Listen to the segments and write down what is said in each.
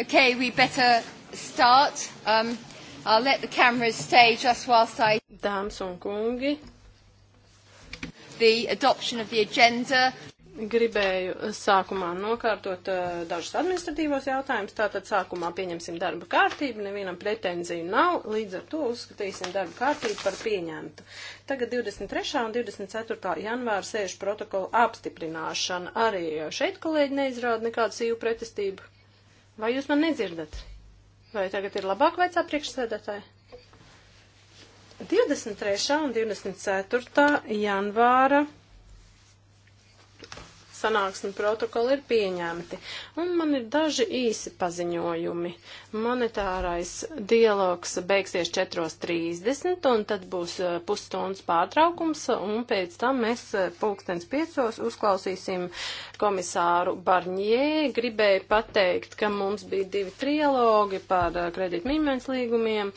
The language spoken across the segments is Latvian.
Okay, we better start. Um, I'll let the cameras stay just whilst I... Dāmas un kungi. The adoption of the agenda. Gribēju uh, sākumā nokārtot uh, dažus administratīvos jautājumus, tātad sākumā pieņemsim darba kārtību, nevienam pretenziju nav, līdz ar to uzskatīsim darba kārtību par pieņemtu. Tagad 23. un 24. janvāra sēžu protokola apstiprināšana. Arī šeit kolēģi neizrāda nekādu sīvu pretestību. Vai jūs man nedzirdat? Vai tagad ir labāk vecā priekšsēdētāja? 23. un 24. janvāra sanāksmi protokoli ir pieņemti. Un man ir daži īsi paziņojumi. Monetārais dialogs beigsies 4.30 un tad būs eh, pusstundas pārtraukums un pēc tam mēs eh, pulkstens 5. uzklausīsim komisāru Barņē. Gribēju pateikt, ka mums bija divi trialogi par eh, kredītmīmēns līgumiem.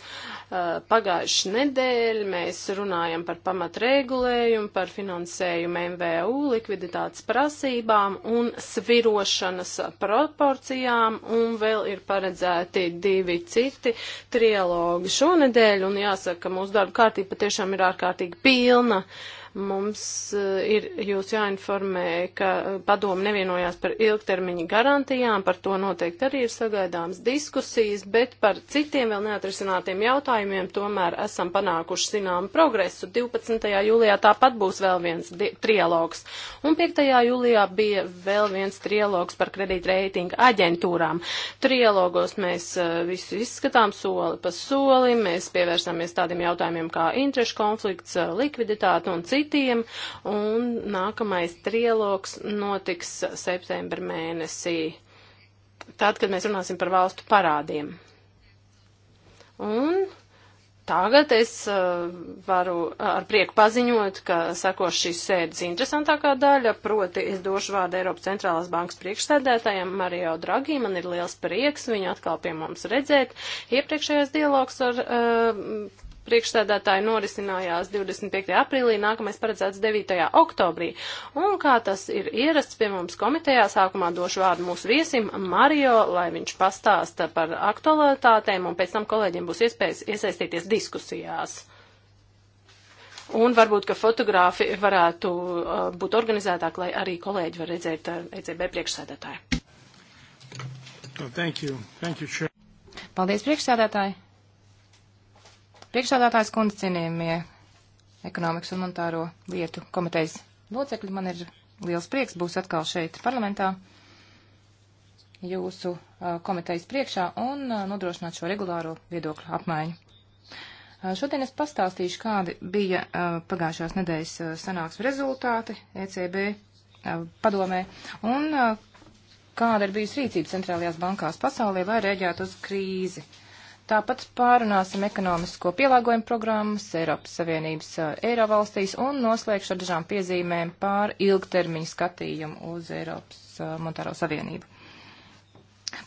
Pagājuši nedēļ mēs runājam par pamatregulējumu, par finansējumu MVU likviditātes prasību vērtībām un svirošanas proporcijām, un vēl ir paredzēti divi citi trialogi šonedēļ, un jāsaka, ka mūsu darba kārtība patiešām ir ārkārtīgi pilna. Uh, Mums eh, ir jūs jāinformē, ka eh, padomu nevienojās par ilgtermiņa garantijām, par to noteikti arī ir sagaidāms diskusijas, bet par citiem vēl neatrisinātiem jautājumiem tomēr esam panākuši zinām progresu. 12. jūlijā tāpat būs vēl viens trialogs. Un 5. jūlijā bija vēl viens trialogs par kredītreitinga aģentūrām. Trialogos mēs eh, visu izskatām soli pa solim, mēs pievērsāmies tādiem jautājumiem kā interešu konflikts, likviditāte un citi citiem, un nākamais trialogs notiks septembra mēnesī, tad, kad mēs runāsim par valstu parādiem. Un tagad es uh, varu eh, ar prieku paziņot, ka sekos šīs sēdes interesantākā daļa, proti es došu vārdu Eiropas centrālās bankas priekšsēdētājam Mario Dragī. Man ir liels prieks viņu atkal pie mums redzēt. Iepriekšējais dialogs ar uh, priekšstādātāji norisinājās 25. aprīlī, nākamais paredzēts 9. oktobrī. Un kā tas ir ierasts pie mums komitejā, sākumā došu vārdu mūsu viesim Mario, lai viņš pastāsta par aktualitātēm, un pēc tam kolēģiem būs iespējas iesaistīties diskusijās. Un varbūt, ka fotogrāfi varētu uh, būt organizētāk, lai arī kolēģi var redzēt uh, ECB priekšsēdētāju. Thank you. Thank you, Paldies, priekšsēdētāji! Priekšādātājs kundze cienījumie ekonomikas un monetāro lietu komitejas locekļi. Man ir liels prieks būs atkal šeit parlamentā jūsu uh, komitejas priekšā un uh, nodrošināt šo regulāro viedokļu apmaiņu. Uh, šodien es pastāstīšu, kādi bija pagājušās nedēļas sanāksmes rezultāti ECB padomē un kāda ir bijusi rīcība centrālajās bankās pasaulē, lai rēģētu uz krīzi. Tāpat pārunāsim ekonomisko pielāgojumu programmas Eiropas Savienības uh, eiro valstīs un noslēgšu ar dažām piezīmēm pār ilgtermiņu skatījumu uz Eiropas uh, monetāro savienību.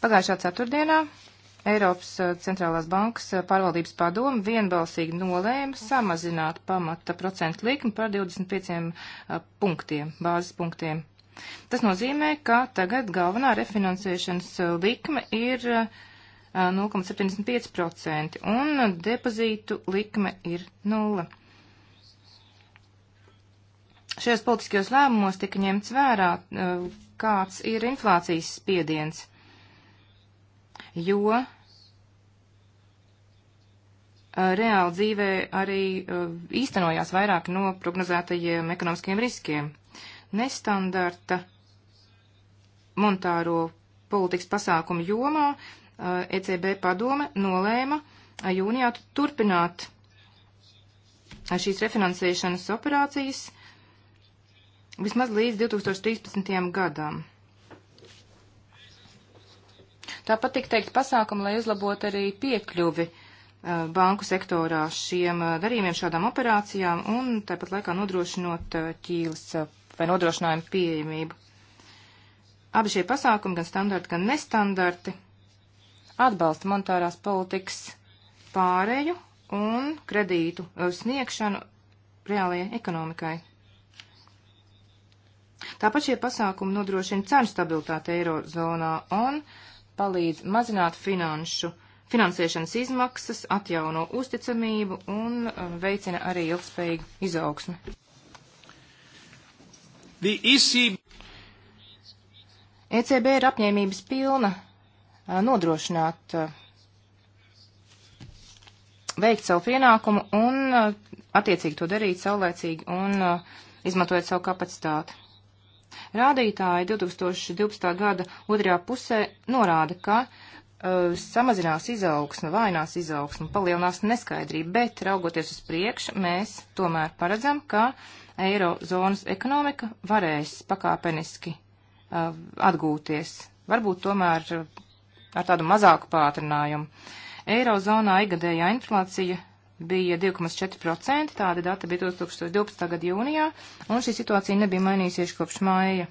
Pagājušā ceturtdienā Eiropas uh, centrālās bankas pārvaldības padoma vienbalsīgi nolēma samazināt pamata procentu likmi par 25 punktiem, bāzes punktiem. Tas nozīmē, ka tagad galvenā refinansēšanas likme ir uh, 0,75% eh, un depozītu likme ir nulla. Šajos politiskajos lēmumos tika ņemts vērā, eh, kāds ir inflācijas spiediens, jo eh, reāli dzīvē arī īstenojās vairāk no prognozētajiem ekonomiskiem riskiem. Nestandarta monetāro politikas pasākumu jomā ECB eh, e padome nolēma eh, jūnijā turpināt eh, šīs refinansēšanas operācijas vismaz līdz 2013. gadam. Tāpat tika teikt pasākumu, lai uzlabotu arī piekļuvi banku sektorā šiem darījumiem, šādām operācijām un tāpat laikā nodrošinot ķīles vai nodrošinājumu pieejamību. Abi šie pasākumi, gan standarti, gan nestandarti, atbalsta monetārās politikas pārēju un kredītu uh, sniegšanu reālajai ekonomikai. Tāpat šie pasākumi nodrošina cenu stabilitāti eirozonā un palīdz mazināt finanšu, finansēšanas izmaksas, atjauno uzticamību un uh, veicina arī ilgspējīgu izaugsmi. ECB e e ir apņēmības pilna Eh, nodrošināt, eh, veikt savu pienākumu un eh, attiecīgi to darīt saulēcīgi un izmantojot savu kapacitāti. Rādītāji 2012. gada otrajā pusē norāda, ka uh, samazinās izaugsme, vainās izaugsme, palielinās neskaidrība, bet raugoties uz priekšu, mēs tomēr paredzam, ka eirozonas ekonomika varēs pakāpeniski uh, atgūties. Varbūt tomēr uh, ar tādu mazāku pātrinājumu. Eirozonā igadējā inflācija bija 2,4%, tāda data bija 2012. gada jūnijā, un šī situācija nebija mainījusies kopš māja.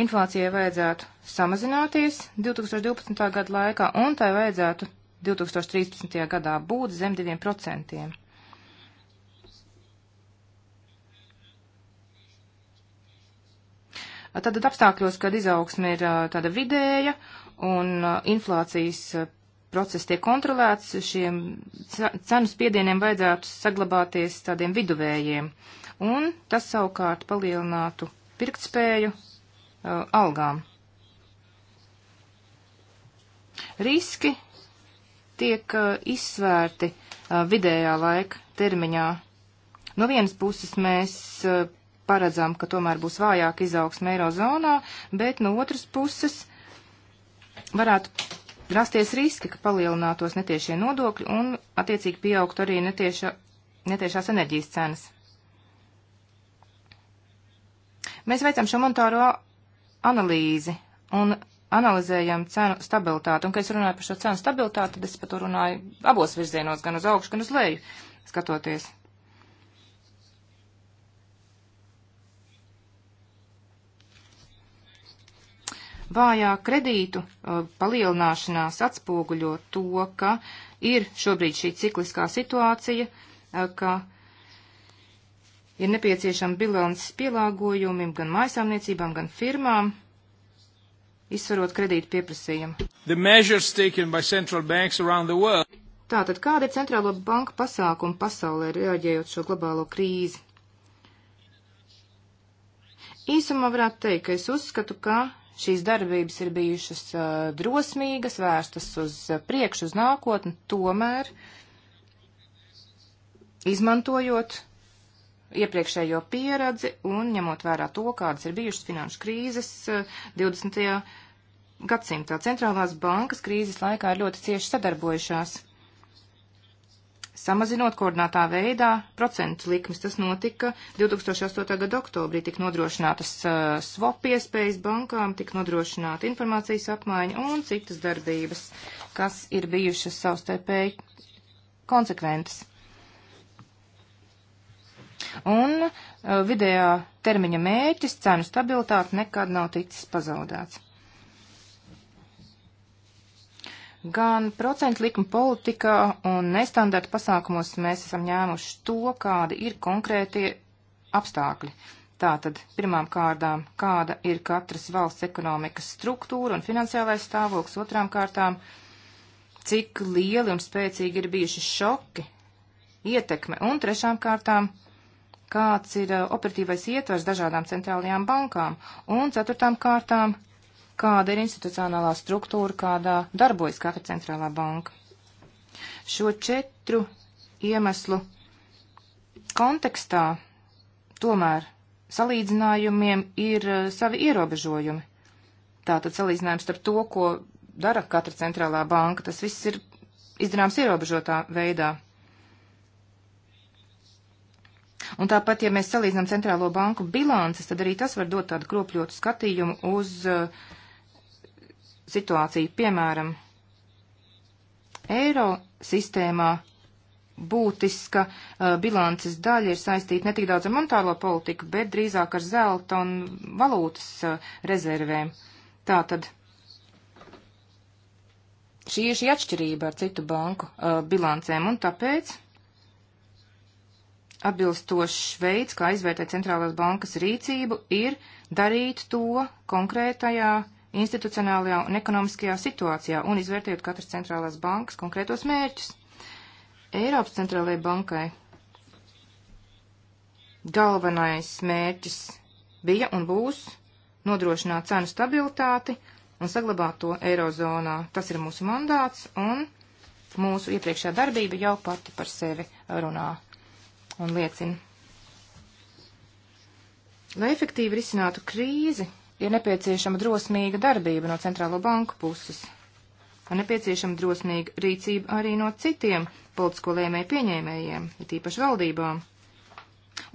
Inflācijai vajadzētu samazināties 2012. gada laikā, un tai vajadzētu 2013. gadā būt zem 2%. Tātad apstākļos, kad izaugsme ir tāda vidēja un uh, inflācijas uh, process tiek kontrolēts, šiem cenu spiedieniem vajadzētu saglabāties tādiem viduvējiem, un tas savukārt palielinātu pirktspēju uh, algām. Riski tiek uh, izsvērti uh, vidējā laika termiņā. No vienas puses mēs uh, paredzam, ka tomēr būs vājāk izaugsme Eirozonā, bet no otras puses uh, varētu rasties riski, ka palielinātos netiešie nodokļi un attiecīgi pieaugt arī netieša, netiešās enerģijas cenas. Mēs veicam šo monetāro analīzi un analizējam cenu stabilitāti. Un, kad es runāju par šo cenu stabilitāti, tad es par to runāju abos virzienos, gan uz augšu, gan uz leju skatoties. Vājā kredītu uh, palielināšanās atspoguļo to, ka ir šobrīd šī cikliskā situācija, uh, ka ir nepieciešama bilances pielāgojumiem gan mājasāmniecībām, gan firmām, izsvarot kredītu pieprasījumu. Tātad kāda ir centrālo banku pasākuma pasaulē reaģējot šo globālo krīzi? Īsumā varētu teikt, ka es uzskatu, ka Šīs darbības ir bijušas uh, drosmīgas, vērstas uz priekšu, uz nākotni, tomēr izmantojot iepriekšējo pieredzi un ņemot vērā to, kādas ir bijušas finanšu krīzes 20. Uh, gadsimtā. Centrālās bankas krīzes laikā ir ļoti cieši sadarbojušās samazinot koordinātā veidā procentu likmes. Tas notika 2008. gada oktobrī, tika nodrošinātas uh, swap iespējas bankām, tika nodrošināta informācijas apmaiņa un citas darbības, kas ir bijušas savstarpēji konsekventas. Un uh, vidējā termiņa mērķis cenu stabilitāte nekad nav ticis pazaudēts. Gan procentu likuma politikā un nestandarta pasākumos mēs esam ņēmuši to, kādi ir konkrētie apstākļi. Tātad, pirmām kārdām, kāda ir katras valsts ekonomikas struktūra un finansiālais stāvoklis, otrām kārtām, cik lieli un spēcīgi ir bijuši šoki, ietekme, un trešām kārtām, kāds ir uh, operatīvais ietvers dažādām centrālajām bankām, un ceturtām kārtām, kāda ir institucionālā struktūra, kādā darbojas katra centrālā banka. Šo četru iemeslu kontekstā tomēr salīdzinājumiem ir uh, savi ierobežojumi. Tātad salīdzinājums starp to, ko dara katra centrālā banka, tas viss ir izdarāms ierobežotā veidā. Un tāpat, ja mēs salīdzinām centrālo banku bilances, tad arī tas var dot tādu kropļotu skatījumu uz uh, situāciju, piemēram, eiro sistēmā būtiska uh, bilances daļa ir saistīta ne tik daudz ar monetāro politiku, bet drīzāk ar zelta un valūtas uh, rezervēm. Tātad šī ir šī atšķirība ar citu banku uh, bilancēm, un tāpēc atbilstošs veids, kā izvērtēt centrālās bankas rīcību, ir darīt to konkrētajā uh, institucionālajā un ekonomiskajā situācijā un izvērtējot katras centrālās bankas konkrētos mērķus. Eiropas centrālajai bankai galvenais mērķis bija un būs nodrošināt cenu stabilitāti un saglabāt to eirozonā. Tas ir mūsu mandāts un mūsu iepriekšējā darbība jau pati par sevi runā un liecina. Lai efektīvi risinātu krīzi, ir nepieciešama drosmīga darbība no centrālo banku puses. Un nepieciešama drosmīga rīcība arī no citiem politisko lēmēju pieņēmējiem, it īpaši valdībām.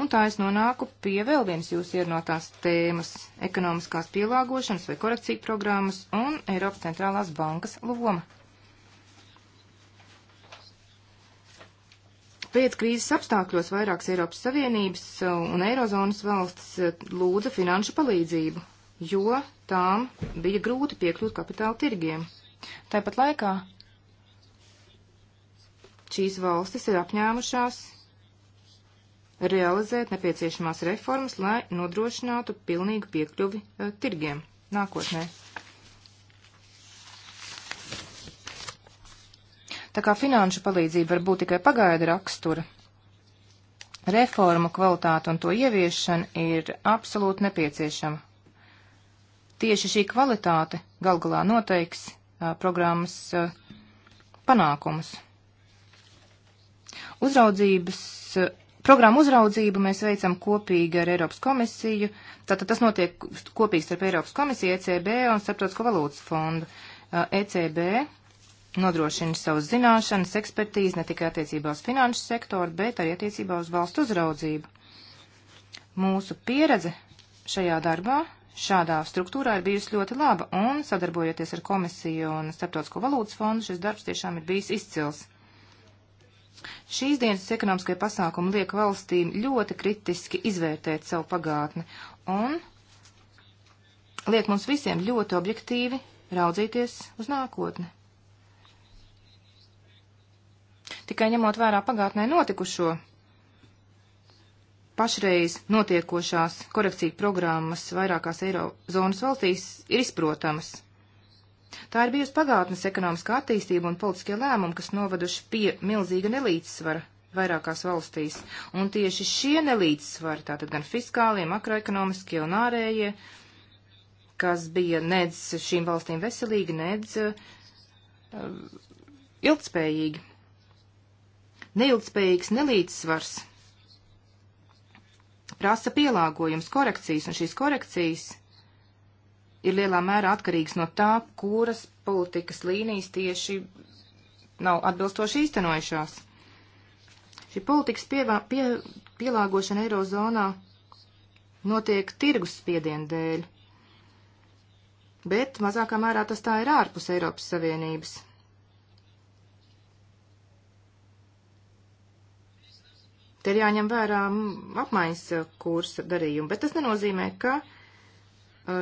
Un tā es nonāku pie vēl vienas jūsu ierunātās tēmas - ekonomiskās pielāgošanas vai korekciju programmas un Eiropas centrālās bankas loma. Pēc krīzes apstākļos vairākas Eiropas Savienības un Eirozonas valstis eh, lūdza finanšu palīdzību jo tām bija grūti piekļūt kapitāla tirgiem. Tāpat laikā šīs valstis ir apņēmušās realizēt nepieciešamās reformas, lai nodrošinātu pilnīgu piekļuvi uh, tirgiem nākotnē. Tā kā finanšu palīdzība var būt tikai pagaida rakstura, reformu kvalitāte un to ieviešana ir absolūti nepieciešama, tieši šī kvalitāte gal galā noteiks uh, programmas uh, panākumus. Uzraudzības, uh, programmu uzraudzību mēs veicam kopīgi ar Eiropas komisiju, tātad tas notiek kopīgi starp Eiropas komisiju, ECB un Starptautisko valūtas fondu. ECB nodrošina savas zināšanas, ekspertīzi ne tikai attiecībā uz finanšu sektoru, bet arī attiecībā uz valstu uzraudzību. Mūsu pieredze šajā darbā šādā struktūrā ir bijusi ļoti laba, un sadarbojoties ar komisiju un Starptautisko valūtas fondu, šis darbs tiešām ir bijis izcils. Šīs dienas ekonomiskie pasākumi liek valstīm ļoti kritiski izvērtēt savu pagātni un liek mums visiem ļoti objektīvi raudzīties uz nākotni. Tikai ņemot vērā pagātnē notikušo, pašreiz notiekošās korekcija programmas vairākās Eirozonas valstīs ir izprotamas. Tā ir bijusi pagātnes ekonomiskā attīstība un politiskie lēmumi, kas novaduši pie milzīga nelīdzsvara vairākās valstīs. Un tieši šie nelīdzsvari, tātad gan fiskālie, makroekonomiskie un ārējie, kas bija nedz šīm valstīm veselīgi, nedz uh, ilgtspējīgi. Neilgtspējīgs nelīdzsvars prasa pielāgojums, korekcijas, un šīs korekcijas ir lielā mērā atkarīgas no tā, kuras politikas līnijas tieši nav atbilstoši īstenojušās. Šī politikas pievā, pie, pielāgošana Eirozonā notiek tirgus spiedienu dēļ, bet mazākā mērā tas tā ir ārpus Eiropas Savienības. Te ir jāņem vērā apmaiņas eh, kursa darījumi, bet tas nenozīmē, ka eh,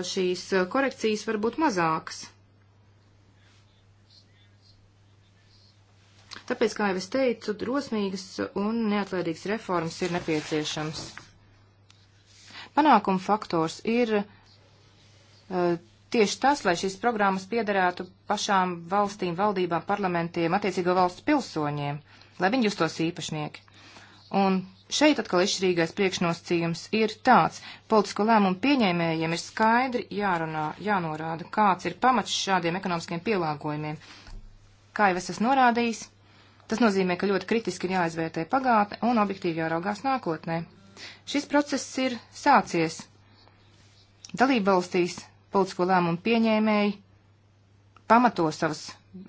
šīs eh, korekcijas var būt mazākas. Tāpēc, kā jau es teicu, drosmīgas un neatlaidīgas reformas ir nepieciešams. Panākuma faktors ir uh, tieši tas, lai šīs programmas piederētu pašām valstīm, valdībām, parlamentiem, attiecīgo valstu pilsoņiem, lai viņi justos īpašnieki. Un šeit atkal izšķirīgais priekšnosacījums ir tāds. Politisko lēmumu pieņēmējiem ir skaidri jārunā, jānorāda, kāds ir pamats šādiem ekonomiskiem pielāgojumiem. Kā jau es esmu norādījis, tas nozīmē, ka ļoti kritiski ir jāizvērtē pagātne un objektīvi jāraugās nākotnē. Šis process ir sācies. Dalībvalstīs politisko lēmumu pieņēmēji pamato savas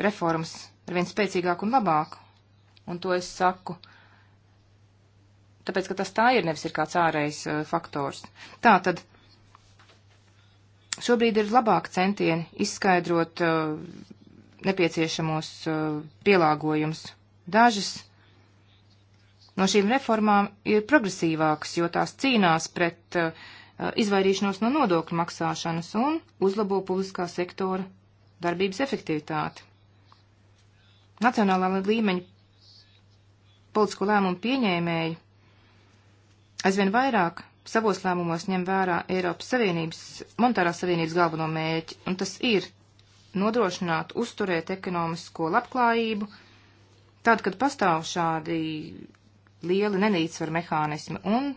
reformas ar vien spēcīgāku un labāku. Un to es saku tāpēc, ka tas tā ir, nevis ir kāds ārējs uh, faktors. Tā tad šobrīd ir labāk centieni izskaidrot uh, nepieciešamos uh, eh, pielāgojumus. Dažas no šīm reformām ir progresīvākas, jo tās cīnās pret izvairīšanos no nodokļu maksāšanas un uzlabo publiskā sektora darbības efektivitāti. Nacionālā līmeņa politisko lēmumu pieņēmēji aizvien vairāk savos lēmumos ņem vērā Eiropas Savienības, monetārās savienības galveno mēķi, un tas ir nodrošināt, uzturēt ekonomisko labklājību, tad, kad pastāv šādi lieli nenīdzsvaru mehānismi un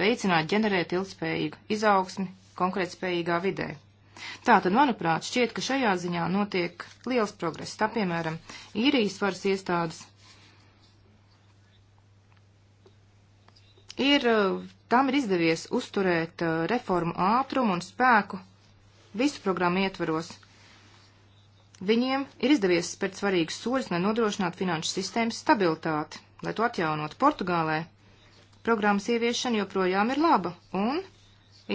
veicināt ģenerēt ilgspējīgu izaugsmi konkrētspējīgā vidē. Tātad, manuprāt, šķiet, ka šajā ziņā notiek liels progress. Tā, piemēram, īrijas varas iestādes ir, eh, tam ir izdevies uzturēt eh, reformu ātrumu un spēku visu programmu ietvaros. Viņiem ir izdevies spērt svarīgus soļus, lai nodrošinātu finanšu sistēmas stabilitāti, lai to atjaunot Portugālē. Programmas ieviešana joprojām ir laba, un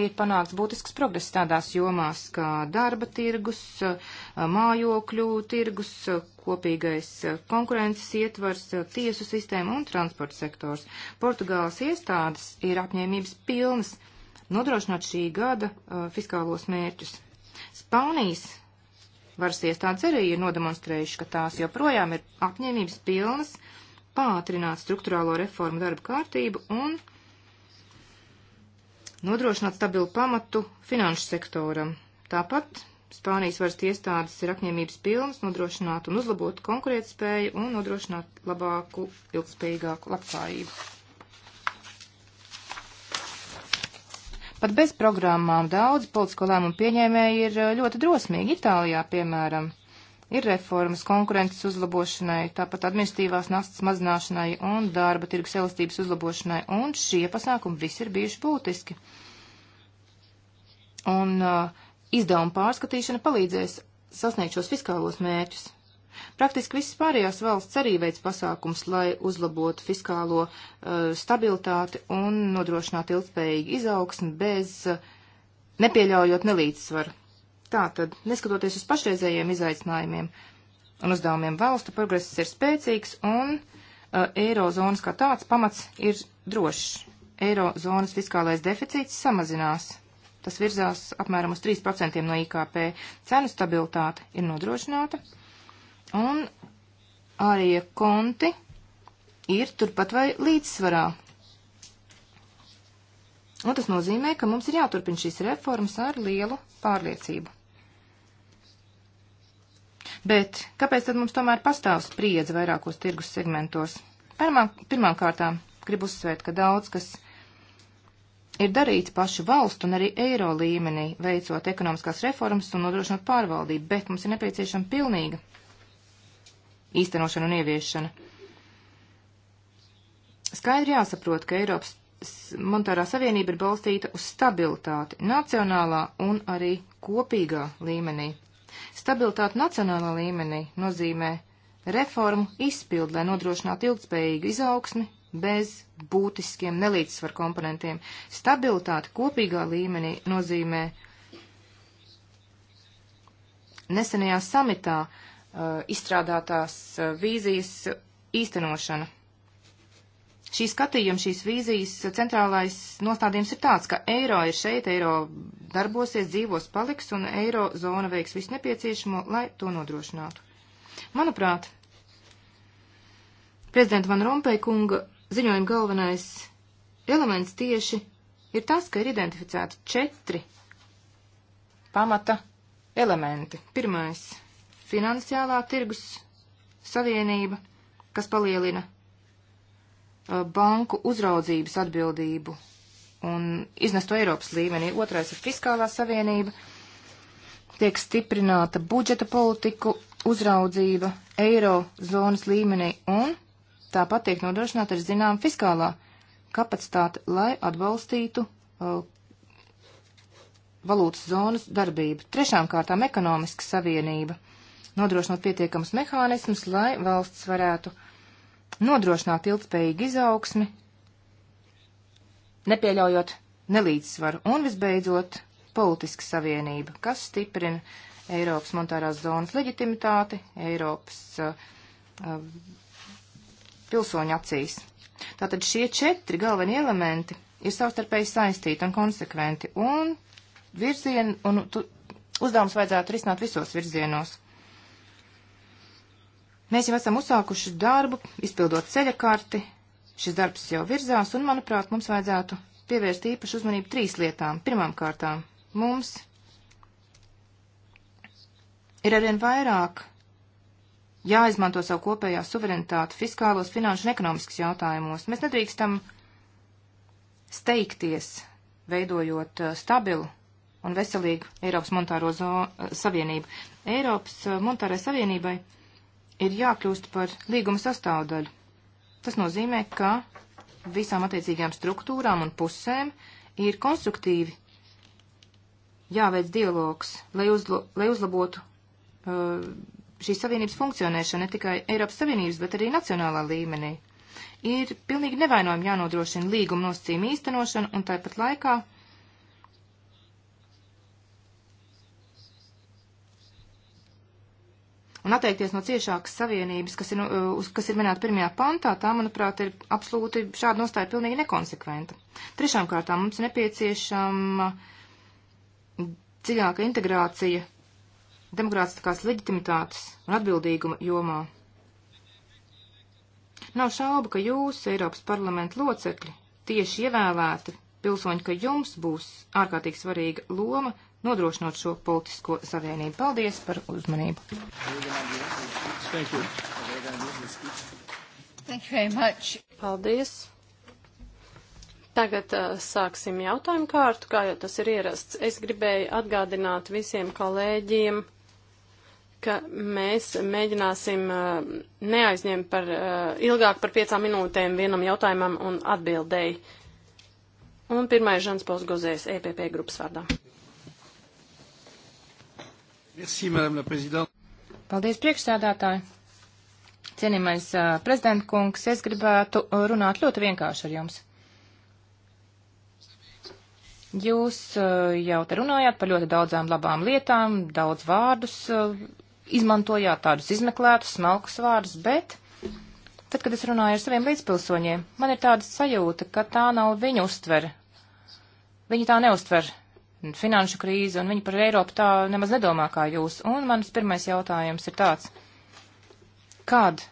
ir panākts būtisks progress tādās jomās kā darba tirgus, mājokļu tirgus, kopīgais konkurences ietvars, tiesu sistēma un transporta sektors. Portugāles iestādes ir apņēmības pilnas nodrošināt šī gada uh, fiskālos mērķus. Spānijas varas iestādes arī ir nodemonstrējuši, ka tās joprojām ir apņēmības pilnas pātrināt struktūrālo reformu darba kārtību un uh, nodrošināt stabilu pamatu finanšu sektoram. Tāpat Spānijas varas iestādes ir apņēmības pilnas nodrošināt un uzlabot konkurētspēju un nodrošināt labāku, ilgspējīgāku labklājību. Pat bez programmām daudz politisko lēmumu pieņēmēji ir eh, ļoti drosmīgi Itālijā, piemēram. Ir reformas konkurences uzlabošanai, tāpat administratīvās nastas mazināšanai un darba tirgus elastības uzlabošanai, un šie pasākumi visi ir bijuši būtiski. Un uh, izdevuma pārskatīšana palīdzēs sasniegt šos fiskālos mērķus. Praktiski visas pārējās valsts arī veids pasākums, lai uzlabotu fiskālo uh, stabilitāti un nodrošinātu ilgspējīgu izaugsmu bez uh, nepieļaujot nelīdzsvaru. Tātad, neskatoties uz pašreizējiem izaicinājumiem un uzdevumiem, valstu progress ir spēcīgs un uh, eirozonas kā tāds pamats ir drošs. Eirozonas fiskālais deficīts samazinās. Tas virzās apmēram uz 3% no IKP. Cenu stabilitāte ir nodrošināta. Un arī konti ir turpat vai līdzsvarā. Un tas nozīmē, ka mums ir jāturpina šīs reformas ar lielu pārliecību. Bet kāpēc tad mums tomēr pastāv spriedze vairākos tirgus segmentos? Pirmām, pirmām kārtām gribu uzsvērt, ka daudz, kas ir darīts pašu valstu un arī eiro līmenī, veicot ekonomiskās reformas un nodrošinot pārvaldību, bet mums ir nepieciešama pilnīga īstenošana un ieviešana. Skaidri jāsaprot, ka Eiropas monetārā savienība ir balstīta uz stabilitāti nacionālā un arī kopīgā līmenī. Stabilitāte nacionālā līmenī nozīmē reformu izpildu, lai nodrošinātu ilgspējīgu izaugsmi bez būtiskiem nelīdzsvaru komponentiem. Stabilitāte kopīgā līmenī nozīmē nesenajā samitā uh, izstrādātās uh, vīzijas īstenošana. Šī skatījuma, šīs vīzijas centrālais nostādījums ir tāds, ka eiro ir šeit, eiro darbosies, dzīvos paliks un eiro zona veiks visu nepieciešamo, lai to nodrošinātu. Manuprāt, prezidenta Van Rompēja kunga ziņojuma galvenais elements tieši ir tas, ka ir identificēti četri pamata elementi. Pirmais - finansiālā tirgus savienība, kas palielina Uh, banku uzraudzības atbildību un iznest to Eiropas līmenī. Otrais ir fiskālā savienība, tiek stiprināta budžeta politiku uzraudzība eiro zonas līmenī un tāpat tiek nodrošināta arī zinām fiskālā kapacitāte, lai atbalstītu uh, valūtas zonas darbību. Trešām kārtām ekonomiska savienība, nodrošinot pietiekamus mehānismus, lai valsts varētu uh, nodrošināt ilgspējīgu izaugsmi, nepieļaujot nelīdzsvaru un, visbeidzot, politiska savienība, kas stiprina Eiropas monetārās zonas leģitimitāti Eiropas uh, uh, pilsoņu acīs. Tātad šie četri galvenie elementi ir savstarpēji saistīti un konsekventi, un virzienu un tu, uzdevums vajadzētu risināt visos virzienos. Mēs jau esam uzsākuši darbu, izpildot ceļakarti. Šis darbs jau virzās, un, manuprāt, mums vajadzētu pievērst īpašu uzmanību trīs lietām. Pirmām kārtām mums ir arvien vairāk jāizmanto savu kopējā suverenitāti fiskālos, finanšu un ekonomiskas jautājumos. Mēs nedrīkstam steigties, veidojot eh, stabilu un veselīgu Eiropas monetāro eh, savienību. Eiropas eh, monetārai savienībai ir jākļūst par līguma sastāvdaļu. Tas nozīmē, ka visām attiecīgajām struktūrām un pusēm ir konstruktīvi jāveic dialogs, lai, uzlo, lai uzlabotu uh, šīs savienības funkcionēšanu ne tikai Eiropas Savienības, bet arī nacionālā līmenī. Ir pilnīgi nevainojami jānodrošina līguma nosacījuma īstenošana un tāpat laikā Un atteikties no ciešākas savienības, kas ir, nu, eh, uz, kas ir minēta pirmajā pantā, tā, manuprāt, ir absolūti šāda nostāja pilnīgi nekonsekventa. Trešām kārtām mums nepieciešama dziļāka integrācija demokrātiskās leģitimitātes un atbildīguma jomā. Nav šauba, ka jūs, Eiropas parlamenta locekļi, tieši ievēlēti pilsoņi, ka jums būs ārkārtīgi svarīga loma nodrošinot šo politisko savienību. Paldies par uzmanību. Thank you. Thank you very much. Paldies. Tagad uh, sāksim jautājumu kārtu, kā jau tas ir ierasts. Es gribēju atgādināt visiem kolēģiem, ka mēs mēģināsim uh, neaizņemt par uh, ilgāk par piecām minūtēm vienam jautājumam un atbildēji. Un pirmais Žans Pausgozējs EPP grupas vārdā. Merci, madame la prezidenta. Paldies, priekšsēdētāji. Cienījamais uh, prezidenta kungs, es gribētu runāt ļoti vienkārši ar jums. Jūs uh, jau te runājāt par ļoti daudzām labām lietām, daudz vārdus uh, izmantojāt, tādus izmeklētus, smalkus vārdus, bet tad, kad es runāju ar saviem līdzpilsoņiem, man ir tāda sajūta, ka tā nav viņu uztvere. Viņi tā neuztver finanšu krīzi, un viņi par Eiropu tā nemaz nedomā kā jūs. Un mans pirmais jautājums ir tāds. Kad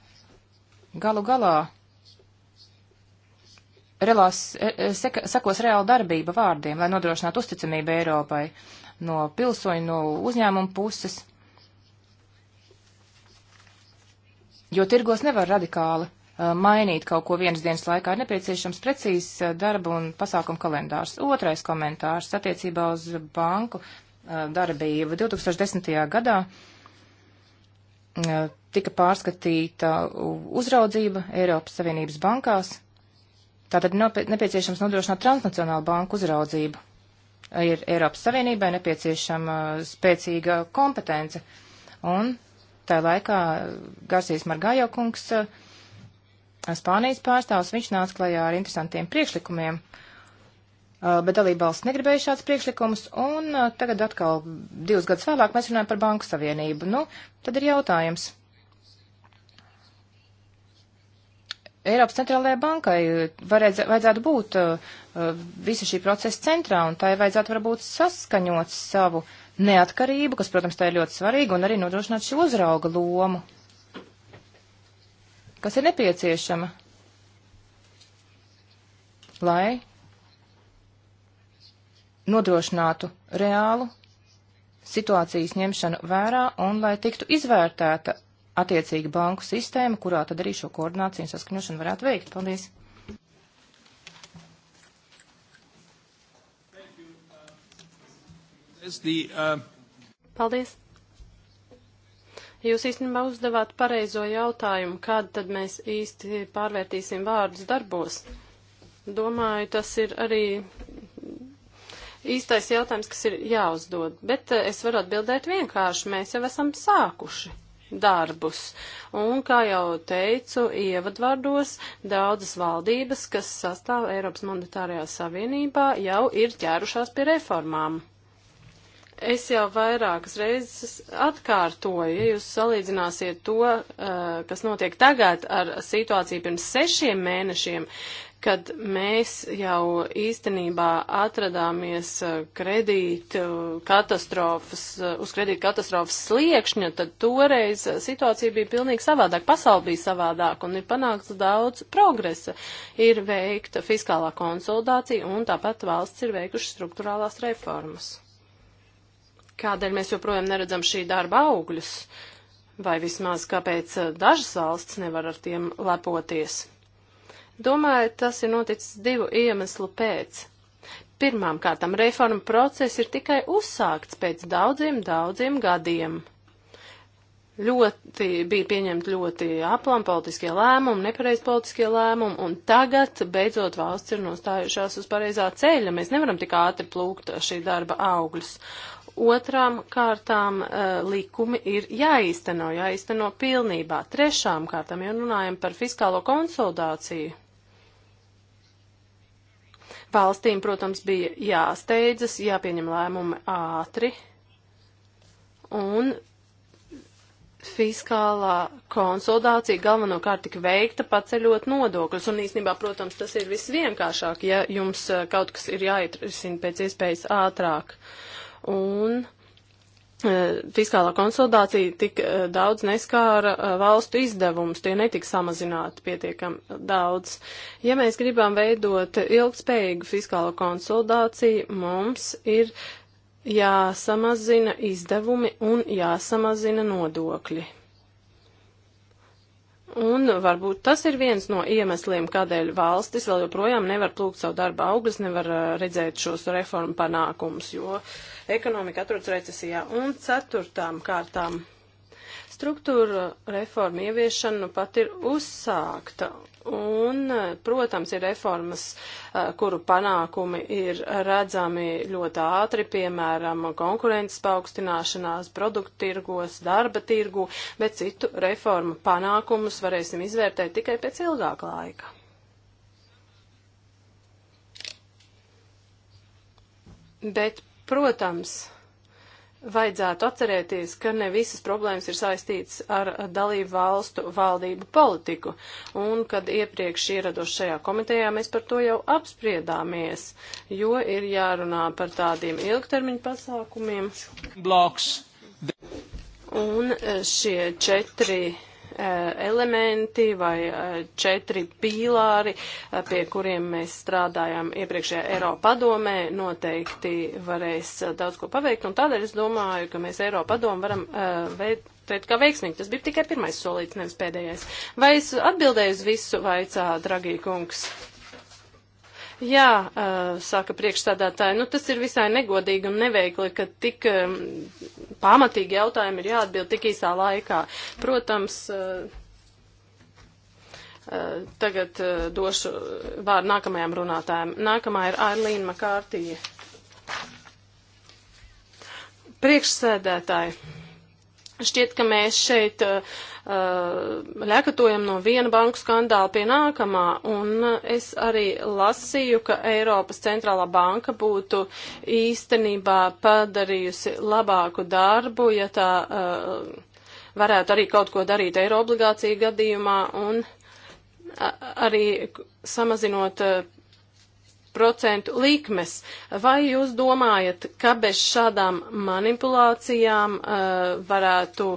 galu galā relās, e, e, seka, sekos reāla darbība vārdiem, lai nodrošinātu uzticamību Eiropai no pilsoņu, no uzņēmumu puses? Jo tirgos nevar radikāli Uh, mainīt kaut ko vienas dienas laikā, ir nepieciešams precīzs uh, darba un pasākumu kalendārs. Otrais komentārs attiecībā uz banku uh, darbību 2010. gadā tika pārskatīta uzraudzība Eiropas Savienības bankās. Tātad nepieciešams nodrošināt transnacionālu banku uzraudzību. Ir Eiropas Savienībai nepieciešama spēcīga kompetence. Un tā laikā Garsīs Margājo kungs uh, Spānijas pārstāvs, viņš nāca klajā ar interesantiem priekšlikumiem, uh, bet dalībvalsts negribēja šāds priekšlikums, un uh, tagad atkal divus gadus vēlāk mēs runājam par Banku Savienību. Nu, tad ir jautājums. Eiropas centrālajai bankai varēdz, vajadzētu būt uh, uh, visa šī procesa centrā, un tai vajadzētu varbūt saskaņot savu neatkarību, kas, protams, tā ir ļoti svarīga, un arī nodrošināt šo uzrauga lomu. Uh, kas ir nepieciešama, lai nodrošinātu reālu situācijas ņemšanu vērā un lai tiktu izvērtēta attiecīga banku sistēma, kurā tad arī šo koordināciju un saskaņošanu varētu veikt. Paldies! Uh, the, uh... Paldies! Jūs īstenībā uzdevāt pareizo jautājumu, kad tad mēs īsti pārvērtīsim vārdus darbos. Domāju, tas ir arī īstais jautājums, kas ir jāuzdod, bet eh, es varu atbildēt vienkārši, mēs jau esam sākuši darbus. Un, kā jau teicu, ievadvārdos daudzas valdības, kas sastāv Eiropas monetārajā savienībā, jau ir ķērušās pie reformām es jau vairākas reizes atkārtoju, ja jūs salīdzināsiet to, eh, kas notiek tagad ar situāciju pirms sešiem mēnešiem, kad mēs jau īstenībā atradāmies eh, kredītu katastrofas, eh, uz kredītu katastrofas sliekšņa, tad toreiz situācija bija pilnīgi savādāk, pasauli bija savādāk un ir panākts daudz progresa. Ir veikta fiskālā konsolidācija un tāpat valsts ir veikuši struktūrālās reformas. Kādēļ mēs joprojām neredzam šī darba augļus? Vai vismaz kāpēc eh, dažas valsts nevar ar tiem lepoties? Domāju, tas ir noticis divu iemeslu pēc. Pirmām kārtām reforma process ir tikai uzsākts pēc daudziem, daudziem gadiem. Ļoti bija pieņemti ļoti aplam politiskie lēmumi, nepareiz politiskie lēmumi, un tagad beidzot valsts ir nostājušās uz pareizā ceļa. Mēs nevaram tik ātri plūkt šī darba augļus. Otrām kārtām eh, likumi ir jāīsteno, jāīsteno pilnībā. Trešām kārtām, ja runājam par fiskālo konsolidāciju, valstīm, protams, bija jāsteidzas, jāpieņem lēmumi ātri, un fiskālā konsolidācija galvenokārt tika veikta paceļot nodokļus, un īstenībā, protams, tas ir viss vienkāršāk, ja jums eh, kaut kas ir jāatrisina pēc iespējas ātrāk. Uh, un e, fiskālā konsolidācija tik e, daudz neskāra e, valstu izdevumus, tie netika samazināti pietiekam daudz. Ja mēs gribam veidot ilgspējīgu fiskālo konsolidāciju, mums ir jāsamazina izdevumi un jāsamazina nodokļi. Un varbūt tas ir viens no iemesliem, kādēļ valstis vēl joprojām nevar plūkt savu darbu augļus, nevar uh, redzēt šos reformu panākumus, jo ekonomika atrodas recesijā. Un ceturtām kārtām struktūra reforma ieviešana nu pat ir uzsākta, Un, protams, ir reformas, kuru panākumi ir redzami ļoti ātri, piemēram, konkurences paaugstināšanās, produktu tirgos, darba tirgu, bet citu reformu panākumus varēsim izvērtēt tikai pēc ilgāka laika. Bet, protams, vajadzētu atcerēties, ka ne visas problēmas ir saistītas ar dalību valstu valdību politiku, un kad iepriekš ierados šajā komitejā, mēs par to jau apspriedāmies, jo ir jārunā par tādiem ilgtermiņu pasākumiem. Bloks. Un šie četri Eh, elementi vai eh, četri pīlāri, eh, pie kuriem mēs strādājām iepriekšējā Eiropa padomē, noteikti varēs daudz ko paveikt, un tādēļ es domāju, ka mēs Eiropa padomu varam veikt teikt, kā veiksmīgi. Tas bija tikai pirmais solīts, nevis pēdējais. Vai es atbildēju uz visu, vaicā, dragī kungs? Jā, uh, saka priekšstādātāji, nu tas ir visai negodīgi un neveikli, ka tik um, pamatīgi jautājumi ir jāatbild tik īsā laikā. Protams, uh, uh, tagad uh, došu vārdu nākamajam runātājam. Nākamā ir Ailīna Makārtīja. Priekšsēdētāji, šķiet, ka mēs šeit. Uh, Uh, ļakatojam no viena banku skandāla pie nākamā. Un es arī lasīju, ka Eiropas centrālā banka būtu īstenībā padarījusi labāku darbu, ja tā uh, varētu arī kaut ko darīt eiro obligāciju gadījumā un arī samazinot uh, procentu likmes. Vai jūs domājat, ka bez šādām manipulācijām uh, varētu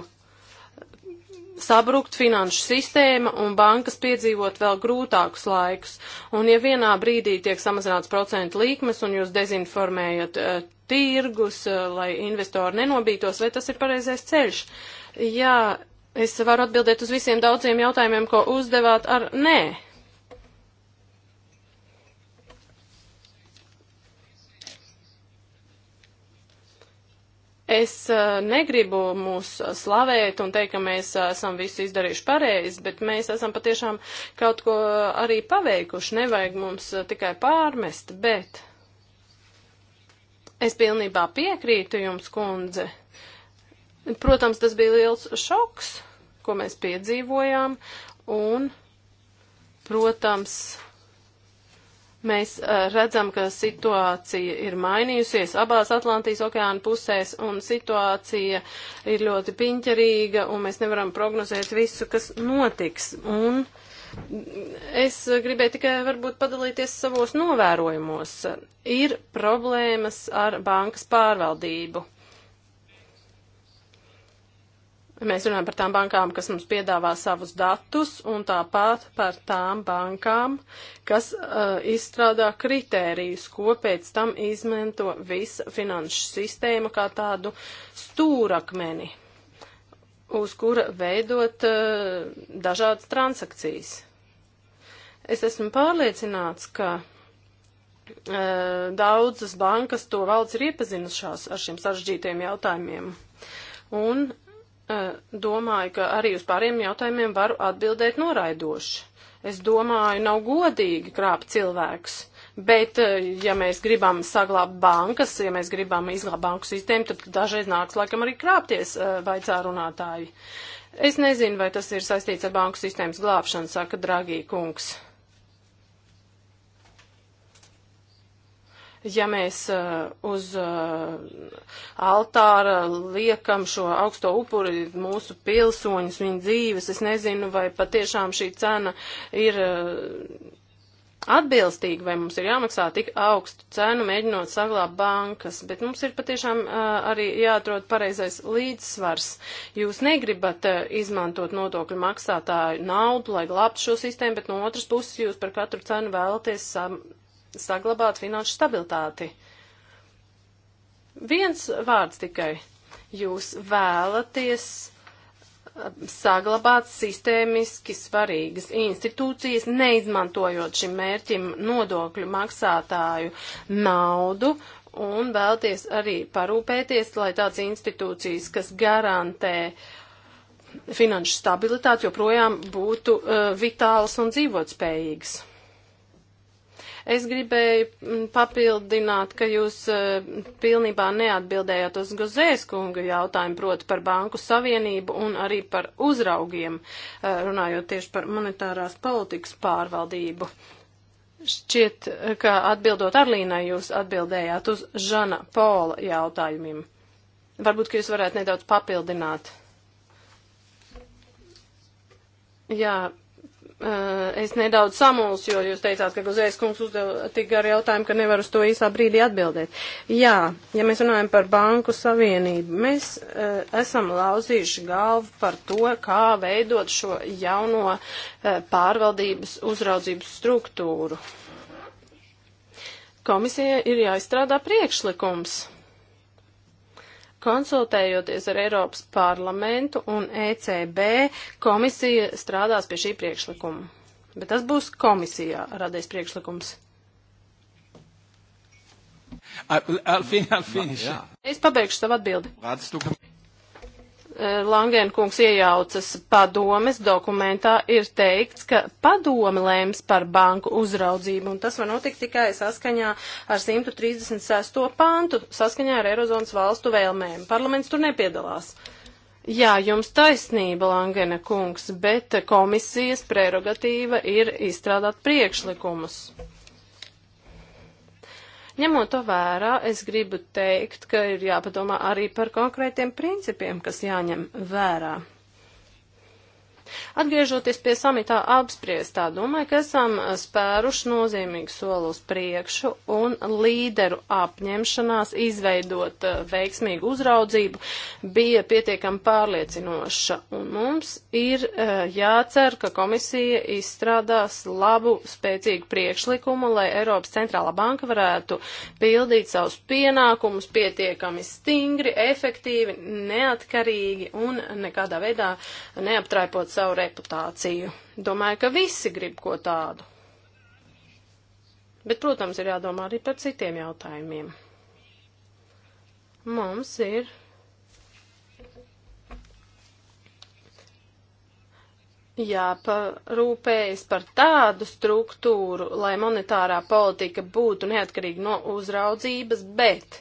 sabrukt finanšu sistēma un bankas piedzīvot vēl grūtākus laikus. Un ja vienā brīdī tiek samazināts procentu līkmes un jūs dezinformējat uh, tirgus, uh, lai investori nenobītos, vai tas ir pareizais ceļš? Jā, es varu atbildēt uz visiem daudziem jautājumiem, ko uzdevāt ar nē. Es eh, negribu mūs slavēt un teikt, ka mēs eh, esam visu izdarījuši pareizi, bet mēs esam patiešām kaut ko eh, arī paveikuši. Nevajag mums tikai pārmest, bet es pilnībā piekrītu jums, kundze. Protams, tas bija liels šoks, ko mēs piedzīvojām, un, protams, Mēs eh, redzam, ka situācija ir mainījusies abās Atlantijas okeāna pusēs, un situācija ir ļoti piņķerīga, un mēs nevaram prognozēt visu, kas notiks. Un es gribēju tikai varbūt padalīties savos novērojumos. Ir problēmas ar bankas pārvaldību Mēs runājam par tām bankām, kas mums piedāvā savus datus, un tāpat par tām bankām, kas uh, izstrādā kritērijus, ko pēc tam izmanto visa finanšu sistēma kā tādu stūrakmeni, uz kura veidot uh, dažādas transakcijas. Es esmu pārliecināts, ka uh, daudzas bankas to valdes ir iepazinušās ar šiem sarežģītiem jautājumiem. Un domāju, ka arī uz pāriem jautājumiem varu atbildēt noraidoši. Es domāju, nav godīgi krāpt cilvēkus. Bet, ja mēs gribam saglābt bankas, ja mēs gribam izglābt banku sistēmu, tad dažreiz nāks laikam arī krāpties vaicā runātāji. Es nezinu, vai tas ir saistīts ar banku sistēmas glābšanu, saka Dragī kungs. ja mēs uh, uz uh, altāra liekam šo augsto upuri mūsu pilsoņus, viņu dzīves, es nezinu, vai patiešām šī cena ir uh, atbilstīgi, vai mums ir jāmaksā tik augstu cenu, mēģinot saglābt bankas, bet mums ir patiešām uh, arī jāatrod pareizais līdzsvars. Jūs negribat uh, izmantot nodokļu maksātāju naudu, lai glābtu šo sistēmu, bet no otras puses jūs par katru cenu vēlaties sam saglabāt finanšu stabilitāti. Viens vārds tikai. Jūs vēlaties um, saglabāt sistēmiski svarīgas institūcijas, neizmantojot šim mērķim nodokļu maksātāju naudu un vēlties arī parūpēties, lai tāds institūcijas, kas garantē finanšu stabilitāti, joprojām būtu uh, vitāls un dzīvotspējīgs. Es gribēju mm, papildināt, ka jūs e, pilnībā neatbildējāt uz Gozēs kunga jautājumu, proti par banku savienību un arī par uzraugiem, e, runājot tieši par monetārās politikas pārvaldību. Šķiet, ka atbildot Arlīnai, jūs atbildējāt uz Žana Pola jautājumiem. Varbūt, ka jūs varētu nedaudz papildināt. Jā, Eh, es nedaudz samulsu, jo jūs teicāt, ka Gozējas kungs uzdeva tik garu jautājumu, ka nevar uz to īsā brīdī atbildēt. Jā, ja mēs runājam par banku savienību, mēs uh, esam lauzījuši galvu par to, kā veidot šo jauno uh, pārvaldības uzraudzības struktūru. Komisija ir jāizstrādā priekšlikums Konsultējoties ar Eiropas parlamentu un ECB, komisija strādās pie šī priekšlikuma. Bet tas būs komisijā radies priekšlikums. I, I'll fin, I'll es pabeigšu savu atbildi. Eh, Langenkungs iejaucas padomes dokumentā, ir teikts, ka padome lēms par banku uzraudzību, un tas var notikt tikai saskaņā ar 136. pantu, saskaņā ar Eirozonas valstu vēlmēm. Parlaments tur nepiedalās. Jā, jums taisnība, Langena kungs, bet komisijas prerogatīva ir izstrādāt priekšlikumus. Ņemot to vērā, es gribu teikt, ka ir jāpadomā arī par konkrētiem principiem, kas jāņem vērā. Atgriežoties pie samitā apspriestā, domāju, ka esam spēruši nozīmīgu soli uz priekšu un līderu apņemšanās izveidot eh, veiksmīgu uzraudzību bija pietiekami pārliecinoša. Un mums ir eh, jācer, ka komisija izstrādās labu, spēcīgu priekšlikumu, lai Eiropas centrālā banka varētu pildīt savus pienākumus pietiekami stingri, efektīvi, neatkarīgi un nekādā veidā neaptraipot savu reputāciju. Domāju, ka visi grib ko tādu. Bet, protams, ir jādomā arī par citiem jautājumiem. Mums ir jāparūpējas par tādu struktūru, lai monetārā politika būtu neatkarīga no uzraudzības, bet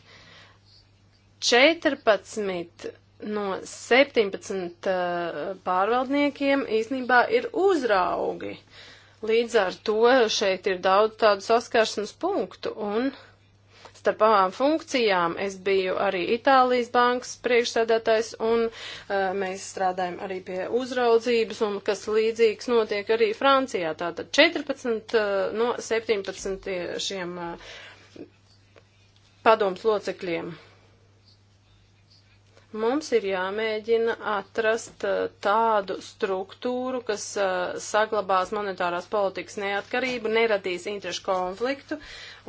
14 no 17 eh, pārvaldniekiem īsnībā ir uzraugi. Līdz ar to šeit ir daudz tādu saskarsmes punktu un starp abām funkcijām es biju arī Itālijas bankas priekšsēdētājs un uh, mēs strādājam arī pie uzraudzības un kas līdzīgs notiek arī Francijā. Tātad 14 uh, eh, no 17 šiem uh, padoms locekļiem Mums ir jāmēģina atrast uh, tādu struktūru, kas uh, saglabās monetārās politikas neatkarību, neradīs interešu konfliktu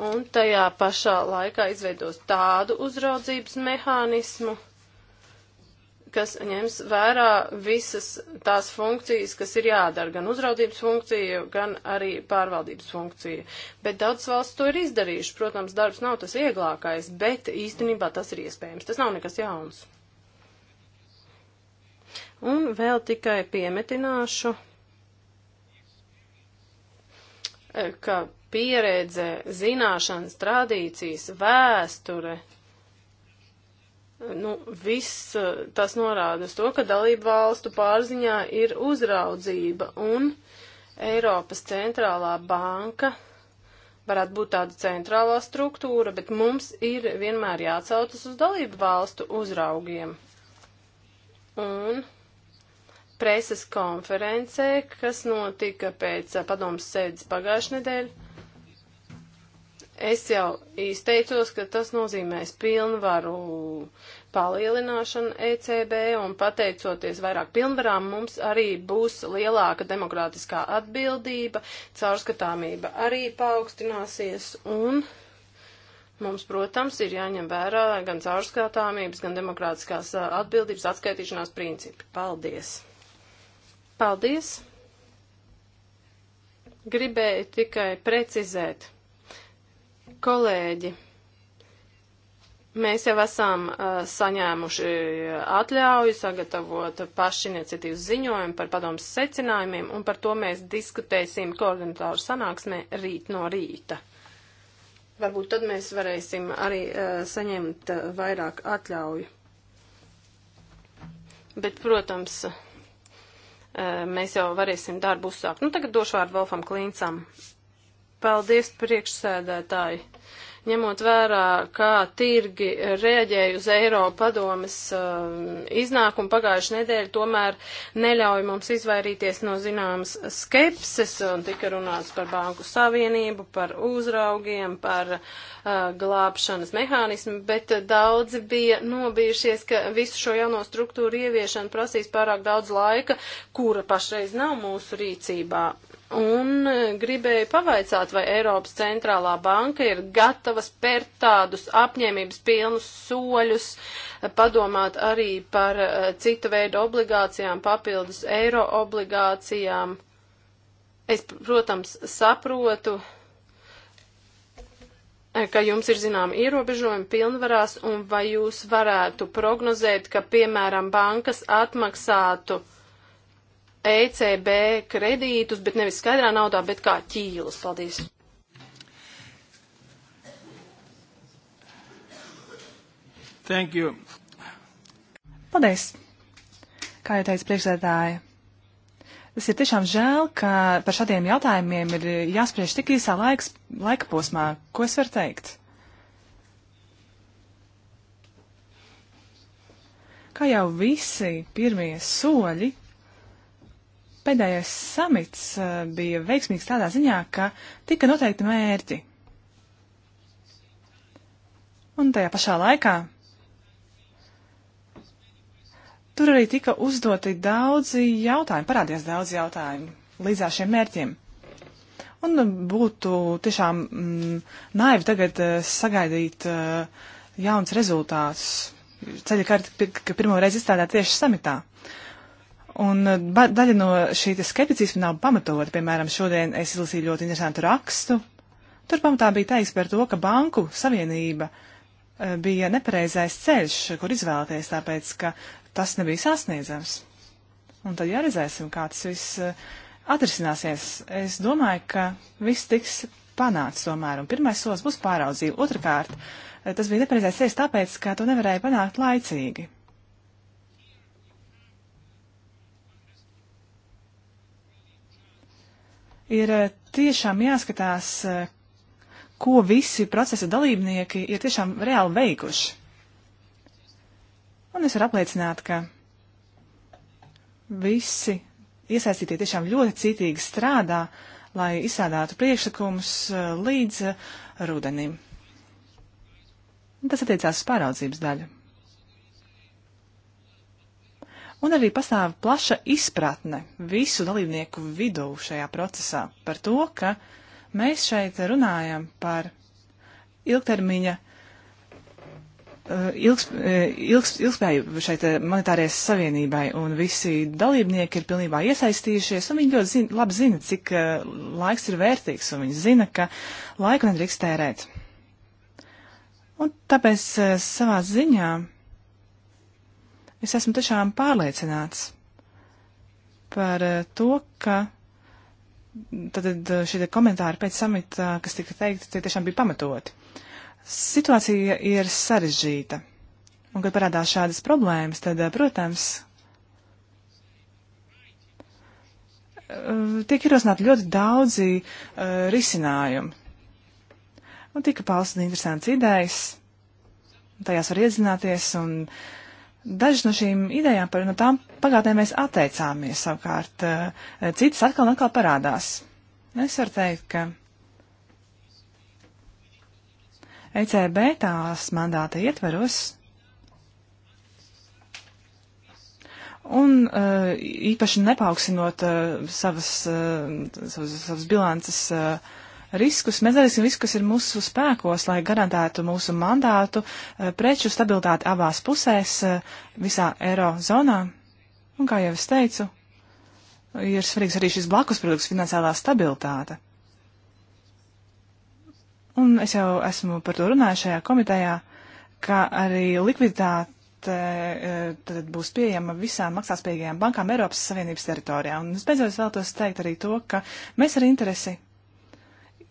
un tajā pašā laikā izveidos tādu uzraudzības mehānismu, kas ņems vērā visas tās funkcijas, kas ir jādara, gan uzraudzības funkcija, gan arī pārvaldības funkcija. Bet daudz valsts to ir izdarījuši. Protams, darbs nav tas vieglākais, bet īstenībā tas ir iespējams. Tas nav nekas jauns. Un vēl tikai piemetināšu, e, ka pieredze, zināšanas, tradīcijas, vēsture, nu, viss e, tas norāda uz to, ka dalību valstu pārziņā ir uzraudzība un Eiropas centrālā banka varētu būt tāda centrālā struktūra, bet mums ir vienmēr jācautas uz dalību valstu uzraugiem. Un preses konferencē, kas notika pēc padomas sēdes pagājušajā nedēļā. Es jau izteicos, ka tas nozīmēs pilnvaru palielināšanu ECB un pateicoties vairāk pilnvarām mums arī būs lielāka demokrātiskā atbildība, caurskatāmība arī paaugstināsies un mums, protams, ir jāņem vērā gan caurskatāmības, gan demokrātiskās atbildības atskaitīšanās principi. Paldies! Paldies! Gribēju tikai precizēt. Kolēģi, mēs jau esam uh, saņēmuši uh, atļauju sagatavot pašiniciatīvas ziņojumu par padomus secinājumiem, un par to mēs diskutēsim koordinatoru sanāksmē rīt no rīta. Varbūt tad mēs varēsim arī uh, saņemt uh, vairāk atļauju. Bet, protams, uh, Eh, mēs jau varēsim darbu uzsākt. Nu, tagad došu vārdu Volfam Klīncam. Paldies, priekšsēdētāji! ņemot vērā, kā tirgi reaģēja uz Eiropa padomes um, iznākumu pagājušajā nedēļā, tomēr neļauj mums izvairīties no zināmas skepses, un tika runāts par banku savienību, par uzraugiem, par uh, glābšanas mehānismu, bet daudzi bija nobijušies, ka visu šo jauno struktūru ieviešana prasīs pārāk daudz laika, kura pašreiz nav mūsu rīcībā. Un e, gribēju pavaicāt, vai Eiropas centrālā banka ir gatava spērt tādus apņēmības pilnus soļus, e, padomāt arī par e, citu veidu obligācijām, papildus eiro obligācijām. Es, protams, saprotu, ka jums ir zinām ierobežojumi pilnvarās, un vai jūs varētu prognozēt, ka, piemēram, bankas atmaksātu ECB kredītus, bet nevis skaidrā naudā, bet kā ķīlas. Paldies! Thank you. Paldies! Kā jau teicu priekšsēdētāji, tas ir tiešām žēl, ka par šādiem jautājumiem ir jāspriež tik īsā laiks, laika posmā. Ko es varu teikt? Kā jau visi pirmie soļi Pēdējais samits uh, bija veiksmīgs tādā ziņā, ka tika noteikti mērķi. Un tajā pašā laikā tur arī tika uzdoti daudzi jautājumi, parādījās daudz jautājumu līdzā šiem mērķiem. Un būtu tiešām mm, naivi tagad uh, sagaidīt uh, jauns rezultāts. Ceļa karti, ka pirmo reizi izstrādā tieši samitā. Un eh, daļa no šī skepticisma nav pamatota. Piemēram, šodien es izlasīju ļoti interesantu rakstu. Tur pamatā bija teiks par to, ka banku savienība eh, bija nepareizais ceļš, kur izvēlēties, tāpēc, ka tas nebija sasniedzams. Un tad jāredzēsim, kā tas viss eh, atrisināsies. Es domāju, ka viss tiks panāts tomēr, un pirmais solis būs pāraudzība. Otrakārt, tas bija nepareizais ceļš tāpēc, ka to nevarēja panākt laicīgi. ir eh, tiešām jāskatās, eh, ko visi procesa dalībnieki ir tiešām reāli veikuši. Un es varu apliecināt, ka visi iesaistītie tiešām ļoti cītīgi strādā, lai izstrādātu priekšlikumus eh, līdz rudenim. Tas attiecās uz pāraudzības daļu un arī pastāv plaša izpratne visu dalībnieku vidū šajā procesā par to, ka mēs šeit runājam par ilgtermiņa, eh, ilgs, eh, ilgs, ilgspēju šeit eh, monetārajai savienībai, un visi dalībnieki ir pilnībā iesaistījušies, un viņi ļoti zin, labi zina, cik laiks ir vērtīgs, un viņi zina, ka laiku nedrīkst tērēt. Un tāpēc savā ziņā Es esmu tiešām pārliecināts par eh, to, ka mm, tad eh, šie komentāri pēc samita, eh, kas tika teikti, tie tiešām bija pamatoti. Situācija ir sarežģīta. Un, kad parādās šādas problēmas, tad, protams, tiek ierosināti ļoti daudzi uh, risinājumi. Un tika paustas interesants idejas, tajās var iedzināties, un Dažas no šīm idejām par no tām pagātnē mēs atteicāmies, savukārt eh, citas atkal un atkal parādās. Es varu teikt, ka ECB tās mandāta ietveros un eh, īpaši nepaaugstinot eh, savas, savas, savas bilances riskus. Mēs darīsim visu, kas ir mūsu spēkos, lai garantētu mūsu mandātu eh, preču stabilitāti abās pusēs eh, visā eirozonā. Un kā jau es teicu, ir svarīgs arī šis blakus produkts finansiālā stabilitāte. Un es jau esmu par to runājis šajā komitejā, ka arī likviditāte eh, tad būs pieejama visām maksātspējīgajām bankām Eiropas Savienības teritorijā. Un es beidzot vēlētos teikt arī to, ka mēs ar interesi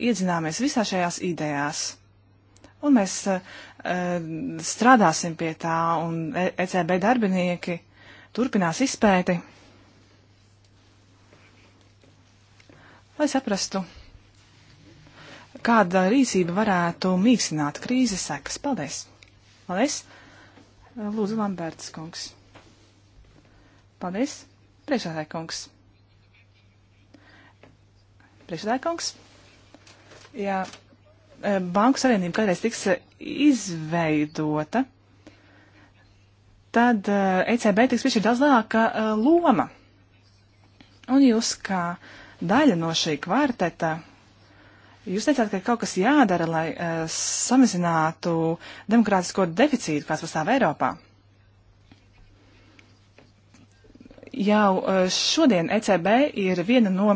iedzināmies visā šajās idejās. Un mēs uh, strādāsim pie tā, un ECB e darbinieki turpinās izpēti, lai saprastu, kāda rīcība varētu mīkstināt krīzes sekas. Paldies! Paldies! Eh, Lūdzu, Lamberts kungs. Paldies! Priekšsēdētāj kungs. Priekšsēdētāj kungs ja e, Banku savienība kādreiz tiks izveidota, tad ECB e tiks piešķirt daudz lielāka e, loma. Un jūs kā daļa no šī kvarteta, jūs teicāt, ka kaut kas jādara, lai samazinātu demokrātisko deficītu, kāds pastāv Eiropā. jau šodien ECB ir viena no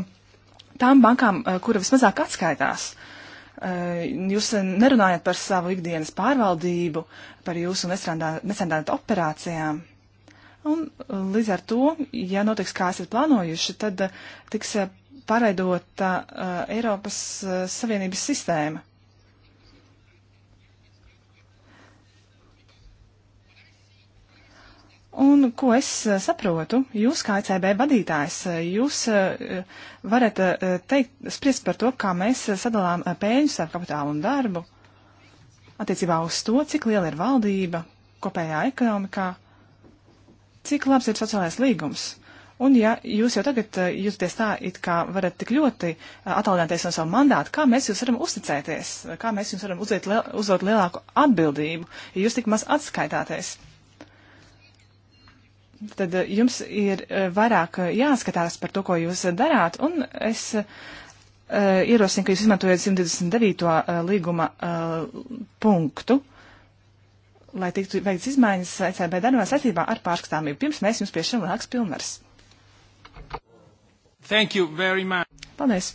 tām bankām, kura vismazāk atskaitās. Eh, jūs nerunājat par savu ikdienas pārvaldību, par jūsu nestrādāt operācijām. Un eh, līdz ar to, ja notiks, kā esat plānojuši, tad eh, tiks pārveidota Eiropas Savienības sistēma. Un ko es eh, saprotu, jūs kā ECB vadītājs, eh, jūs eh, varat teikt, spriest par to, kā mēs sadalām pēļņu starp kapitālu un darbu, attiecībā uz to, cik liela ir valdība kopējā ekonomikā, cik labs ir sociālais līgums. Un ja jūs jau tagad jūtaties tā, it kā varat tik ļoti attālināties no savu mandātu, kā mēs jūs varam uzticēties, kā mēs jums varam uzdot, liel, uzdot lielāku atbildību, ja jūs tik maz atskaitāties tad eh, jums ir eh, vairāk eh, jāskatās par to, ko jūs darāt, un es uh, ierosinu, ka jūs izmantojat 129. Uh, līguma uh, punktu, lai tiktu veikts izmaiņas ECB darbā saistībā ar pārskatāmību. Pirms mēs jums piešķiram lielāks pilnvars. Thank you very much. Paldies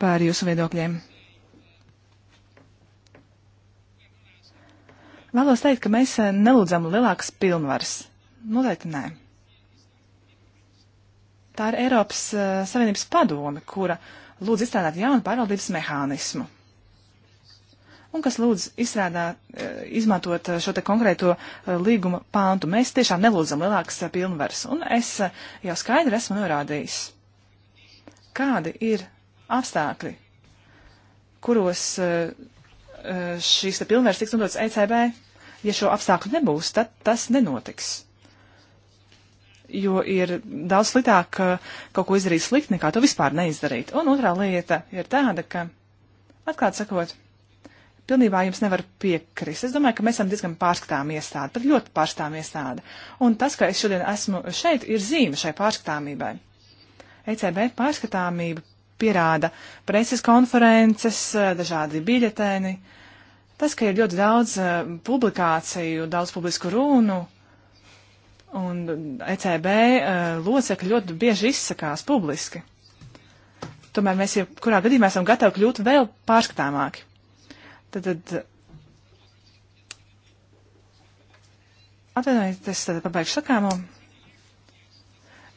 par jūsu viedokļiem. Vēlos teikt, ka mēs eh, nelūdzam lielākas pilnvaras. Noteikti nē. Tā ir Eiropas eh, Savienības padome, kura lūdz izstrādāt jaunu pārvaldības mehānismu un kas lūdz izstrādāt, eh, izmantot šo te konkrēto līguma pāntu. Mēs tiešām nelūdzam lielākas pilnvaras, un es jau skaidri esmu norādījis, kādi ir apstākļi, kuros Eh, šīs pilnvērs tiks nodots ECB. Ja šo apstākļu nebūs, tad tas nenotiks. Jo ir daudz sliktāk eh, kaut ko izdarīt slikti, nekā to vispār neizdarīt. Un otrā lieta ir tāda, ka, atklāti sakot, pilnībā jums nevar piekrist. Es domāju, ka mēs esam diezgan pārskatām iestāde, pat ļoti pārskatām iestāde. Un tas, ka es šodien esmu šeit, ir zīme šai pārskatāmībai. ECB pārskatāmība pierāda preses konferences, eh, dažādi biļetēni. Tas, ka ir ļoti daudz eh, publikāciju, daudz publisku runu, un ECB eh, locekļi ļoti bieži izsakās publiski. Tomēr mēs jau kurā gadījumā esam gatavi kļūt vēl pārskatāmāki. Tad, tad atvainojiet, es tad pabeigšu sakāmo.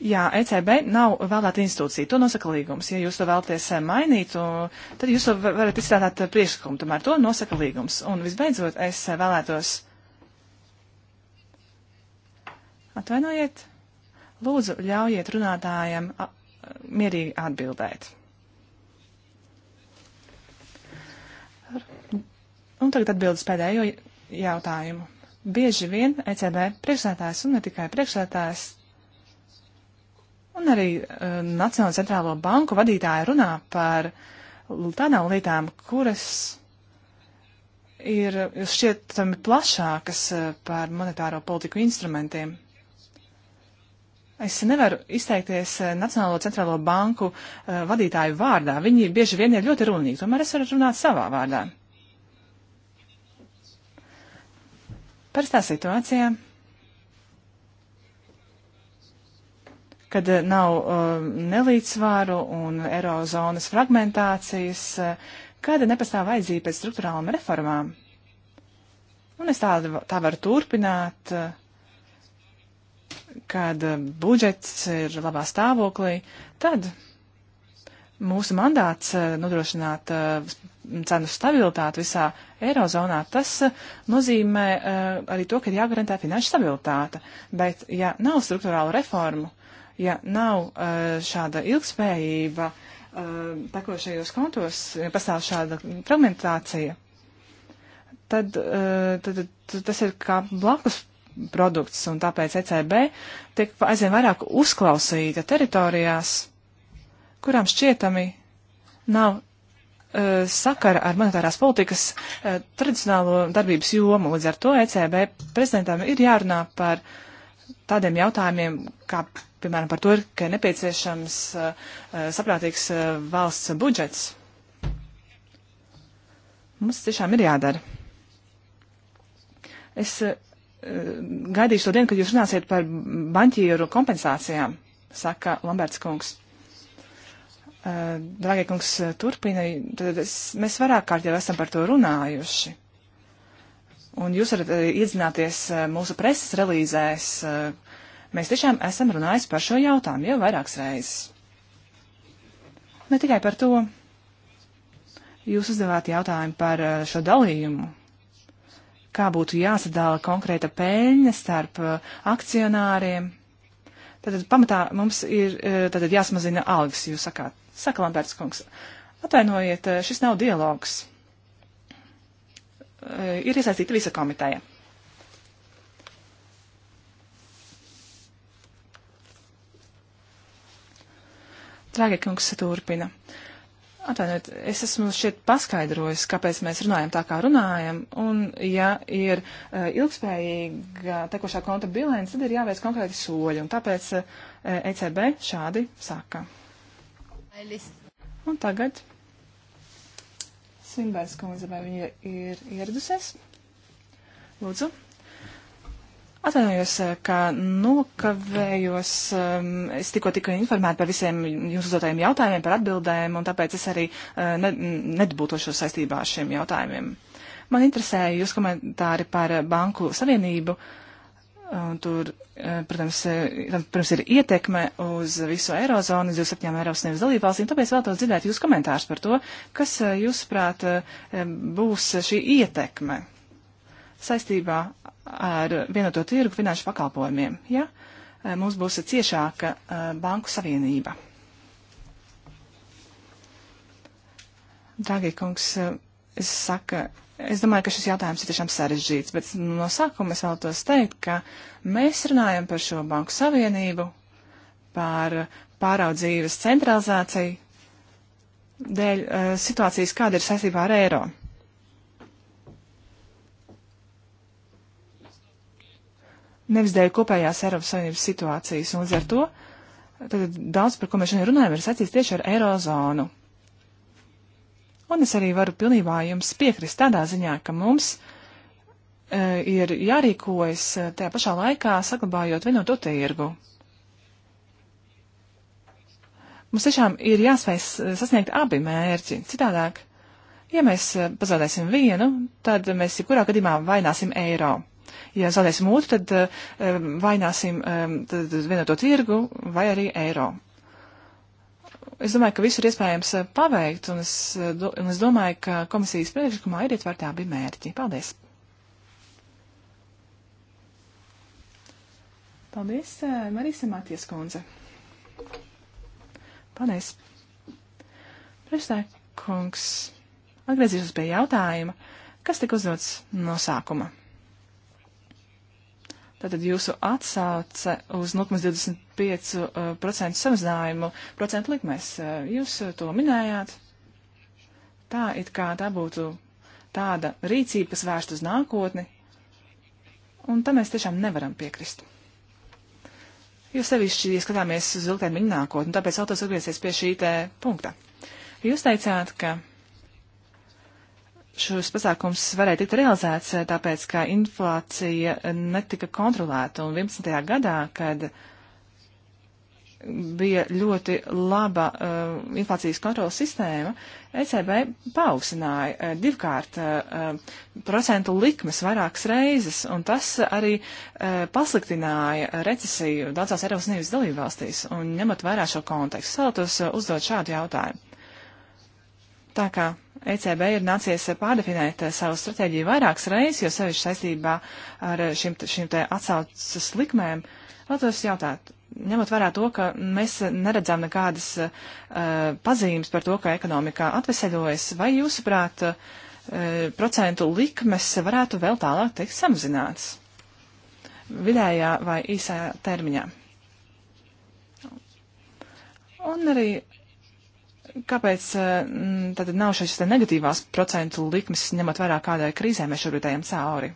Jā, ECB nav vēlēta institūcija, to nosaka līgums. Ja jūs to vēlaties eh, mainīt, tad jūs to varat izstrādāt eh, priekšlikumu, tomēr to nosaka līgums. Un visbeidzot, es eh, vēlētos. Atvainojiet, lūdzu, ļaujiet runātājiem mierīgi atbildēt. Un tagad atbildes pēdējo jautājumu. Bieži vien ECB priekšsētājs un ne tikai priekšsētājs Un arī uh, Nacionālo centrālo banku vadītāji runā par tādām lietām, kuras ir šķietami plašākas uh, par monetāro politiku instrumentiem. Es nevaru izteikties uh, Nacionālo centrālo banku uh, vadītāju vārdā. Viņi bieži vien ir ļoti runīgi, tomēr es varu runāt savā vārdā. Parastā situācijā kad eh, nav uh, nelīdzsvaru un eirozonas fragmentācijas, uh, eh, kāda nepastāv vajadzība pēc struktūrālām reformām. Un es tādu tā varu turpināt, uh, kad budžets ir labā stāvoklī, tad mūsu mandāts nodrošināt cenu stabilitāti visā Eirozonā, tas nozīmē arī to, ka ir jāgarantē finanšu stabilitāte. Bet, ja nav struktūrālu reformu, ja nav eh, šāda ilgspējība eh, tekošajos kontos, ja pastāv šāda fragmentācija, tad, eh, tad, tad tas ir kā blakus produkts, un tāpēc ECB tiek aizvien vairāk uzklausīta teritorijās, kurām šķietami nav uh, sakara ar monetārās politikas uh, tradicionālo darbības jomu. Līdz ar to ECB prezidentam ir jārunā par tādiem jautājumiem, kā piemēram, par to, ka ir nepieciešams uh, uh, saprātīgs uh, valsts budžets. Mums tiešām ir jādara. Es gaidīšu to dienu, kad jūs runāsiet par banķieru kompensācijām, saka Lamberts kungs. Dragie kungs, turpina, tad es, mēs vairāk kārt jau esam par to runājuši. Un jūs varat iedzināties mūsu preses relīzēs, Mēs tiešām esam runājis par šo jautājumu jau vairākas reizes. Ne tikai par to. Jūs uzdevāt jautājumu par eh, šo dalījumu. Kā būtu jāsadala konkrēta peļņa starp eh, akcionāriem? Tātad pamatā mums ir tātad eh, jāsmazina algas, jūs sakāt. Saka Lamberts kungs. Atvainojiet, šis nav dialogs. Ir iesaistīta visa komiteja. Trāgie kungs turpina. Atvainojiet, es esmu šeit paskaidrojis, kāpēc mēs runājam tā, kā runājam, un ja ir uh, ilgspējīga tekošā konta bilēns, tad ir jāveic konkrēti soļi, un tāpēc uh, eh, ECB šādi saka. Un tagad Svinbērns kundze, vai viņa ir ieradusies? Lūdzu, Atvainojos, eh, ka nokavējos. Ehm, es tikko tiku informēta par visiem jūsu uzdotajiem jautājumiem, par atbildēm, un tāpēc es arī eh, ne, nedabūtošos saistībā ar šiem jautājumiem. Man interesēja jūs komentāri par Banku Savienību. Eh, tur, protams, protams, ir ietekme uz visu eirozonu, uz 27 Eiropas Savienības dalībvalstīm, tāpēc vēlētos dzirdēt jūsu komentārus par to, kas, jūsuprāt, būs šī ietekme saistībā ar vienoto tirgu finanšu pakalpojumiem, ja e, mums būs ciešāka e, banku savienība. Dārgie kungs, e, es, saka, es domāju, ka šis jautājums ir tiešām sarežģīts, bet no sākuma es vēlos teikt, ka mēs runājam par šo banku savienību, par pāraudzības centralizāciju dēļ situācijas, kāda ir saistībā ar Eiropu nevis dēļ kopējās Eiropas Savienības situācijas. Un līdz ar to daudz, par ko mēs šodien runājam, ir saistīts tieši ar Eirozonu. Un es arī varu pilnībā jums piekrist tādā ziņā, ka mums e, ir jārīkojas e, tajā pašā laikā saglabājot vienoto tirgu. Mums tiešām ir jāspēj sasniegt abi mērķi. Citādāk, ja mēs e, pazaudēsim vienu, tad mēs jebkurā gadījumā vaināsim eiro. Ja zaudēsim otru, tad eh, vaināsim tad vienoto tirgu vai arī eiro. Es domāju, ka viss ir iespējams eh, paveikt, un es, eh, un es domāju, ka komisijas priekšlikumā ir ietverti abi mērķi. Paldies! Paldies, Marisa Māties kundze! Paldies! Priekšstāj, kungs, atgriezīšos pie jautājuma, kas tika uzdots no sākuma. Tātad jūsu atsauce uz 0,25% uh, samazinājumu procentu likmēs, uh, jūs uh, to minējāt. Tā it kā tā būtu tāda rīcība, kas vērst uz nākotni, un tam mēs tiešām nevaram piekrist. Jo sevišķi, ja skatāmies uz ilgtermiņu nākotni, tāpēc vēlos atgriezties pie šī te punkta. Jūs teicāt, ka šos pasākums varēja tikt realizēts, eh, tāpēc, ka inflācija netika kontrolēta. Un 11. gadā, kad bija ļoti laba uh, inflācijas kontrolas sistēma, ECB paaugstināja uh, divkārt uh, procentu likmes vairākas reizes, un tas arī uh, pasliktināja recesiju daudzās Eiropas Savienības dalībvalstīs. Un ņemot vērā šo kontekstu, vēlētos uh, uzdot šādu jautājumu. Tā kā ECB ir nācies pārdefinēt eh, savu stratēģiju vairākas reizes, jo sevišķi saistībā ar eh, šim, šim te atsaucas likmēm, vēlētos jautāt, ņemot vērā to, ka mēs neredzam nekādas uh, pazīmes par to, ka ekonomikā atveseļojas, vai jūsuprāt, uh, procentu likmes varētu vēl tālāk teikt samazināts vidējā vai īsā termiņā? Un arī Kāpēc eh, tad nav šīs negatīvās procentu likmes, ņemot vērā kādai krīzē mēs šobrīd ejam cauri?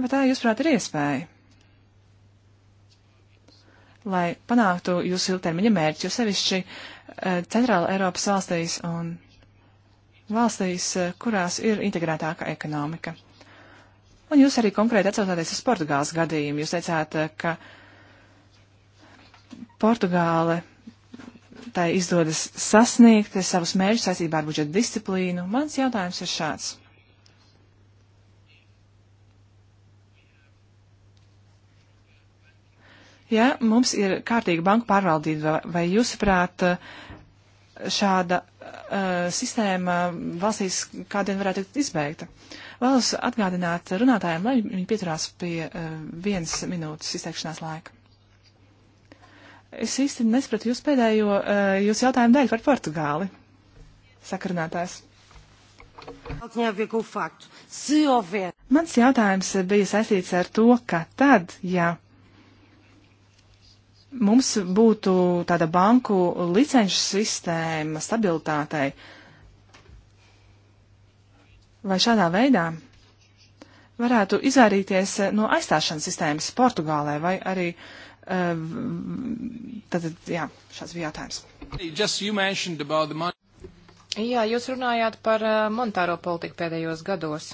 Vai tā, jūsuprāt, ir iespēja? Lai panāktu jūsu ilgtermiņa mērķi, jo sevišķi eh, centrāla Eiropas valstīs un valstīs, eh, kurās ir integrētāka ekonomika. Un jūs arī konkrēti atsaucāties uz Portugāles gadījumu. Jūs teicāt, ka Portugāle tai izdodas sasniegt savus mērķus saistībā ar budžeta disciplīnu. Mans jautājums ir šāds. Ja mums ir kārtīga banka pārvaldība, vai jūsuprāt, šāda uh, sistēma valstīs kādien varētu tikt izbeigta? Vēlos atgādināt runātājiem, lai viņi pieturās pie uh, vienas minūtes izteikšanās laika. Es īsti nespratu jūs pēdējo, eh, jūs jautājumu dēļ par Portugāli. Sakarinātājs. Mans jautājums bija saistīts ar to, ka tad, ja mums būtu tāda banku licenšu sistēma stabilitātei, vai šādā veidā varētu izvairīties no aizstāšanas sistēmas Portugālē vai arī uh, Eh, tad, jā, šāds bija jautājums. Jā, jūs runājāt par eh, monetāro politiku pēdējos gados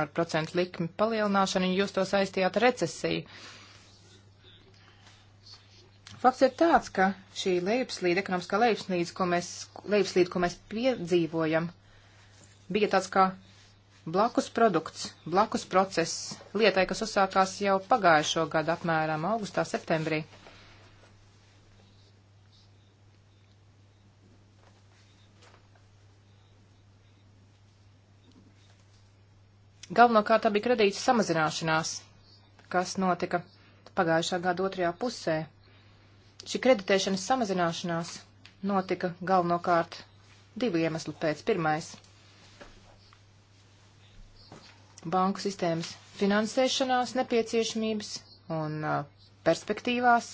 ar procentu likmi palielināšanu, un jūs to saistījāt ar recesiju. Fakts ir tāds, ka šī lejupslīde, ekonomiskā lejupslīde, ko mēs, lejupslīde, ko mēs piedzīvojam, bija tāds kā Blakus produkts, blakus process lietai, kas uzsākās jau pagājušo gadu apmēram augustā, septembrī. Galvenokārt tā bija kredīta samazināšanās, kas notika pagājušā gada otrajā pusē. Šī kreditēšanas samazināšanās notika galvenokārt divu iemeslu pēc. Pirmais banku sistēmas finansēšanās nepieciešamības un uh, perspektīvās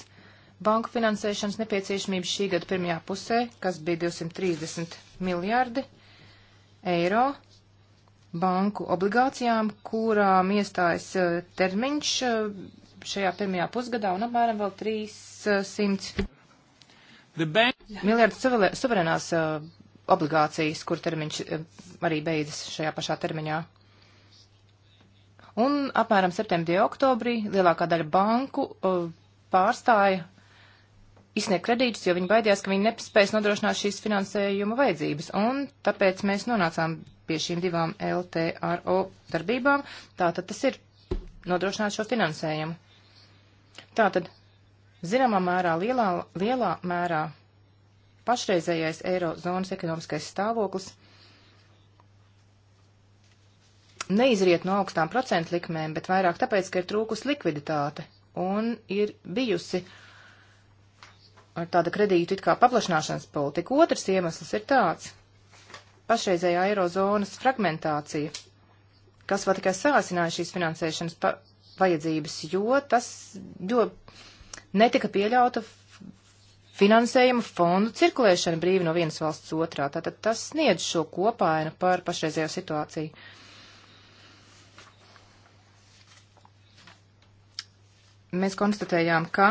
banku finansēšanas nepieciešamības šī gada pirmajā pusē, kas bija 230 miljārdi eiro banku obligācijām, kurām iestājas uh, termiņš uh, šajā pirmajā pusgadā un apmēram vēl 300 miljardu suverenās obligācijas, kur termiņš arī beidzas šajā pašā termiņā. Un apmēram septembrī, oktobrī lielākā daļa banku uh, pārstāja izsniegt kredītus, jo viņi baidījās, ka viņi nespēs nodrošināt šīs finansējuma vajadzības. Un tāpēc mēs nonācām pie šīm divām LTRO darbībām. Tātad tas ir nodrošināt šo finansējumu. Tātad, zināmā mērā, lielā, lielā mērā pašreizējais eirozonas ekonomiskais stāvoklis neizriet no augstām procentu likmēm, bet vairāk tāpēc, ka ir trūkus likviditāte un ir bijusi tāda kredītu it kā paplašināšanas politika. Otrs iemesls ir tāds - pašreizējā eirozonas fragmentācija, kas vēl tikai sāsināja šīs finansēšanas vajadzības, jo tas, jo netika pieļauta finansējuma fondu cirkulēšana brīvi no vienas valsts otrā. Tātad tas sniedz šo kopainu par pašreizējo situāciju. mēs konstatējām, ka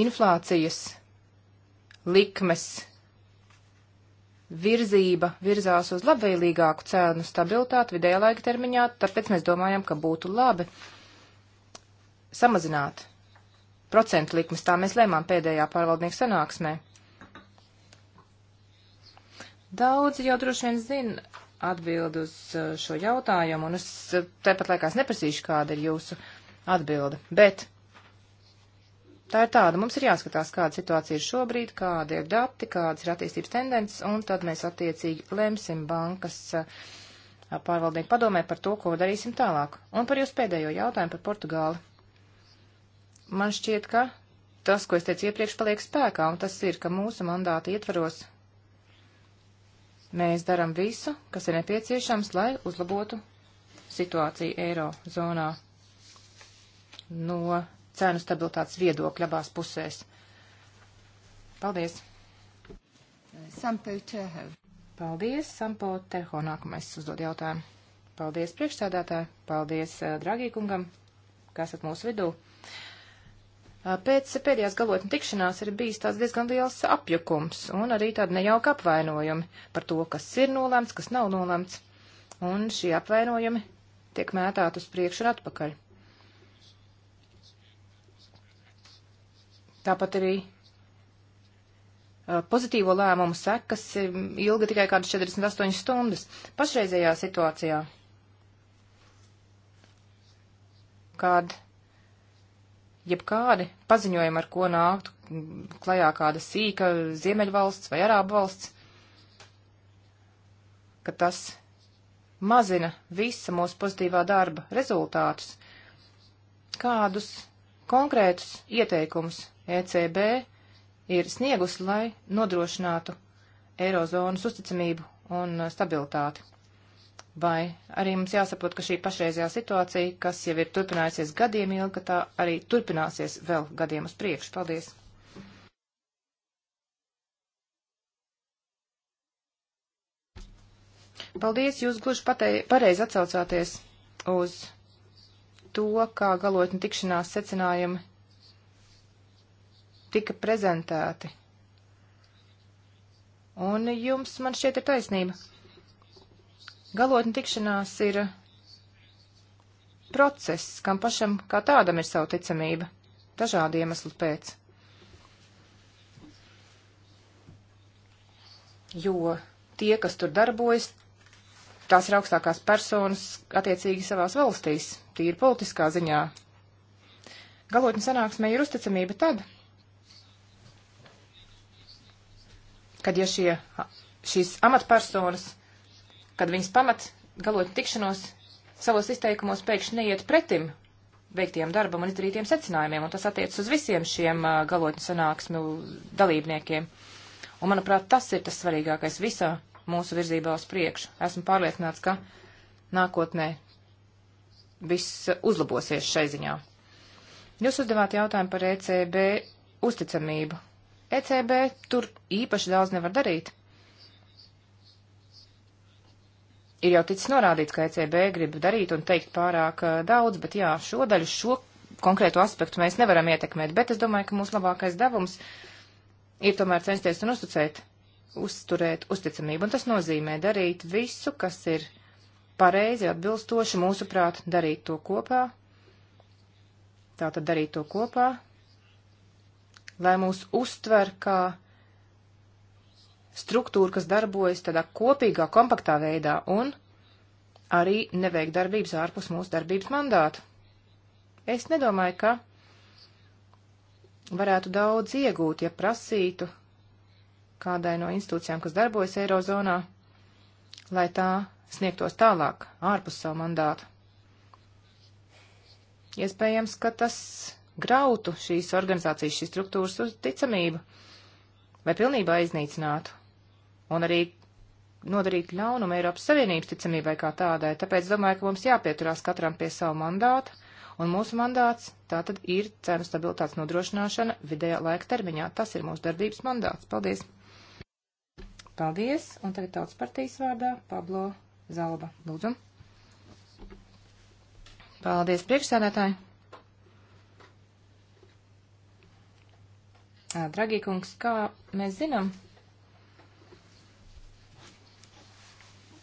inflācijas likmes virzība virzās uz labvēlīgāku cēnu stabilitāti vidējā laika termiņā, tāpēc mēs domājam, ka būtu labi samazināt procentu likmes. Tā mēs lēmām pēdējā pārvaldnieku sanāksmē. Daudzi jau droši vien zina atbildi uz uh, šo jautājumu, un es uh, tepat laikās neprasīšu, kāda ir jūsu uh, atbilde. Bet tā ir tāda. Mums ir jāskatās, kāda situācija ir šobrīd, kāda ir dati, kādas ir attīstības tendences, un tad mēs attiecīgi lemsim bankas pārvaldnieku padomē par to, ko darīsim tālāk. Un par jūsu pēdējo jautājumu par Portugāli. Man šķiet, ka tas, ko es teicu iepriekš, paliek spēkā, un tas ir, ka mūsu mandāta ietvaros mēs daram visu, kas ir nepieciešams, lai uzlabotu situāciju eiro zonā no cēnu stabilitātes viedokļa abās pusēs. Paldies! Sampo Terho. Paldies, Sampo Terho. Nākamais uzdod jautājumu. Paldies, priekšstādātāji. Paldies, eh, dragī kungam, ka esat mūsu vidū. Eh, pēc pēdējās galotņu tikšanās ir bijis tāds diezgan liels apjukums un arī tāda nejauka apvainojumi par to, kas ir nolēmts, kas nav nolēmts. Un šie apvainojumi tiek mētāti uz priekšu un atpakaļ. Tāpat arī pozitīvo lēmumu sekas ilga tikai kādas 48 stundas pašreizējā situācijā, kad jebkādi paziņojumi, ar ko nāktu klajā kāda sīka Ziemeļvalsts vai Arābu valsts, ka tas mazina visa mūsu pozitīvā darba rezultātus. Kādus konkrētus ieteikumus ECB ir sniegusi, lai nodrošinātu eirozonas uzticamību un uh, stabilitāti. Vai arī mums jāsaprot, ka šī pašreizējā situācija, kas jau ir turpinājusies gadiem ilgi, ka tā arī turpināsies vēl gadiem uz priekšu. Paldies! Paldies, jūs gluži pareizi atcaucāties uz to, kā galotņu tikšanās secinājumi tika prezentēti. Un jums, man šķiet, ir taisnība. Galotni tikšanās ir process, kam pašam kā tādam ir savu ticamība, dažādu iemeslu pēc. Jo tie, kas tur darbojas, tās ir augstākās personas attiecīgi savās valstīs, tīri politiskā ziņā. Galotņu sanāksmē ir uzticamība tad, kad ja šie, šīs amatpersonas, kad viņas pamat galot tikšanos, savos izteikumos pēkšņi neiet pretim veiktiem darbam un izdarītiem secinājumiem, un tas attiecas uz visiem šiem uh, galotņu sanāksmu dalībniekiem. Un, manuprāt, tas ir tas svarīgākais visā mūsu virzībā uz priekšu. Esmu pārliecināts, ka nākotnē viss uzlabosies šai ziņā. Jūs uzdevāt jautājumu par ECB uzticamību ECB tur īpaši daudz nevar darīt. Ir jau ticis norādīts, ka ECB grib darīt un teikt pārāk uh, daudz, bet jā, šo daļu, šo konkrēto aspektu mēs nevaram ietekmēt, bet es domāju, ka mūsu labākais devums ir tomēr censties un uzticēt, uzturēt uzticamību, un tas nozīmē darīt visu, kas ir pareizi, atbilstoši mūsuprāt, darīt to kopā, tātad darīt to kopā, lai mūs uztver kā struktūru, kas darbojas tādā kopīgā, kompaktā veidā un arī neveik darbības ārpus mūsu darbības mandātu. Es nedomāju, ka varētu daudz iegūt, ja prasītu kādai no institūcijām, kas darbojas Eirozonā, lai tā sniegtos tālāk ārpus savu mandātu. Iespējams, ka tas grautu šīs organizācijas, šīs struktūras uzticamību vai pilnībā iznīcinātu un arī nodarītu ļaunumu Eiropas Savienības ticamībai kā tādai. Tāpēc domāju, ka mums jāpieturās katram pie savu mandātu, un mūsu mandāts tā tad ir cenu stabilitātes nodrošināšana vidējā laika termiņā. Tas ir mūsu darbības mandāts. Paldies! Paldies! Un tagad tautas partijas vārdā Pablo Zalba. Lūdzu! Paldies, priekšsēdētāji! Dragī kungs, kā mēs zinām,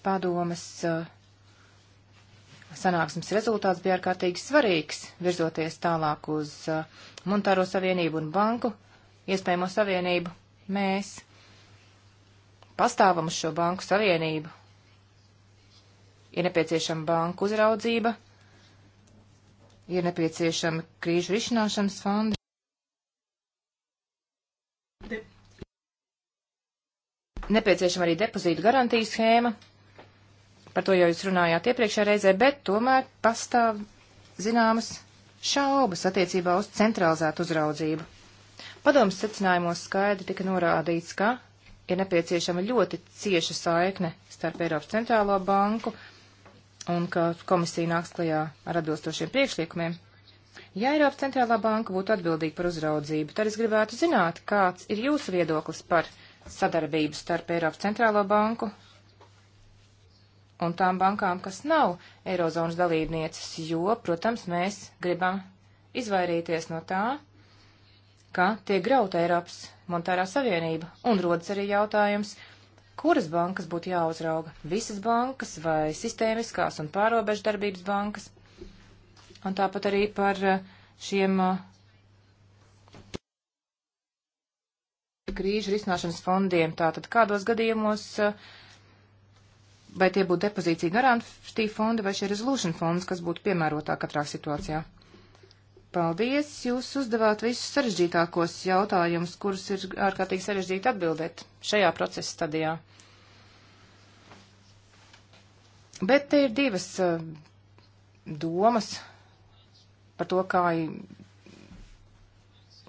padomas sanāksmes rezultāts bija ārkārtīgi svarīgs, virzoties tālāk uz monetāro savienību un banku iespējamo savienību. Mēs pastāvam uz šo banku savienību. Ir nepieciešama banku uzraudzība, ir nepieciešama krīžu risināšanas fonda. nepieciešama arī depozītu garantijas schēma. Par to jau jūs runājāt iepriekšējā reizē, bet tomēr pastāv zināmas šaubas attiecībā uz centralizētu uzraudzību. Padomas secinājumos skaidri tika norādīts, ka ir nepieciešama ļoti cieša saikne starp Eiropas centrālo banku un ka komisija nāks klajā ar atbilstošiem priekšlikumiem. Ja Eiropas centrālā banka būtu atbildīga par uzraudzību, tad es gribētu zināt, kāds ir jūsu viedoklis par sadarbību starp Eiropas centrālo banku un tām bankām, kas nav Eirozonas dalībnieces, jo, protams, mēs gribam izvairīties no tā, ka tiek grauta Eiropas monetārā savienība, un rodas arī jautājums, kuras bankas būtu jāuzrauga - visas bankas vai sistēmiskās un pārobežu darbības bankas, un tāpat arī par eh, šiem uh, krīžu risināšanas fondiem. Tātad kādos gadījumos, eh, vai tie būtu depozīcija garantī fondi vai šie resolution fonds, kas būtu piemērotā katrā situācijā? Paldies! Jūs uzdevāt visus sarežģītākos jautājumus, kurus ir ārkārtīgi sarežģīti atbildēt šajā procesa stadijā. Bet te ir divas uh, domas par to, kā,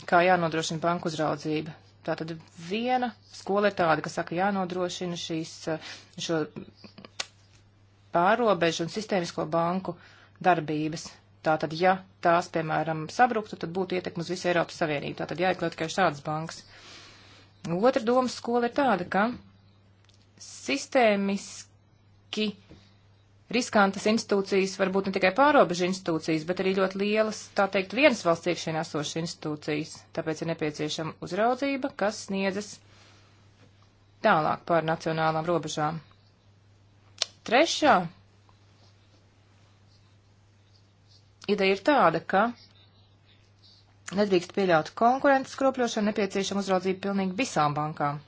kā jānodrošina banku uzraudzība. Tātad viena skola ir tāda, kas saka, jānodrošina šīs, uh, šo pārobežu un sistēmisko banku darbības. Tātad, ja tās, piemēram, sabruktu, tad būtu ietekme uz visu Eiropas Savienību. Tātad jāiekļaut tikai šādas bankas. Otra doma skola ir tāda, ka sistēmiski riskantas institūcijas, varbūt ne tikai pārobežu institūcijas, bet arī ļoti lielas, tā teikt, vienas valsts iekšienē esošas institūcijas. Tāpēc ir nepieciešama uzraudzība, kas sniedzas tālāk pār nacionālām robežām. Trešā ideja ir tāda, ka nedrīkst pieļaut konkurences skropļošanu, nepieciešama uzraudzība pilnīgi visām bankām.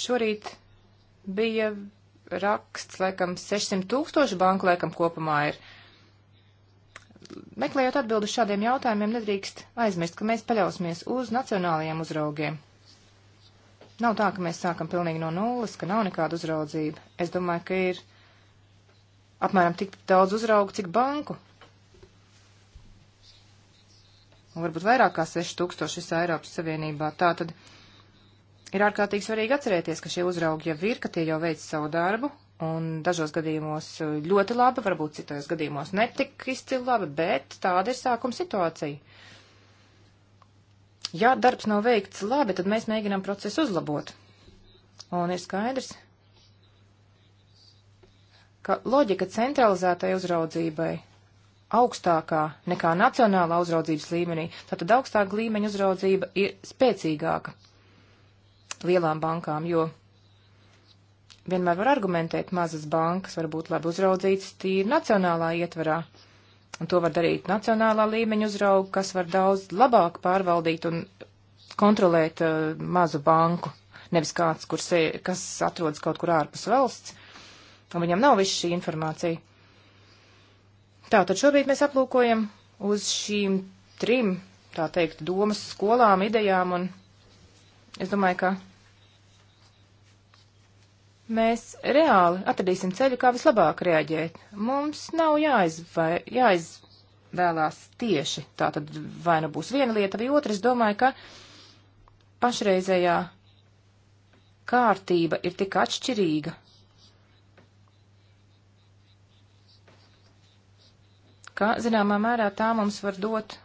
Šorīt bija raksts, laikam 600 tūkstoši banku laikam kopumā ir. Meklējot atbildu šādiem jautājumiem, nedrīkst aizmirst, ka mēs paļausimies uz nacionālajiem uzraugiem. Nav tā, ka mēs sākam pilnīgi no nulles, ka nav nekāda uzraudzība. Es domāju, ka ir apmēram tik daudz uzraugu, cik banku. Un varbūt vairāk kā 6000 visā Eiropas Savienībā. Tātad. tad Ir ārkārtīgi svarīgi atcerēties, ka šie uzraugi jau ir, ka tie jau veic savu darbu, un dažos gadījumos eh, ļoti labi, varbūt citos gadījumos netik izcili labi, bet tāda ir sākuma situācija. Ja darbs nav veikts labi, tad mēs mēģinām procesu uzlabot. Un ir skaidrs, ka loģika centralizētai uzraudzībai augstākā nekā nacionālā uzraudzības līmenī, tātad augstāka līmeņa uzraudzība ir spēcīgāka lielām bankām, jo vienmēr var argumentēt, mazas bankas var būt labi uzraudzītas tīri nacionālā ietvarā. Un to var darīt nacionālā līmeņa uzrauga, kas var daudz labāk pārvaldīt un kontrolēt uh, mazu banku, nevis kāds, kur se, kas atrodas kaut kur ārpus valsts, un viņam nav viss šī informācija. Tātad šobrīd mēs aplūkojam uz šīm trim, tā teikt, domas skolām, idejām, un es domāju, ka mēs reāli atradīsim ceļu, kā vislabāk reaģēt. Mums nav jāizvai, jāizvēlās tieši, tā tad vai nu būs viena lieta vai otra. Es domāju, ka pašreizējā kārtība ir tik atšķirīga, ka, zināmā mērā, tā mums var dot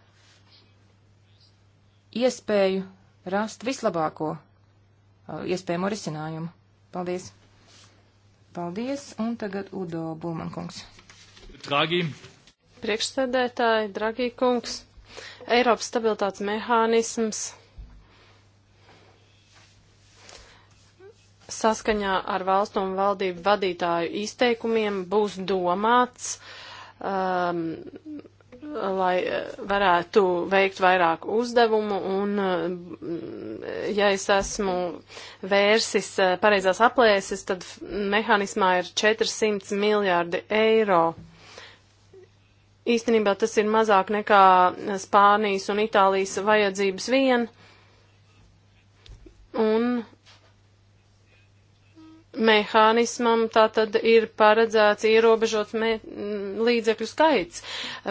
iespēju rast vislabāko uh, iespējamo risinājumu. Paldies! Paldies, un tagad Udo Bulmankungs. Dragi. Priekšsēdētāji, Dragi kungs, Eiropas stabilitātes mehānisms saskaņā ar valstu un valdību vadītāju izteikumiem būs domāts um, lai eh, varētu veikt vairāk uzdevumu un, eh, ja es esmu vērsis eh, pareizās aplēses, tad mehānismā ir 400 miljārdi eiro. Īstenībā tas ir mazāk nekā Spānijas un Itālijas vajadzības vien. Un mehānismam tā tad ir paredzēts ierobežots me, līdzekļu skaits.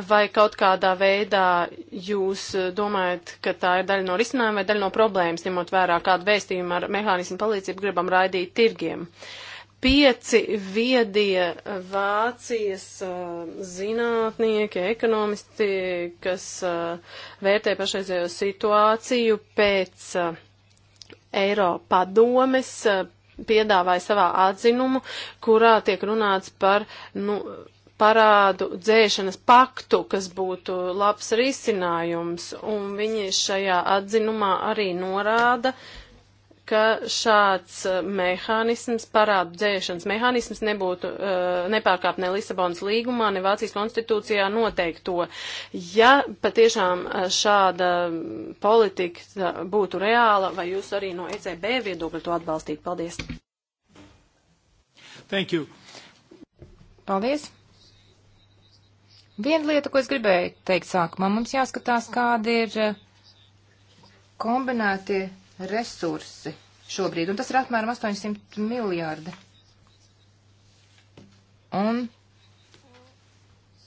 Vai kaut kādā veidā jūs domājat, ka tā ir daļa no risinājuma vai daļa no problēmas, ņemot vērā kādu vēstījumu ar mehānismu palīdzību gribam raidīt tirgiem? Pieci viedie Vācijas uh, zinātnieki, ekonomisti, kas uh, vērtē pašreizējo situāciju pēc uh, Eiropadomes piedāvāja savā atzinumu, kurā tiek runāts par nu, parādu dzēšanas paktu, kas būtu labs risinājums, un viņi šajā atzinumā arī norāda, uh, ka šāds uh, mehānisms, parādu dzēšanas mehānisms nebūtu uh, nepārkāpt ne Lisabonas līgumā, ne Vācijas konstitūcijā noteikto. Ja patiešām uh, šāda politika būtu reāla, vai jūs arī no ECB viedokļa to atbalstītu? Paldies! Thank you. Paldies! Viena lieta, ko es gribēju teikt sākumā, mums jāskatās, kāda ir uh, kombinētie resursi šobrīd, un tas ir apmēram 800 miljārdi. Un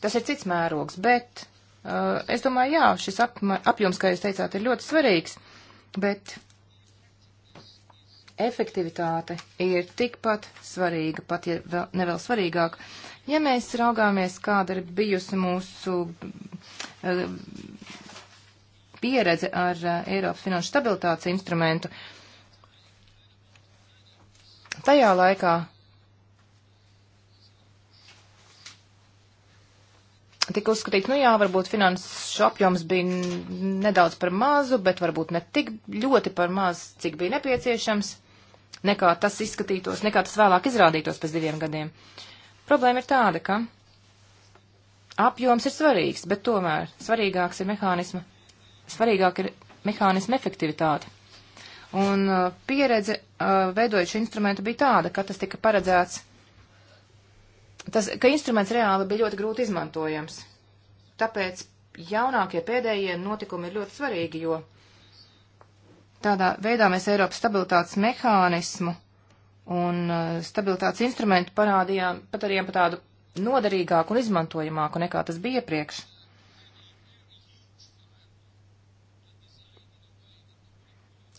tas ir cits mērogs, bet uh, es domāju, jā, šis apma, apjoms, kā jūs teicāt, ir ļoti svarīgs, bet efektivitāte ir tikpat svarīga, pat ja vēl, nevēl svarīgāk. Ja mēs raugāmies, kāda ir bijusi mūsu uh, pieredze ar eh, Eiropas finanšu stabilitātes instrumentu. Tajā laikā tika uzskatīts, nu jā, varbūt finansu apjoms bija nedaudz par mazu, bet varbūt ne tik ļoti par maz, cik bija nepieciešams, nekā tas izskatītos, nekā tas vēlāk izrādītos pēc diviem gadiem. Problēma ir tāda, ka apjoms ir svarīgs, bet tomēr svarīgāks ir mehānisma svarīgāk ir mehānisma efektivitāte. Un uh, pieredze uh, veidojot šo instrumentu bija tāda, ka tas tika paredzēts, tas, ka instruments reāli bija ļoti grūti izmantojams. Tāpēc jaunākie pēdējie notikumi ir ļoti svarīgi, jo tādā veidā mēs Eiropas stabilitātes mehānismu un uh, stabilitātes instrumentu parādījām, padarījām par tādu noderīgāku un izmantojamāku nekā tas bija iepriekš.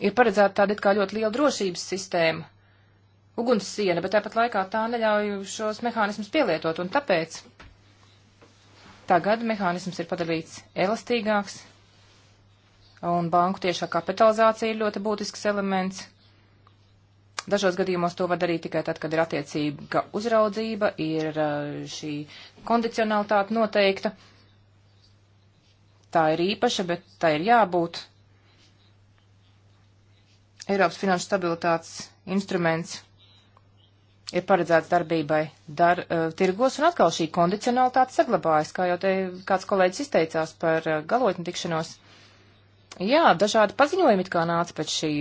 ir paredzēta tāda it kā ļoti liela drošības sistēma, uguns siena, bet tāpat laikā tā neļauj šos mehānismus pielietot, un tāpēc tagad mehānisms ir padarīts elastīgāks, un banku tiešā kapitalizācija ir ļoti būtisks elements. Dažos gadījumos to var darīt tikai tad, kad ir attiecīga uzraudzība, ir uh, šī kondicionalitāte noteikta. Tā ir īpaša, bet tā ir jābūt Eiropas finanšu stabilitātes instruments ir paredzēts darbībai dar, uh, tirgos, un atkal šī kondicionalitāte saglabājas, kā jau te kāds kolēģis izteicās par uh, galotņu tikšanos. Jā, dažādi paziņojumi it kā nāca pēc šī,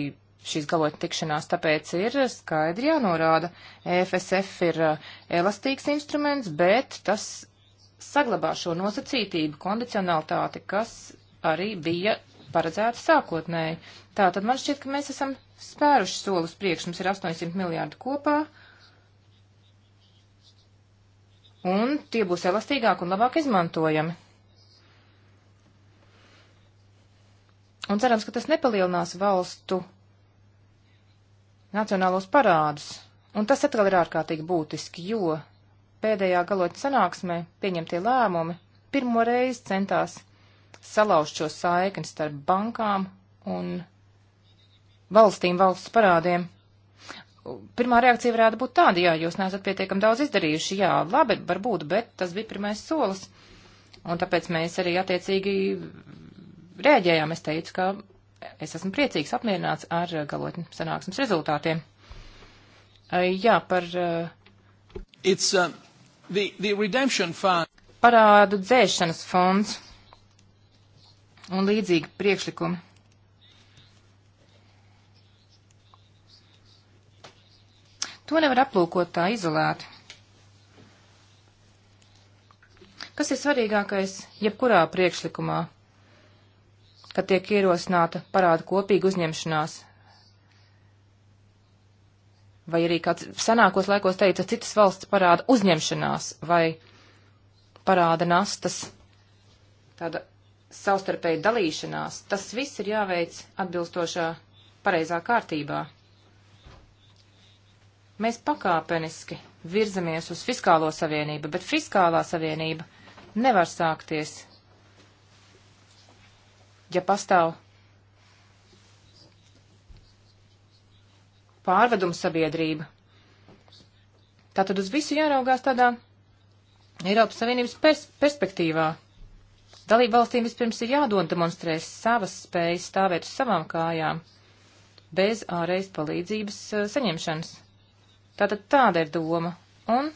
šīs galotņu tikšanās, tāpēc ir skaidri jānorāda. EFSF ir uh, elastīgs instruments, bet tas saglabā šo nosacītību, kondicionalitāti, kas arī bija paredzēta sākotnēji. Tā tad man šķiet, ka mēs esam spēruši solus priekš, mums ir 800 miljārdi kopā, un tie būs elastīgāk un labāk izmantojami. Un cerams, ka tas nepalielinās valstu nacionālos parādus. Un tas atkal ir ārkārtīgi būtiski, jo pēdējā galotņa sanāksmē pieņemtie lēmumi pirmo reizi centās salauzt šo saikni starp bankām un valstīm valsts parādiem. Pirmā reakcija varētu būt tāda, jā, jūs neesat pietiekami daudz izdarījuši, jā, labi, varbūt, bet tas bija pirmais solis. Un tāpēc mēs arī attiecīgi rēģējām. Es teicu, ka es esmu priecīgs, apmierināts ar galotņu sanāksmes rezultātiem. Jā, par. Eh, It's, uh, the, the redemption fund. Parādu dzēšanas fonds un līdzīgi priekšlikumi. To nevar aplūkot tā izolēti. Kas ir svarīgākais jebkurā priekšlikumā, kad tiek ierosināta parāda kopīga uzņemšanās? Vai arī kāds senākos laikos teica citas valsts parāda uzņemšanās vai parāda nastas tāda savstarpēja dalīšanās, tas viss ir jāveic atbilstošā pareizā kārtībā. Mēs pakāpeniski virzamies uz fiskālo savienību, bet fiskālā savienība nevar sākties, ja pastāv pārvedumu sabiedrība. Tātad uz visu jāraugās tādā Eiropas Savienības pers perspektīvā. Dalību valstīm vispirms ir jādemonstrē savas spējas stāvēt uz savām kājām bez ārējas palīdzības uh, saņemšanas. Tātad tāda ir doma. Un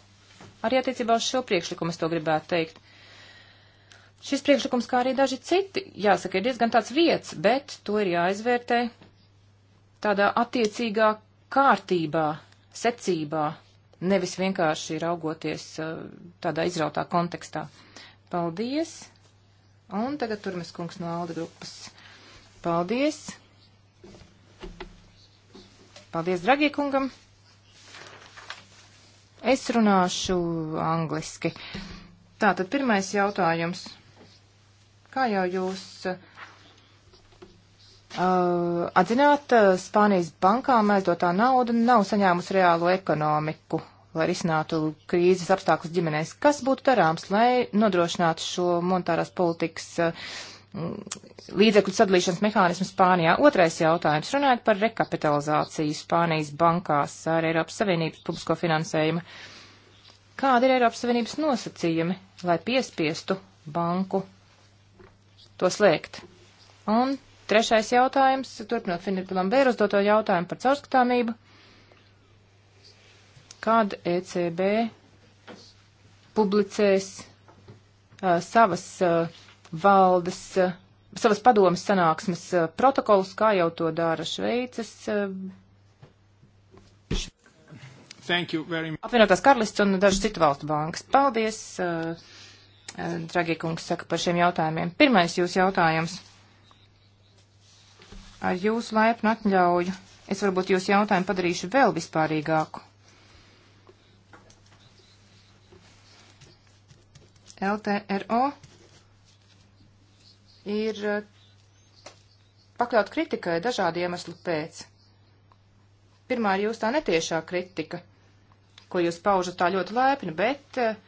arī attiecībā uz šo priekšlikumu es to gribētu teikt. Šis priekšlikums, kā arī daži citi, jāsaka, ir diezgan tāds vietas, bet to ir jāizvērtē tādā attiecīgā kārtībā, secībā, nevis vienkārši raugoties eh, tādā izrautā kontekstā. Paldies! Un tagad turmes kungs no Alda grupas. Paldies! Paldies, dragie kungam! Es runāšu angliski. Tātad pirmais jautājums. Kā jau jūs uh, atzināt, uh, Spānijas bankām aizdotā nauda nav saņēmusi reālo ekonomiku, lai risinātu krīzes apstākļus ģimenēs. Kas būtu darāms, lai nodrošinātu šo monetārās politikas uh, līdzekļu sadalīšanas mehānismu Spānijā. Otrais jautājums. Runājot par rekapitalizāciju Spānijas bankās ar Eiropas Savienības publisko finansējumu. Kāda ir Eiropas Savienības nosacījumi, lai piespiestu banku to slēgt? Un trešais jautājums, turpinot Filipa Lambēra uzdoto jautājumu par caurskatāmību. Kad ECB publicēs uh, savas uh, valdes, eh, savas padomas sanāksmes eh, protokolus, kā jau to dara Šveices. Eh, apvienotās karalists un dažu citu valstu bankas. Paldies, dragie kungs, saka par šiem jautājumiem. Pirmais jūs jautājums. Ar jūsu laipnu atļauju es varbūt jūsu jautājumu padarīšu vēl vispārīgāku. LTRO ir eh, pakļaut kritikai dažādu iemeslu pēc. Pirmā ir jūs tā netiešā kritika, ko jūs paužat tā ļoti laipni, bet eh,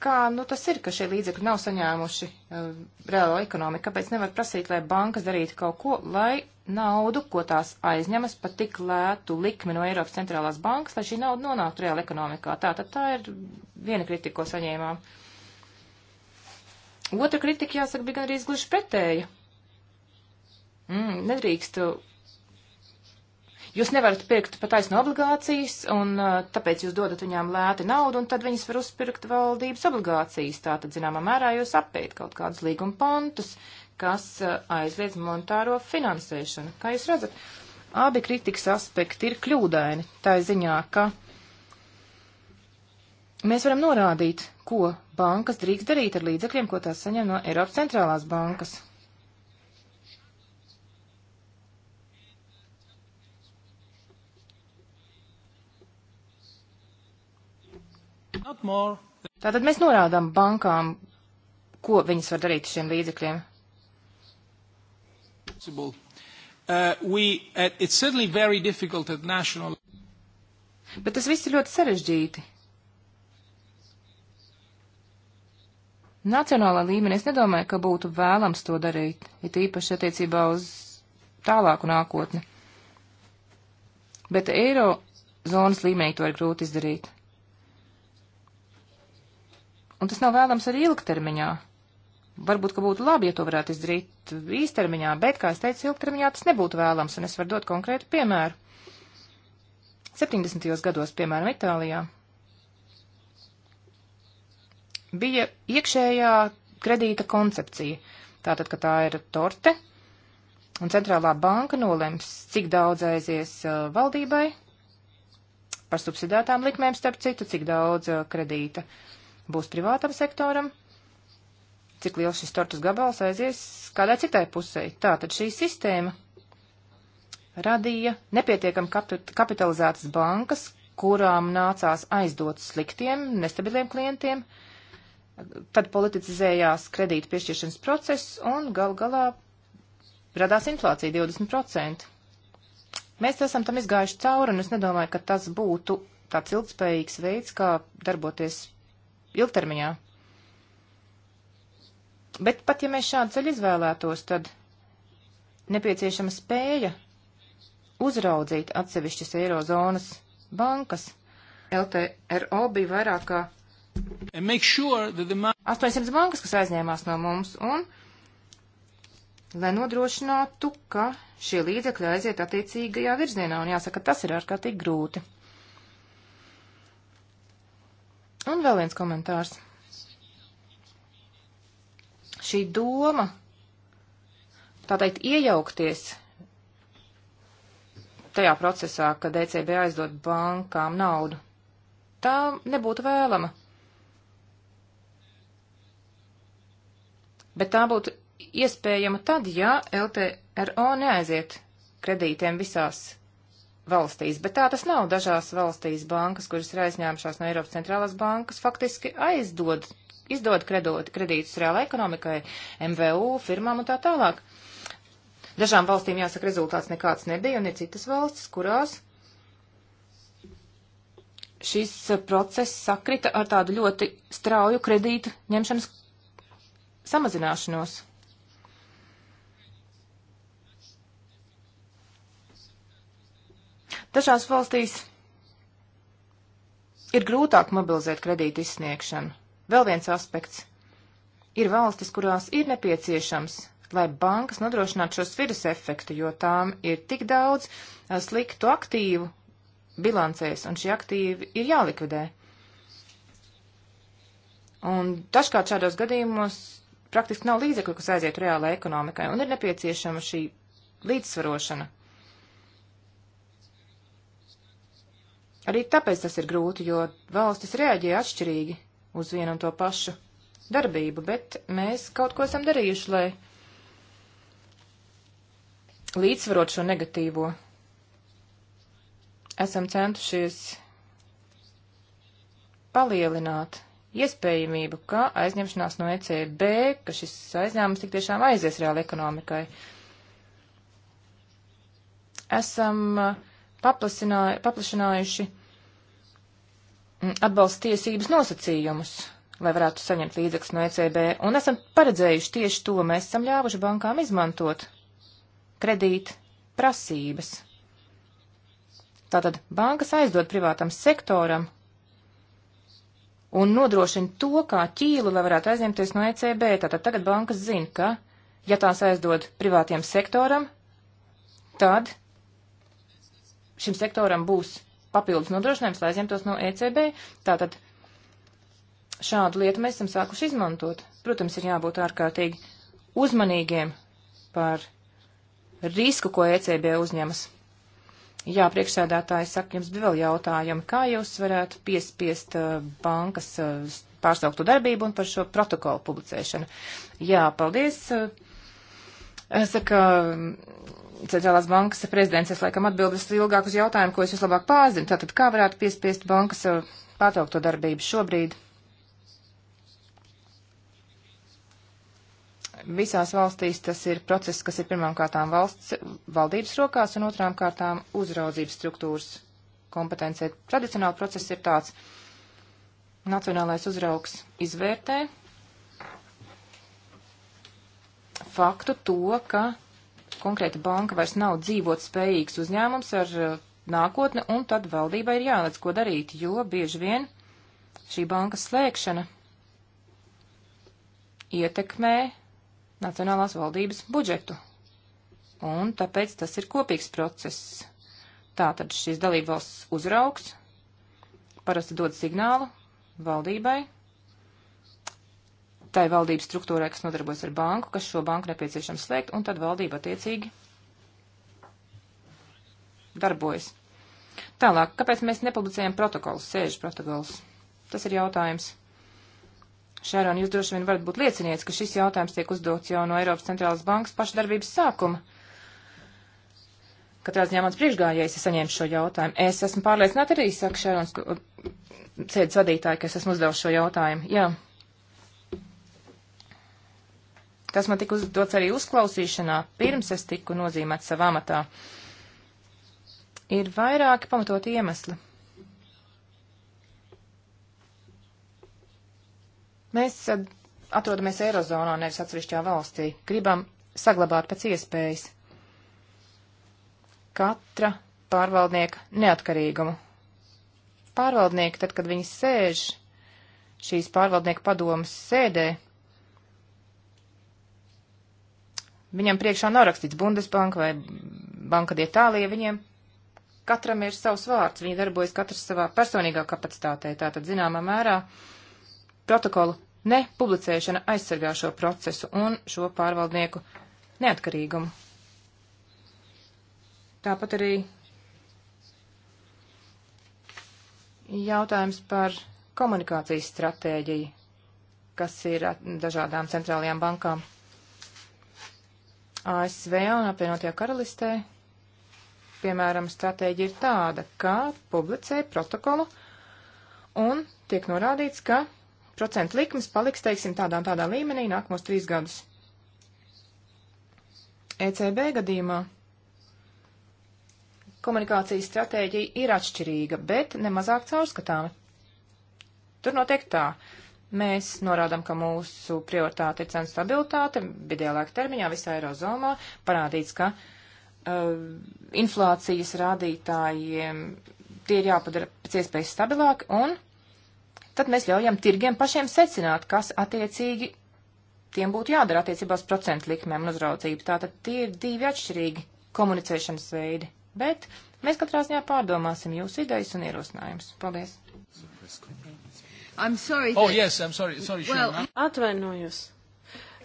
kā nu, tas ir, ka šie līdzekļi nav saņēmuši uh, reālo ekonomiku, kāpēc nevar prasīt, lai bankas darītu kaut ko, lai naudu, ko tās aizņemas pat tik lētu likmi no Eiropas centrālās bankas, lai šī nauda nonāktu reāli ekonomikā. Tā tad tā ir viena kritika, ko saņēmām. Uh, Otra kritika, jāsaka, bija gandrīz gluži pretēja. Mm, nedrīkst. Jūs nevarat pirkt pat aizno obligācijas, un tāpēc jūs dodat viņām lēti naudu, un tad viņas var uzpirkt valdības obligācijas. Tātad, zināmā mērā, jūs apeit kaut kādus līguma pontus, kas aizliedz monetāro finansēšanu. Kā jūs redzat, abi kritikas aspekti ir kļūdaini, tā ziņā, ka mēs varam norādīt, ko bankas drīkst darīt ar līdzekļiem, ko tās saņem no Eiropas centrālās bankas. Tātad mēs norādām bankām, ko viņas var darīt ar šiem līdzekļiem. Uh, we, uh, national... Bet tas viss ir ļoti sarežģīti. Nacionālā līmenī es nedomāju, ka būtu vēlams to darīt, it īpaši attiecībā uz tālāku nākotni. Bet eiro zonas līmenī to ir grūti izdarīt. Un tas nav vēlams arī ilgtermiņā. Varbūt, ka būtu labi, ja to varētu izdarīt īstermiņā, bet, kā es teicu, ilgtermiņā tas nebūtu vēlams, un es varu dot konkrētu piemēru. 70. gados, piemēram, Itālijā bija iekšējā kredīta koncepcija. Tātad, ka tā ir torte, un centrālā banka nolems, cik daudz aizies uh, valdībai par subsidētām likmēm, starp citu, cik daudz uh, kredīta būs privātam sektoram, cik liels šis tortes gabals aizies kādai citai pusē. Tātad šī sistēma radīja nepietiekam kapitalizētas bankas, kurām nācās aizdot sliktiem, nestabiliem klientiem, uh, tad politizējās kredītu piešķiršanas process un gal galā radās inflācija 20%. Mēs esam tam izgājuši cauri, un es nedomāju, ka tas būtu tāds ilgspējīgs veids, kā darboties ilgtermiņā. Bet pat ja mēs šādu ceļu izvēlētos, tad nepieciešama spēja uzraudzīt atsevišķas eirozonas bankas. LTRO bija vairāk kā sure 800 bankas, kas aizņēmās no mums, un lai nodrošinātu, ka šie līdzekļi aiziet attiecīgajā virzienā, un jāsaka, tas ir ārkārtīgi grūti. Un vēl viens komentārs. Šī doma, tā teikt, iejaukties tajā procesā, ka DCB aizdod bankām naudu, tā nebūtu vēlama. bet tā būtu iespējama tad, ja LTRO neaiziet kredītiem visās valstīs, bet tā tas nav. Dažās valstīs bankas, kuras ir aizņēmušās no Eiropas centrālās bankas, faktiski aizdod, izdod kredot, kredītus reālai ekonomikai, MVU, firmām un tā tālāk. Dažām valstīm, jāsaka, rezultāts nekāds nebija, un ir citas valstis, kurās šis process sakrita ar tādu ļoti strauju kredītu ņemšanas samazināšanos. Dažās valstīs ir grūtāk mobilizēt kredītu izsniegšanu. Vēl viens aspekts. Ir valstis, kurās ir nepieciešams, lai bankas nodrošinātu šo sviras efektu, jo tām ir tik daudz eh, sliktu aktīvu bilancēs, un šie aktīvi ir jālikvidē. Un dažkārt šādos gadījumos praktiski nav līdzekļu, kas aizietu reālai ekonomikai, un ir nepieciešama šī līdzsvarošana. Arī tāpēc tas ir grūti, jo valstis reaģē atšķirīgi uz vienu un to pašu darbību, bet mēs kaut ko esam darījuši, lai līdzsvarot šo negatīvo. Esam centušies palielināt iespējamību, ka aizņemšanās no ECB, ka šis aizņēmums tik tiešām aizies reāli ekonomikai. Esam uh, paplašinājuši mm, atbalsta tiesības nosacījumus, lai varētu saņemt līdzekļus no ECB, un esam paredzējuši tieši to, mēs esam ļāvuši bankām izmantot kredīt prasības. Tātad bankas aizdod privātam sektoram un nodrošina to, kā ķīlu, lai varētu aizņemties no ECB. Tātad tagad bankas zina, ka, ja tās aizdod privātiem sektoram, tad šim sektoram būs papildus nodrošinājums, lai aizņemtos no ECB. Tātad šādu lietu mēs esam sākuši izmantot. Protams, ir jābūt ārkārtīgi uzmanīgiem par risku, ko ECB uzņemas. Jā, priekšsēdētāji saka, jums bija vēl jautājumi, kā jūs varētu piespiest uh, bankas uh, pārsauktu darbību un par šo protokolu publicēšanu. Jā, paldies. Uh, saka, um, Centrālās bankas prezidents, es laikam atbildu visilgāk uz jautājumu, ko es vislabāk pārzinu. Tātad, kā varētu piespiest bankas pārtraukto darbību šobrīd? visās valstīs tas ir process, kas ir pirmām kārtām valsts valdības rokās un otrām kārtām uzraudzības struktūras kompetencē. Tradicionāli process ir tāds. Nacionālais uzraugs izvērtē faktu to, ka konkrēta banka vairs nav dzīvot spējīgs uzņēmums ar uh, nākotni, un tad valdībai ir jāredz, ko darīt, jo bieži vien šī bankas slēgšana ietekmē Nacionālās valdības budžetu. Un tāpēc tas ir kopīgs process. Tātad šis dalībvalsts uzraugs parasti dod signālu valdībai, tai valdības struktūrai, kas nodarbojas ar banku, kas šo banku nepieciešams slēgt, un tad valdība attiecīgi darbojas. Tālāk, kāpēc mēs nepublicējam protokolus, sēžu protokolus? Tas ir jautājums. Šāron, jūs droši vien varat būt liecinieks, ka šis jautājums tiek uzdots jau no Eiropas centrālās bankas pašdarbības sākuma. Katrā ziņā mans priekšgājējs ir saņēmis šo jautājumu. Es esmu pārliecināta arī, saka Šērons uh, sēdes vadītāji, ka es esmu uzdevusi šo jautājumu. Jā. Tas man tika uzdots arī uzklausīšanā, pirms es tiku nozīmēts savā amatā. Ir vairāki pamatoti iemesli Mēs atrodamies Eirozonā, nevis atsevišķā valstī. Gribam saglabāt pēc iespējas katra pārvaldnieka neatkarīgumu. Pārvaldnieki, tad, kad viņi sēž šīs pārvaldnieka padomas sēdē, viņam priekšā nav rakstīts Bundesbanka vai Banka d'Itālija, viņiem katram ir savs vārds, viņi darbojas katrs savā personīgā kapacitātē, tātad zināmā mērā. Uh, Protokolu nepublicēšana aizsargā šo procesu un šo pārvaldnieku neatkarīgumu. Tāpat arī jautājums par komunikācijas stratēģiju, kas ir dažādām centrālajām bankām. ASV un apvienotajā karalistē, piemēram, stratēģija ir tāda, ka publicē protokolu un tiek norādīts, ka procentu likmes paliks, teiksim, tādā un tādā līmenī nākamos trīs gadus. ECB gadījumā komunikācijas stratēģija ir atšķirīga, bet nemazāk caurskatāma. Tur notiek tā. Mēs norādām, ka mūsu prioritāte ir cenu stabilitāte, vidēlāka termiņā visā Eirozomā parādīts, ka uh, inflācijas rādītājiem tie ir jāpadara pēc iespējas stabilāk un tad mēs ļaujam tirgiem pašiem secināt, kas attiecīgi tiem būtu jādara attiecībā uz procentu likmēm un uzraudzību. Tātad tie ir divi atšķirīgi komunicēšanas veidi, bet mēs katrā ziņā pārdomāsim jūsu idejas un ierosinājumus. Paldies! I'm sorry. Oh, that... Oh, yes, I'm sorry. Sorry, well, Sharon. Atvainojos.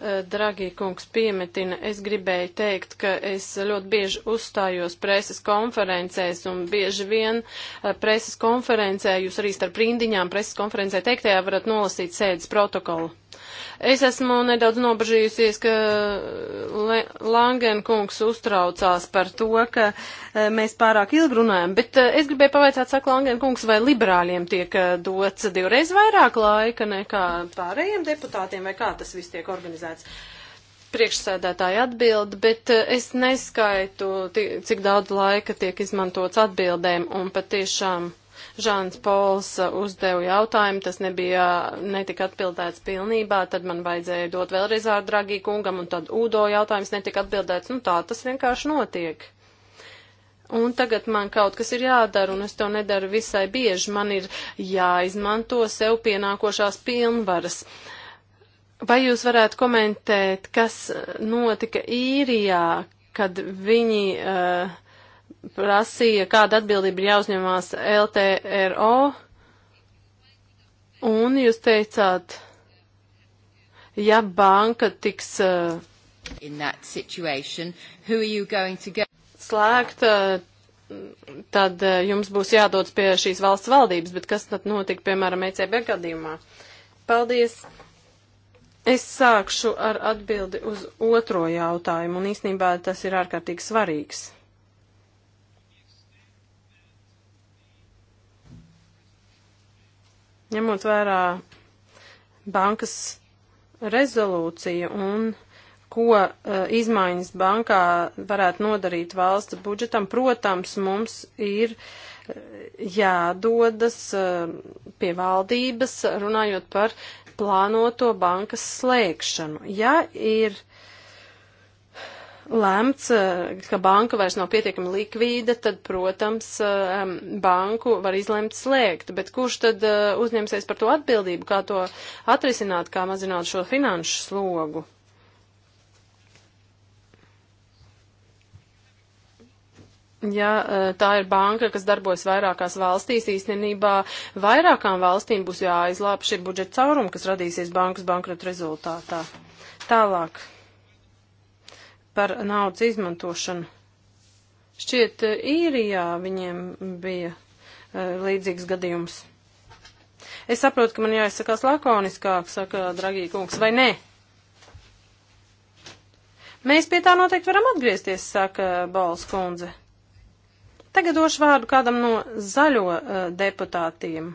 Eh, Dragī kungs piemetina, es gribēju teikt, ka es ļoti bieži uzstājos preses konferencēs un bieži vien eh, preses konferencē, jūs arī starp rindiņām preses konferencē teiktajā varat nolasīt sēdes protokolu. Es esmu nedaudz nobažījusies, ka Langenkungs uztraucās par to, ka e, mēs pārāk ilgi runājam, bet e, es gribēju pavaicāt, saka Langenkungs, vai liberāļiem tiek e, dots divreiz vairāk laika nekā pārējiem deputātiem, vai kā tas viss tiek organizēts? priekšsēdētāja atbild, bet es neskaitu, cik daudz laika tiek izmantots atbildēm, un patiešām Žāns Pols uh, uzdeva jautājumu, tas nebija, uh, netika atbildēts pilnībā, tad man vajadzēja dot vēlreiz ar Dragī kungam, un tad Udo jautājums netika atbildēts. Nu tā tas vienkārši notiek. Un tagad man kaut kas ir jādara, un es to nedaru visai bieži. Man ir jāizmanto sev pienākošās pilnvaras. Vai jūs varētu komentēt, kas notika īrijā, kad viņi uh, prasīja, kāda atbildība ir jāuzņemās LTRO, un jūs teicāt, ja banka tiks uh, slēgta, uh, tad uh, jums būs jādodas pie šīs valsts valdības, bet kas tad notika, piemēram, ECB gadījumā? Paldies! Es sākšu ar atbildi uz otro jautājumu, un īstenībā tas ir ārkārtīgi svarīgs. ņemot vērā bankas rezolūciju un ko uh, izmaiņas bankā varētu nodarīt valsts budžetam, protams, mums ir uh, jādodas uh, pie valdības, runājot par plānoto bankas slēgšanu. Ja ir uh, lemts, eh, ka banka vairs nav pietiekami likvīda, tad, protams, eh, banku var izlemt slēgt, bet kurš tad eh, uzņemsies par to atbildību, kā to atrisināt, kā mazināt šo finanšu slogu? Ja tā ir banka, kas darbojas vairākās valstīs, īstenībā vairākām valstīm būs jāizlāp šie budžeta caurumi, kas radīsies bankas bankrota rezultātā. Tālāk par naudas izmantošanu. Šķiet, eh, īrijā viņiem bija eh, līdzīgs gadījums. Es saprotu, ka man jāizsakās lakoniskāk, saka Dragī kungs, vai nē? Mēs pie tā noteikti varam atgriezties, saka Bols kundze. Tagad došu vārdu kādam no zaļo uh, deputātiem.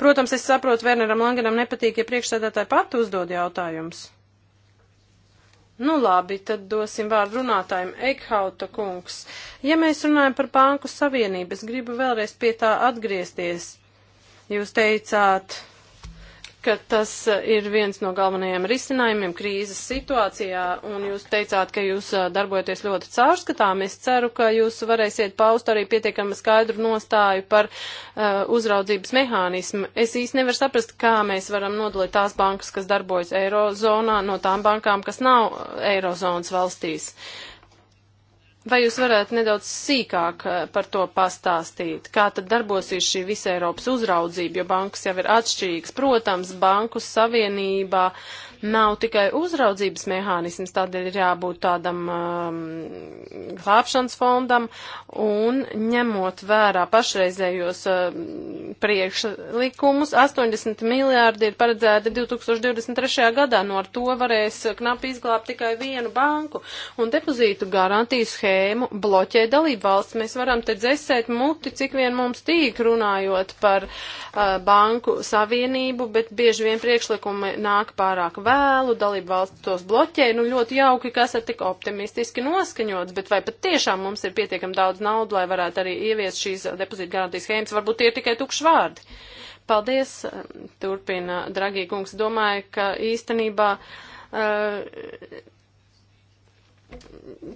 Protams, es saprotu, Werneram Langenam nepatīk, ja priekšsēdētāji pat uzdod jautājumus. Nu labi, tad dosim vārdu runātājiem Eikhauta kungs. Ja mēs runājam par banku savienību, es gribu vēlreiz pie tā atgriezties. Jūs teicāt, ka tas e, ir viens no galvenajiem risinājumiem krīzes situācijā, un jūs teicāt, ka jūs e, darbojaties ļoti caurskatām. Es ceru, ka jūs varēsiet paust arī pietiekami skaidru nostāju par uh, uzraudzības mehānismu. Es īsti nevaru saprast, kā mēs varam nodalīt tās bankas, kas darbojas Eirozonā, no tām bankām, kas nav Eirozonas valstīs. Uh, Vai jūs varētu nedaudz sīkāk eh, par to pastāstīt, kā tad darbosies šī visa Eiropas uzraudzība, jo bankas jau ir atšķirīgas? Protams, banku savienībā uh, nav tikai uzraudzības mehānisms, tādēļ ir jābūt tādam um, glābšanas fondam un ņemot vērā pašreizējos um, priekšlikumus, 80 miljārdi ir paredzēti 2023. gadā, no ar to varēs knapi izglābt tikai vienu banku un depozītu garantiju schēmu bloķē dalību valsts. Mēs varam te dzēsēt muti, cik vien mums tīk runājot par uh, banku savienību, bet bieži vien priekšlikumi nāk pārāk vēlu, dalību valsts tos bloķē, nu ļoti jauki, ka esat tik optimistiski noskaņots, bet vai pat tiešām mums ir pietiekam daudz naudu, lai varētu arī ieviest šīs depozīta garantijas schēmas, varbūt tie ir tikai tukši vārdi. Paldies, turpina, dragī kungs, domāju, ka īstenībā. Uh,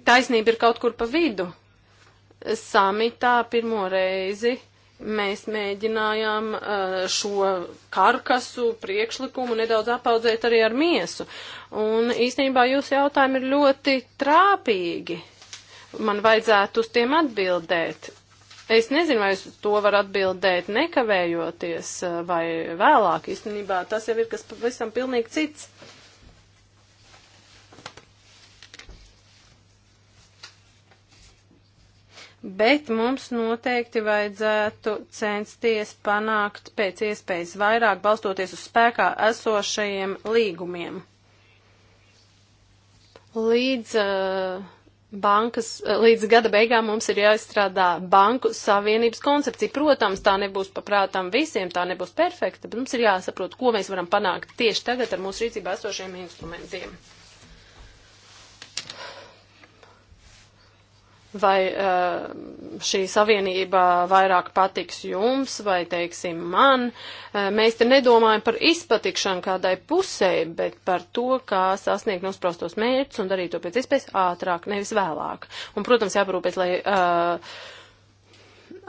Taisnība ir kaut kur pa vidu. Samitā pirmo reizi uh, mēs mēģinājām uh, šo karkasu priekšlikumu nedaudz apaudzēt arī ar miesu. Un īstenībā jūsu jautājumi ir ļoti trāpīgi. Man vajadzētu uz tiem atbildēt. Es nezinu, vai uz to var atbildēt nekavējoties uh, vai vēlāk. Īstenībā tas jau ir kas pavisam pilnīgi cits. bet mums noteikti vajadzētu censties panākt pēc iespējas vairāk, balstoties uz spēkā esošajiem līgumiem. Līdz, uh, bankas, uh, līdz gada beigām mums ir jāizstrādā banku savienības koncepcija. Protams, tā nebūs paprātām visiem, tā nebūs perfekta, bet mums ir jāsaprot, ko mēs varam panākt tieši tagad ar mūsu rīcībā esošiem instrumentiem. vai eh, šī savienība vairāk patiks jums vai, teiksim, man. Eh, mēs te nedomājam par izpatikšanu kādai pusē, bet par to, kā sasniegt nosprostos mērķus un darīt to pēc iespējas ātrāk, nevis vēlāk. Un, protams, jāparūpēs, lai uh,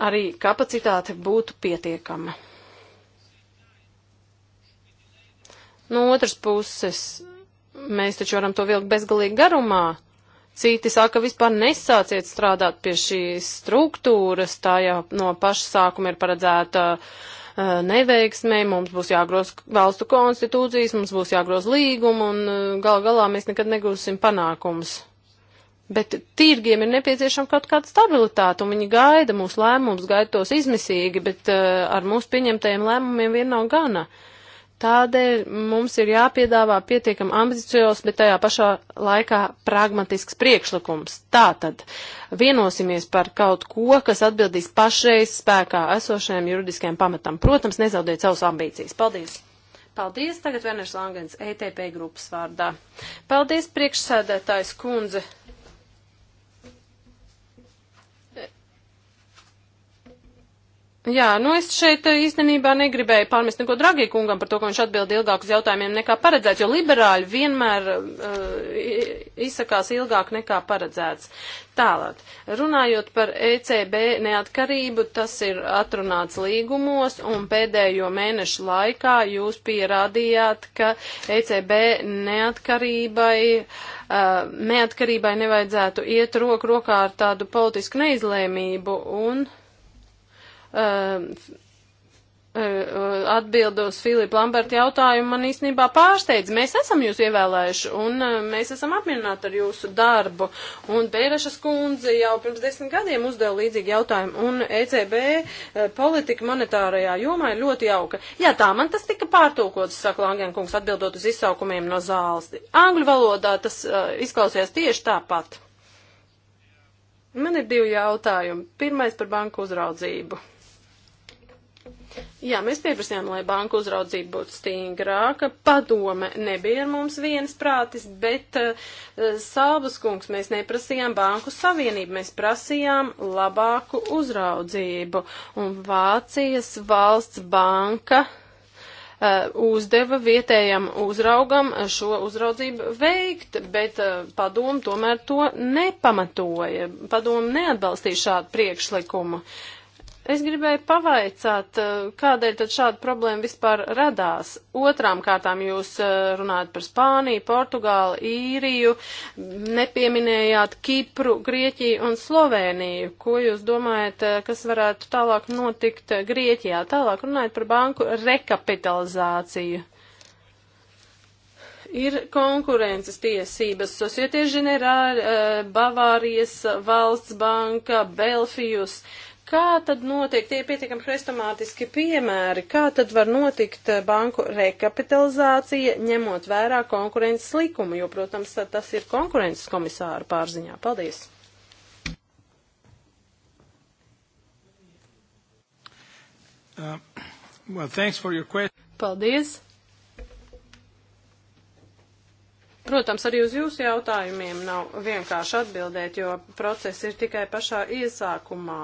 arī kapacitāte būtu pietiekama. No otras puses, mēs taču varam to vilkt bezgalīgi garumā, Citi saka, vispār nesāciet strādāt pie šīs struktūras, tā jau no paša sākuma ir paredzēta uh, neveiksmē, mums būs jāgroz valstu konstitūcijas, mums būs jāgroz līgumu un uh, gal galā mēs nekad negūsim panākumus. Bet tirgiem ir nepieciešama kaut kāda stabilitāte, un viņi gaida mūsu lēmumus, gaida tos izmisīgi, bet uh, ar mūsu pieņemtajiem lēmumiem vien nav gana. Uh, Tādēļ mums ir jāpiedāvā pietiekam ambiciozs, bet tajā pašā laikā pragmatisks priekšlikums. Tātad vienosimies par kaut ko, kas atbildīs pašreiz spēkā esošajam juridiskajam pamatam. Protams, nezaudēt savus ambīcijas. Paldies! Paldies! Tagad Veners Langens, ETP grupas vārdā. Paldies, priekšsēdētājs kundze! Jā, nu es šeit eh, īstenībā negribēju pārmest neko Dragī kungam par to, ka viņš atbild ilgāk uz jautājumiem nekā paredzēts, jo liberāļi vienmēr uh, izsakās ilgāk nekā paredzēts. Tālāk, runājot par ECB neatkarību, tas ir atrunāts līgumos, un pēdējo mēnešu laikā jūs pierādījāt, ka ECB neatkarībai, uh, neatkarībai nevajadzētu iet roku rokā ar tādu politisku neizlēmību un uh, ehm, e, e, atbildu uz Filipa Lamberta jautājumu man īstenībā pārsteidz. Mēs esam jūs ievēlējuši un e, mēs esam apmierināti ar jūsu darbu. Un Pērešas kundze jau pirms desmit gadiem uzdeva līdzīgu jautājumu un ECB politika monetārajā jomā ir ļoti jauka. Jā, tā man tas tika pārtulkots, saka Langenkungs, atbildot uz izsaukumiem no zāles. Angļu valodā tas uh, izklausījās tieši tāpat. Man ir divi jautājumi. Pirmais par banku uzraudzību. Jā, mēs pieprasījām, lai banku uzraudzība būtu stingrāka. Padome nebija ar mums viens prātis, bet uh, eh, Sāvas kungs mēs neprasījām banku savienību, mēs prasījām labāku uzraudzību. Un Vācijas valsts banka uh, uzdeva vietējam uzraugam eh, šo uzraudzību veikt, bet uh, padomu tomēr to nepamatoja. Padomu neatbalstīja šādu priekšlikumu. Uh, Es gribēju pavaicāt, eh, kādēļ tad šāda problēma vispār radās. Otrām kārtām jūs eh, runājat par Spāniju, Portugālu, Īriju, nepieminējāt Kipru, Grieķiju un Sloveniju. Ko jūs domājat, eh, kas varētu tālāk notikt Grieķijā? Tālāk runājat par banku rekapitalizāciju. Ir konkurences tiesības, Societe Generāla, Bavārijas valsts banka, Belfijus. Uh, Kā tad notiek tie pietiekami hrestomātiski piemēri? Kā tad var notikt eh, banku rekapitalizācija, ņemot vērā konkurences likumu? Jo, protams, tas ir konkurences komisāra pārziņā. Paldies! Uh, well, thanks for your question. Paldies! Protams, arī uz jūsu jautājumiem nav vienkārši atbildēt, jo process ir tikai pašā iesākumā.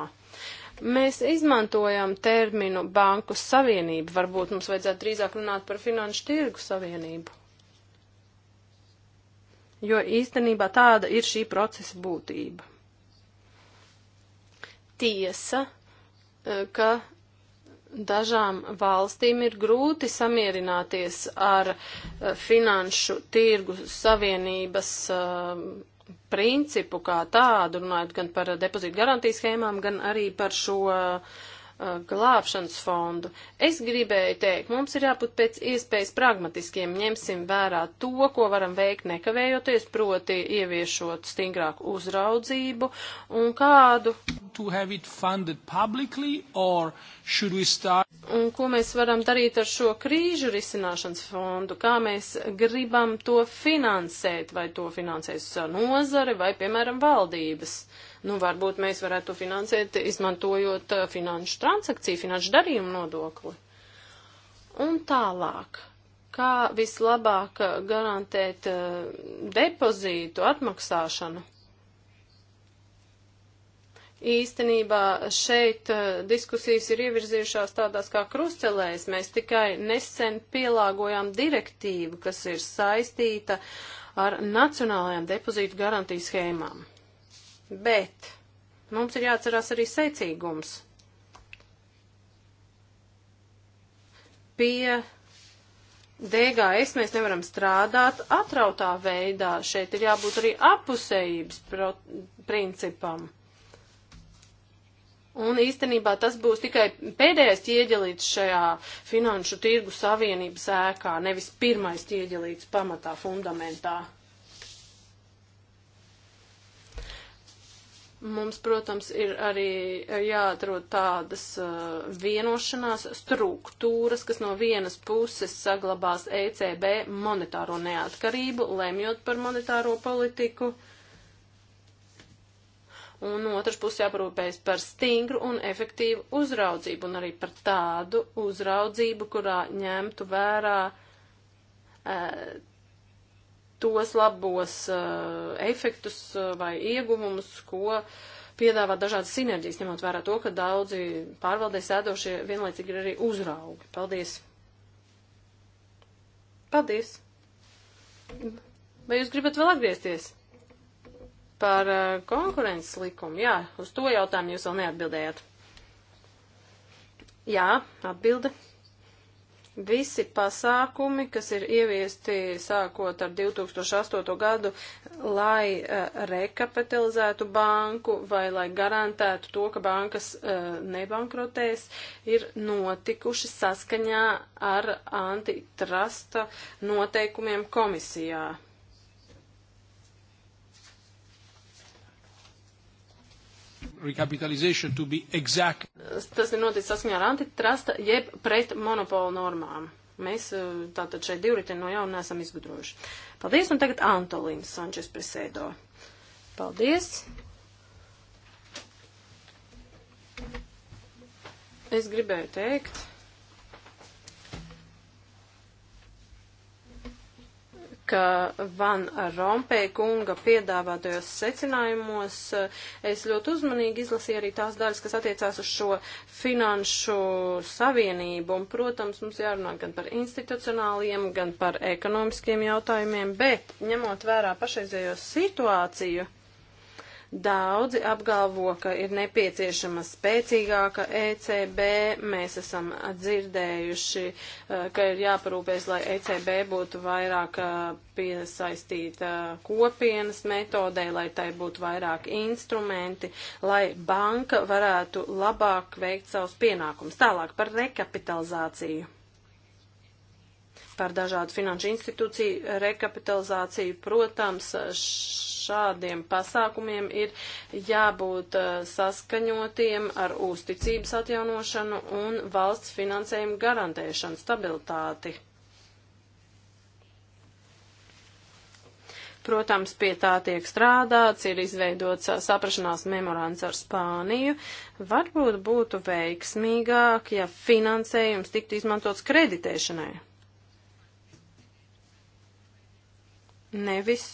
Mēs izmantojam terminu banku savienība. Varbūt mums vajadzētu drīzāk runāt par finanšu tirgu savienību. Jo īstenībā tāda ir šī procesa būtība. Tiesa, e, ka dažām valstīm ir grūti samierināties ar e, finanšu tirgu savienības e, principu kā tādu, runājot gan par depozītu garantijas schēmām, gan arī par šo uh, glābšanas fondu. Es gribēju teikt, mums ir jābūt pēc iespējas pragmatiskiem, ņemsim vērā to, ko varam veikt nekavējoties, proti ieviešot stingrāku uzraudzību un kādu un ko mēs varam darīt ar šo krīžu risināšanas fondu, kā mēs gribam to finansēt, vai to finansēs nozare vai, piemēram, valdības. Nu, varbūt mēs varētu to finansēt, izmantojot eh, finanšu transakciju, finanšu darījumu nodokli. Un tālāk, kā vislabāk garantēt eh, depozītu atmaksāšanu? Īstenībā šeit eh, diskusijas ir ievirzījušās tādās kā krustcelēs. Mēs tikai nesen pielāgojām direktīvu, kas ir saistīta ar nacionālajām depozītu garantiju schēmām. Bet mums ir jāatcerās arī secīgums. Pie DGS mēs nevaram strādāt atrautā veidā. Šeit ir jābūt arī apusējības principam. Un īstenībā tas būs tikai pēdējais ķieģelīts šajā finanšu tirgu savienības ēkā, nevis pirmais ķieģelīts pamatā, fundamentā. Mums, protams, ir arī jāatrod tādas uh, vienošanās struktūras, kas no vienas puses saglabās ECB monetāro neatkarību, lemjot par monetāro politiku. Uh, un no otrs puses jāparūpējas par stingru un efektīvu uzraudzību un arī par tādu uzraudzību, kurā ņemtu vērā e, tos labos e, efektus e, vai ieguvumus, ko piedāvā dažādas sinerģijas, ņemot vērā to, ka daudzi pārvaldē sēdošie vienlaicīgi ir arī uzraugi. Paldies! Paldies! Vai jūs gribat vēl atgriezties? Par uh, konkurences likumu, jā, uz to jautājumu jūs vēl neatbildējāt. Jā, atbilde. Visi pasākumi, kas ir ieviesti sākot ar 2008. gadu, lai uh, rekapitalizētu banku vai lai garantētu to, ka bankas uh, nebankrotēs, ir notikuši saskaņā ar antitrusta noteikumiem komisijā. recapitalization to be exact. Tas ir noticis saskaņā ar antitrusta jeb pret monopolu normām. Mēs eh, tātad šeit divriteni no jauna esam izgudrojuši. Paldies, un tagad Antolīns Sančes Presēdo. Paldies. Es gribēju teikt ka Van Rompēja kunga piedāvātajos secinājumos eh, es ļoti uzmanīgi izlasīju arī tās daļas, kas attiecās uz šo finanšu savienību. Un, protams, mums jārunā gan par institucionāliem, gan par ekonomiskiem jautājumiem, bet ņemot vērā pašreizējo situāciju, Daudzi apgalvo, ka ir nepieciešama spēcīgāka ECB. Mēs esam dzirdējuši, eh, ka ir jāparūpēs, lai ECB būtu vairāk eh, piesaistīta eh, kopienas metodē, lai tai būtu vairāk instrumenti, lai banka varētu labāk veikt savus pienākumus. Tālāk par rekapitalizāciju par dažādu finanšu institūciju rekapitalizāciju. Protams, šādiem pasākumiem ir jābūt eh, saskaņotiem ar uzticības atjaunošanu un valsts finansējumu garantēšanu stabilitāti. Protams, pie tā tiek strādāts, ir izveidots eh, saprašanās memorands ar Spāniju. Varbūt būtu veiksmīgāk, ja finansējums tiktu izmantots kreditēšanai. nevis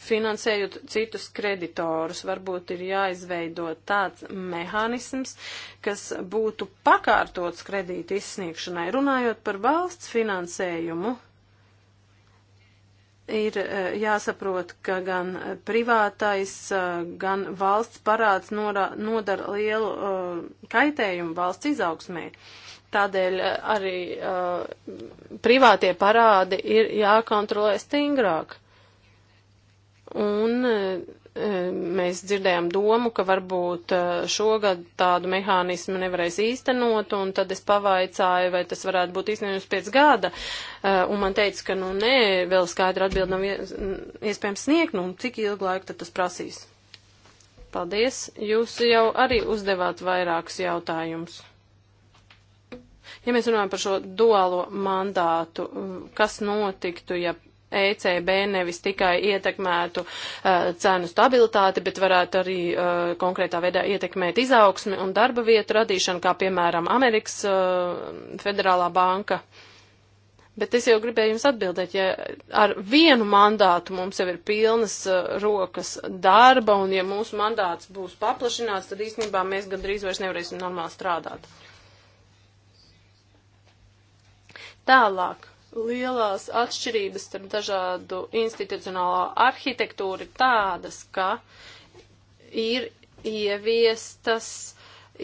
finansējot citus kreditorus. Varbūt ir jāizveido tāds mehānisms, kas būtu pakārtots kredīta izsniegšanai. Runājot par valsts finansējumu, ir eh, jāsaprot, ka gan privātais, eh, gan valsts parāds nodara lielu eh, kaitējumu valsts izaugsmē. Uh, Tādēļ eh, arī uh, privātie parādi ir jākontrolē stingrāk. Un uh, mēs dzirdējām domu, ka varbūt uh, šogad tādu mehānismu nevarēs īstenot, un tad es pavaicāju, vai tas varētu būt īstenojums pēc gada, uh, un man teica, ka nu nē, vēl skaidru atbildu nav mm, iespējams sniegt, nu cik ilgu laiku tad tas prasīs. Paldies, jūs jau arī uzdevāt vairākus jautājumus. Ja mēs runājam par šo duālo mandātu, uh, kas notiktu, ja ECB nevis tikai ietekmētu uh, cenu stabilitāti, bet varētu arī uh, konkrētā veidā ietekmēt izaugsmi un darba vietu radīšanu, kā piemēram Amerikas uh, Federālā banka. Bet es jau gribēju jums atbildēt, ja ar vienu mandātu mums jau ir pilnas uh, rokas darba, un ja mūsu mandāts būs paplašināts, tad īstenībā mēs gandrīz vairs nevarēsim normāli strādāt. Tālāk, lielās atšķirības starp dažādu institucionālo arhitektūru ir tādas, ka ir ieviestas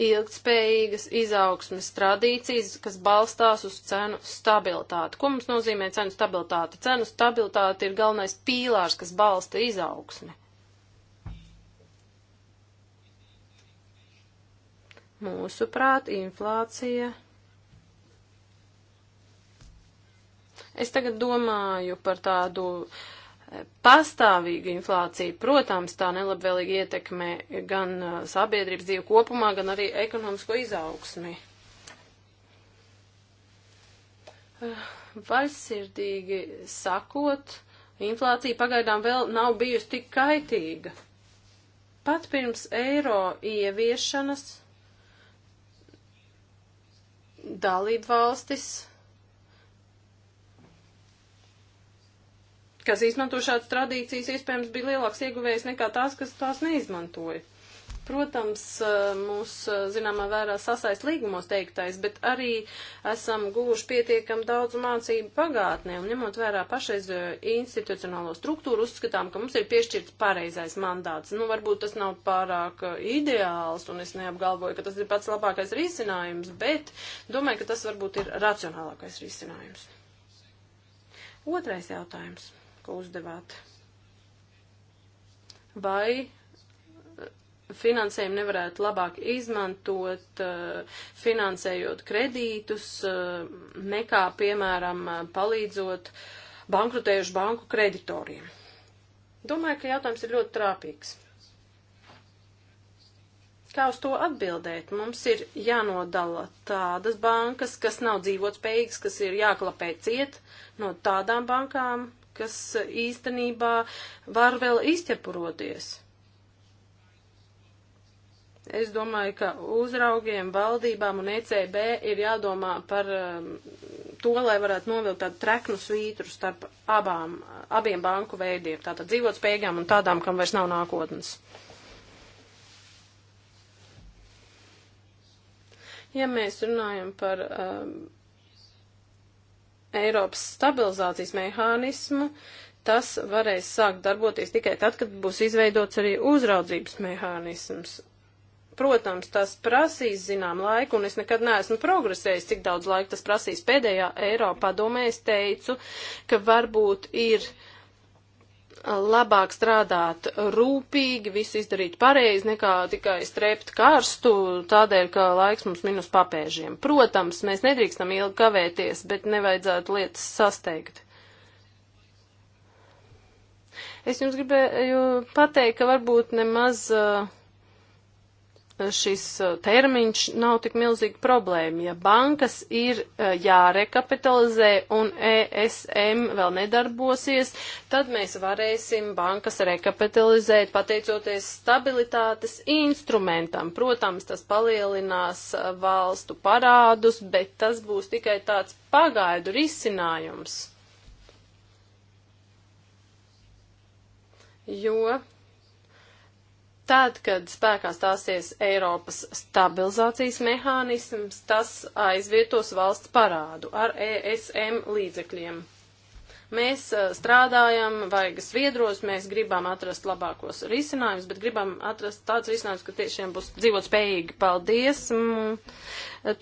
ilgspējīgas izaugsmes tradīcijas, kas balstās uz cenu stabilitāti. Ko mums nozīmē cenu stabilitāte? Cenu stabilitāte ir galvenais pīlārs, kas balsta izaugsmi. Mūsuprāt, inflācija Es tagad domāju par tādu eh, pastāvīgu inflāciju. Protams, tā nelabvēlīgi ietekmē gan eh, sabiedrības dzīvi kopumā, gan arī ekonomisko izaugsmi. Eh, vaļsirdīgi sakot, inflācija pagaidām vēl nav bijusi tik kaitīga. Pat pirms eiro ieviešanas dalībvalstis kas izmanto šādas tradīcijas, iespējams, bija lielāks ieguvējs nekā tās, kas tās neizmantoja. Protams, mūs zināmā vērā sasaist līgumos teiktais, bet arī esam guvuši pietiekam daudz mācību pagātnē un ņemot vērā pašreiz institucionālo struktūru, uzskatām, ka mums ir piešķirts pareizais mandāts. Nu, varbūt tas nav pārāk ideāls un es neapgalvoju, ka tas ir pats labākais risinājums, bet domāju, ka tas varbūt ir racionālākais risinājums. Otrais jautājums ko uzdevāt. Vai eh, finansējumu nevarētu labāk izmantot, eh, finansējot kredītus, eh, nekā, piemēram, palīdzot bankrutējušu banku kreditoriem? Domāju, ka jautājums ir ļoti trāpīgs. Kā uz to atbildēt? Mums ir jānodala tādas bankas, kas nav dzīvotspējīgas, kas ir jāklapē ciet no tādām bankām, kas īstenībā var vēl izķepuroties. Es domāju, ka uzraugiem, valdībām un ECB ir jādomā par um, to, lai varētu novilkt tādu treknu svītru starp abām, abiem banku veidiem, tātad dzīvot spējām un tādām, kam vairs nav nākotnes. Ja mēs runājam par um, Eiropas stabilizācijas mehānismu, tas varēs sākt darboties tikai tad, kad būs izveidots arī uzraudzības mehānisms. Protams, tas prasīs zinām laiku, un es nekad neesmu progresējis, cik daudz laika tas prasīs. Pēdējā Eiropā domē es teicu, ka varbūt ir uh, labāk strādāt rūpīgi, visu izdarīt pareizi, nekā tikai strept karstu, tādēļ, ka laiks mums minus papēžiem. Protams, mēs nedrīkstam ilgi kavēties, bet nevajadzētu lietas sasteigt. Es jums gribēju pateikt, ka varbūt nemaz. Uh, šis eh, termiņš nav tik milzīga problēma. Ja bankas ir eh, jārekapitalizē un ESM vēl nedarbosies, tad mēs varēsim bankas rekapitalizēt pateicoties stabilitātes instrumentam. Protams, tas palielinās eh, valstu parādus, bet tas būs tikai tāds pagaidu risinājums. Jo Tad, kad spēkā stāsies Eiropas stabilizācijas mehānisms, tas aizvietos valsts parādu ar ESM līdzekļiem. Mēs strādājam vaigas viedros, mēs gribam atrast labākos risinājumus, bet gribam atrast tāds risinājums, ka tiešām būs dzīvot spējīgi. Paldies! Mm.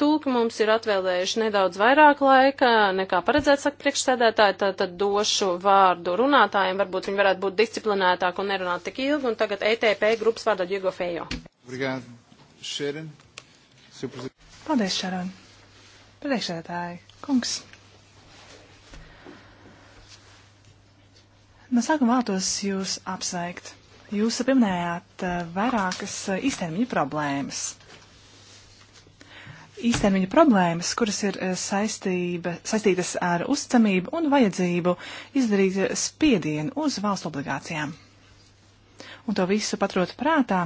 Tūki mums ir atvēlējuši nedaudz vairāk laika, nekā paredzēts, saka priekšsēdētāji, tad, tad došu vārdu runātājiem, varbūt viņi varētu būt disciplinētāk un nerunāt tik ilgi, un tagad ETP grupas vārdā Diego Fejo. Obrigado, Sharon. Paldies, Šaron. Priekšsēdētāji, kungs. No sākuma vēlos jūs apsveikt. Jūs pieminējāt eh, vairākas eh, īstermiņa problēmas. Īstermiņa problēmas, kuras ir eh, saistība, saistītas ar uzticamību un vajadzību izdarīt spiedienu uz valstu obligācijām. Un to visu paturot prātā,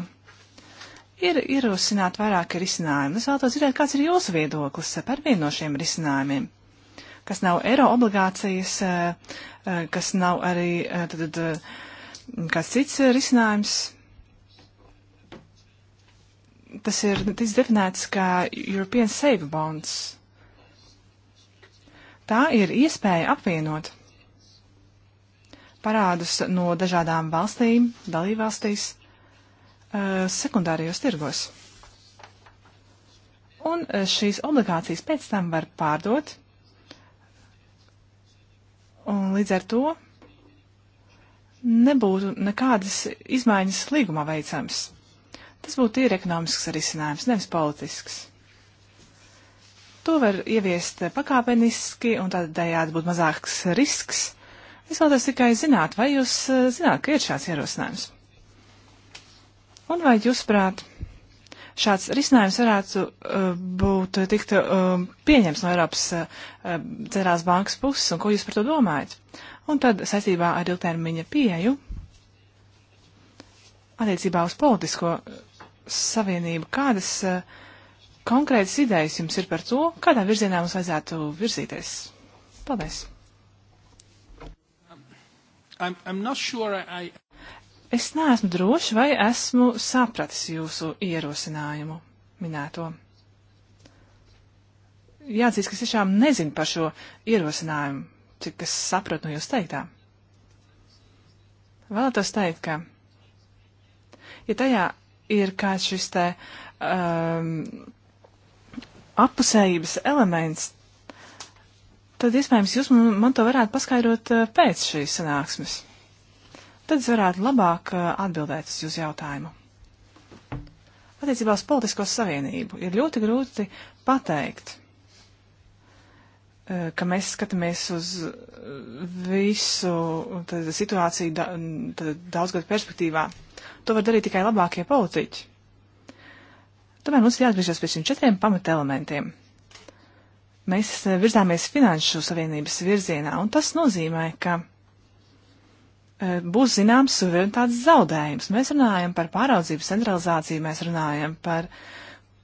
ir ierosināt vairāki risinājumi. Es vēlos zināt, kāds ir jūsu viedoklis par vienu no šiem risinājumiem kas nav eiro obligācijas, eh, eh, kas nav arī eh, tad, tad, kāds cits risinājums. Tas ir tis definēts kā European Save Bonds. Tā ir iespēja apvienot parādus no dažādām valstīm, dalībvalstīs, sekundārajos tirgos. Un šīs obligācijas pēc tam var pārdot Un līdz ar to nebūtu nekādas izmaiņas līgumā veicams. Tas būtu ir ekonomisks risinājums, nevis politisks. To var ieviest pakāpeniski un tādējādi būtu mazāks risks. Es vēlos tikai zināt, vai jūs eh, zināt, ka ir šāds ierosinājums. Un vai jūs prāt, šāds risinājums varētu uh, būt tikt uh, pieņems no Eiropas eh, centrālās uh, bankas puses, un ko jūs par to domājat? Un tad saistībā ar ilgtermiņa pieju attiecībā uz politisko savienību, kādas konkrētas idejas jums ir par to, kādā virzienā mums vajadzētu virzīties? Paldies! Um, I'm, I'm not sure I... Es neesmu droši, vai esmu sapratis jūsu ierosinājumu minēto. Jāatzīst, ka es tiešām nezinu par šo ierosinājumu, cik es sapratu no jūs teiktā. Vēlētos teikt, ka, ja tajā ir kāds šis te um, apusējības elements, tad iespējams jūs man, man to varētu paskaidrot uh, pēc šīs sanāksmes tad es varētu labāk uh, atbildēt uz jūsu jautājumu. Attiecībā uz politisko savienību ir ļoti grūti pateikt, uh, ka mēs skatāmies uz visu tad, situāciju da, daudzgadu perspektīvā. To var darīt tikai labākie politiķi. Tomēr mums ir jāatgriežas pie šiem četriem pamatelementiem. Mēs uh, virzāmies finanšu savienības virzienā, un tas nozīmē, ka būs zināms suverenitātes zaudējums. Mēs runājam par pāraudzību centralizāciju, mēs runājam par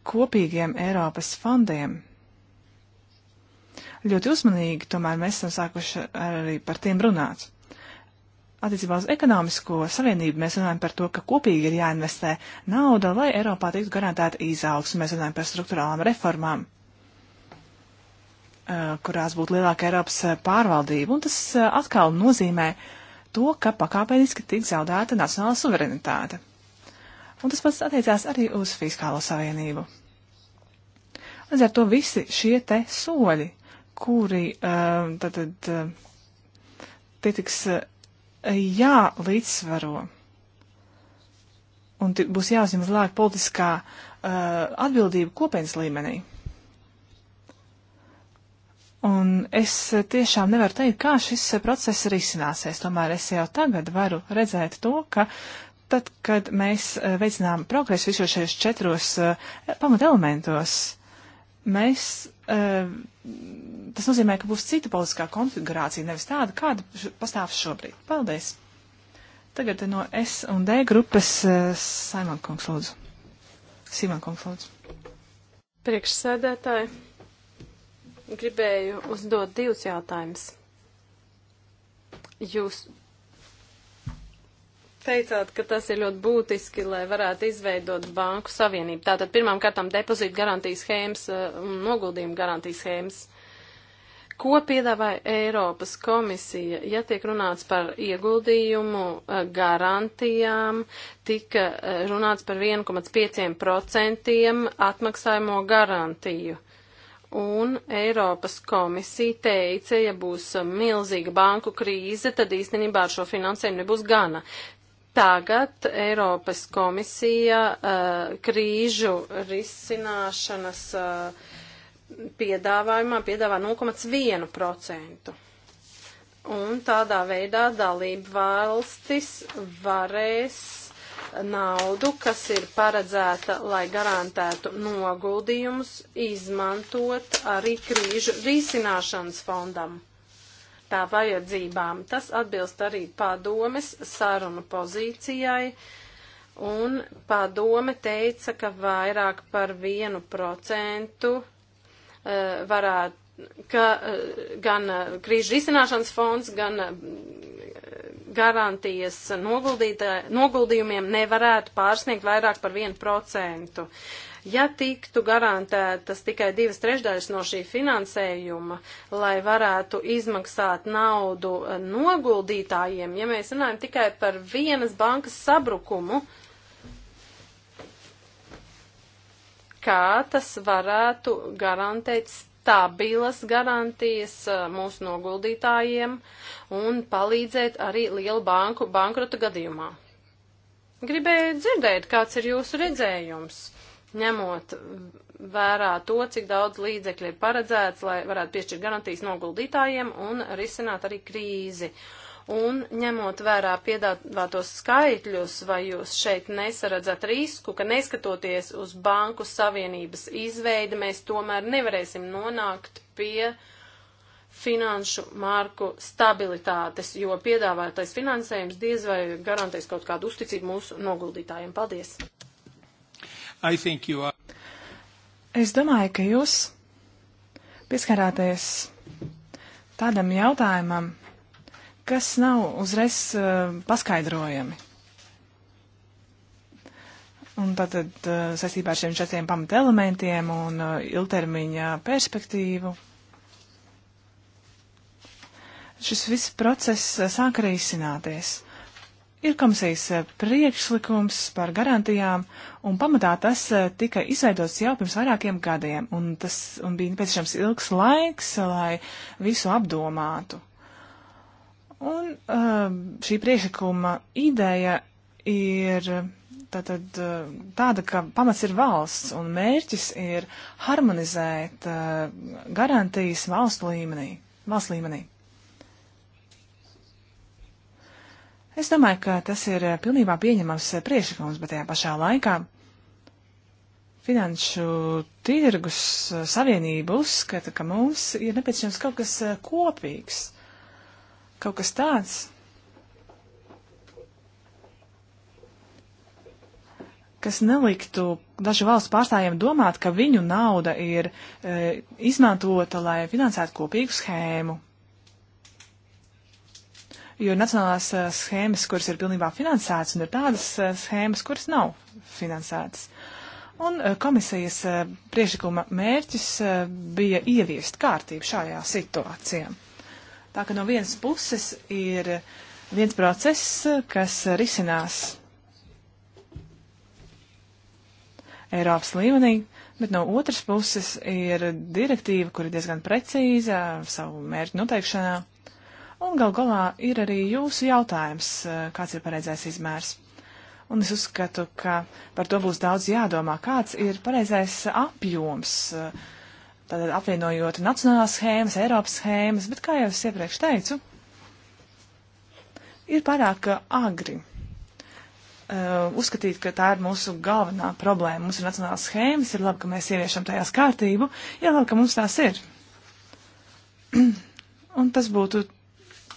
kopīgiem Eiropas fondiem. Ļoti uzmanīgi, tomēr mēs esam sākuši arī par tiem runāt. Attiecībā uz ekonomisko savienību mēs runājam par to, ka kopīgi ir jāinvestē nauda, lai Eiropā tiktu garantēta izaugsme. Mēs runājam par struktūrālām reformām, eh, kurās būtu lielāka Eiropas eh, pārvaldība. Un tas eh, atkal nozīmē, uh, to, ka pakāpeniski tiek zaudēta nacionāla suverenitāte. Un tas pats attiecās arī uz fiskālo savienību. Līdz ar to visi šie te soļi, kuri eh, tad, tad eh, tie tiks eh, jālīdzsvaro un būs jāuzņem lielāka politiskā atbildība kopienas līmenī. Un es tiešām nevaru teikt, kā šis process arī izcināsies. Tomēr es jau tagad varu redzēt to, ka tad, kad mēs eh, veicinām progresu visos šajos četros uh, pamatelementos, mēs. Uh, tas nozīmē, ka būs cita politiskā konfigurācija, nevis tāda, kāda pastāv šobrīd. Paldies! Tagad no S un D grupas uh, Saimon Kungs lūdzu. Simon Kungs lūdzu. Priekšsēdētāji gribēju uzdot divus jautājumus. Jūs teicāt, ka tas ir ļoti būtiski, lai varētu izveidot banku savienību. Tātad pirmām kārtām depozīta garantijas schēmas eh, un noguldījuma garantijas schēmas. Ko piedāvāja Eiropas komisija, ja tiek runāts par ieguldījumu eh, garantijām, tika eh, runāts par 1,5% atmaksājumo garantiju. Uh, Un Eiropas komisija teica, ja būs milzīga banku krīze, tad īstenībā ar šo finansējumu nebūs gana. Tagad Eiropas komisija uh, krīžu risināšanas uh, piedāvājumā piedāvā 0,1%. Un tādā veidā dalību valstis varēs naudu, kas ir paredzēta, lai garantētu noguldījumus, izmantot arī krīžu risināšanas fondam. Tā vajadzībām tas atbilst arī padomes sarunu pozīcijai, un padome teica, ka vairāk par vienu procentu eh, varētu ka eh, gan eh, krīžu risināšanas fonds, gan garantijas noguldījumiem nevarētu pārsniegt vairāk par 1%. Ja tiktu garantētas tikai divas trešdaļas no šī finansējuma, lai varētu izmaksāt naudu eh, noguldītājiem, ja mēs runājam tikai par vienas bankas sabrukumu, kā tas varētu garantēt stabilas garantijas eh, mūsu noguldītājiem un palīdzēt arī lielu banku bankrota gadījumā. Gribēju dzirdēt, kāds ir jūsu redzējums, ņemot vērā to, cik daudz līdzekļu ir paredzēts, lai varētu piešķirt garantijas noguldītājiem un risināt arī krīzi. Uh, Un ņemot vērā piedāvātos skaitļus, vai jūs šeit nesaradzat risku, ka neskatoties uz banku savienības izveidi, mēs tomēr nevarēsim nonākt pie finanšu marku stabilitātes, jo piedāvātais finansējums diez vai garantēs kaut kādu uzticību mūsu noguldītājiem. Paldies! Are... Es domāju, ka jūs pieskarāties tādam jautājumam, kas nav uzreiz uh, paskaidrojami. Un tātad uh, saistībā ar šiem četriem pamatelementiem un uh, ilgtermiņa perspektīvu. Šis viss process uh, sāk arī izcināties. Ir komisijas uh, priekšlikums par garantijām, un pamatā tas uh, tika izveidots jau pirms vairākiem gadiem, un, tas, un bija nepieciešams ilgs laiks, lai visu apdomātu. Un um, šī priekšlikuma ideja ir tātad, uh, tāda, ka pamats ir valsts un mērķis ir harmonizēt uh, garantijas valstu līmenī. Valsts līmenī. Es domāju, ka tas ir pilnībā pieņemams priekšlikums, bet tajā pašā laikā Finanšu tirgus savienība uzskata, ka mums ir nepieciešams kaut kas uh, kopīgs. Kaut kas tāds, kas neliktu dažu valstu pārstāvjiem domāt, ka viņu nauda ir e, izmantota, lai finansētu kopīgu schēmu. Jo ir nacionālās e, schēmas, kuras ir pilnībā finansētas, un ir tādas e, schēmas, kuras nav finansētas. Un e, komisijas e, priekšlikuma mērķis e, bija ieviest kārtību šajā situācijā. Tā ka no vienas puses ir viens process, kas risinās Eiropas līmenī, bet no otras puses ir direktīva, kur ir diezgan precīza savu mērķu noteikšanā. Un gal galā ir arī jūsu jautājums, kāds ir pareizais izmērs. Un es uzskatu, ka par to būs daudz jādomā, kāds ir pareizais apjoms, uh, tātad apvienojot nacionālās schēmas, Eiropas schēmas, bet kā jau es iepriekš teicu, ir pārāk agri uh, uzskatīt, ka tā ir mūsu galvenā problēma. Mums ir nacionālās schēmas, ir labi, ka mēs ieviešam tajās kārtību, ir labi, ka mums tās ir. un tas būtu,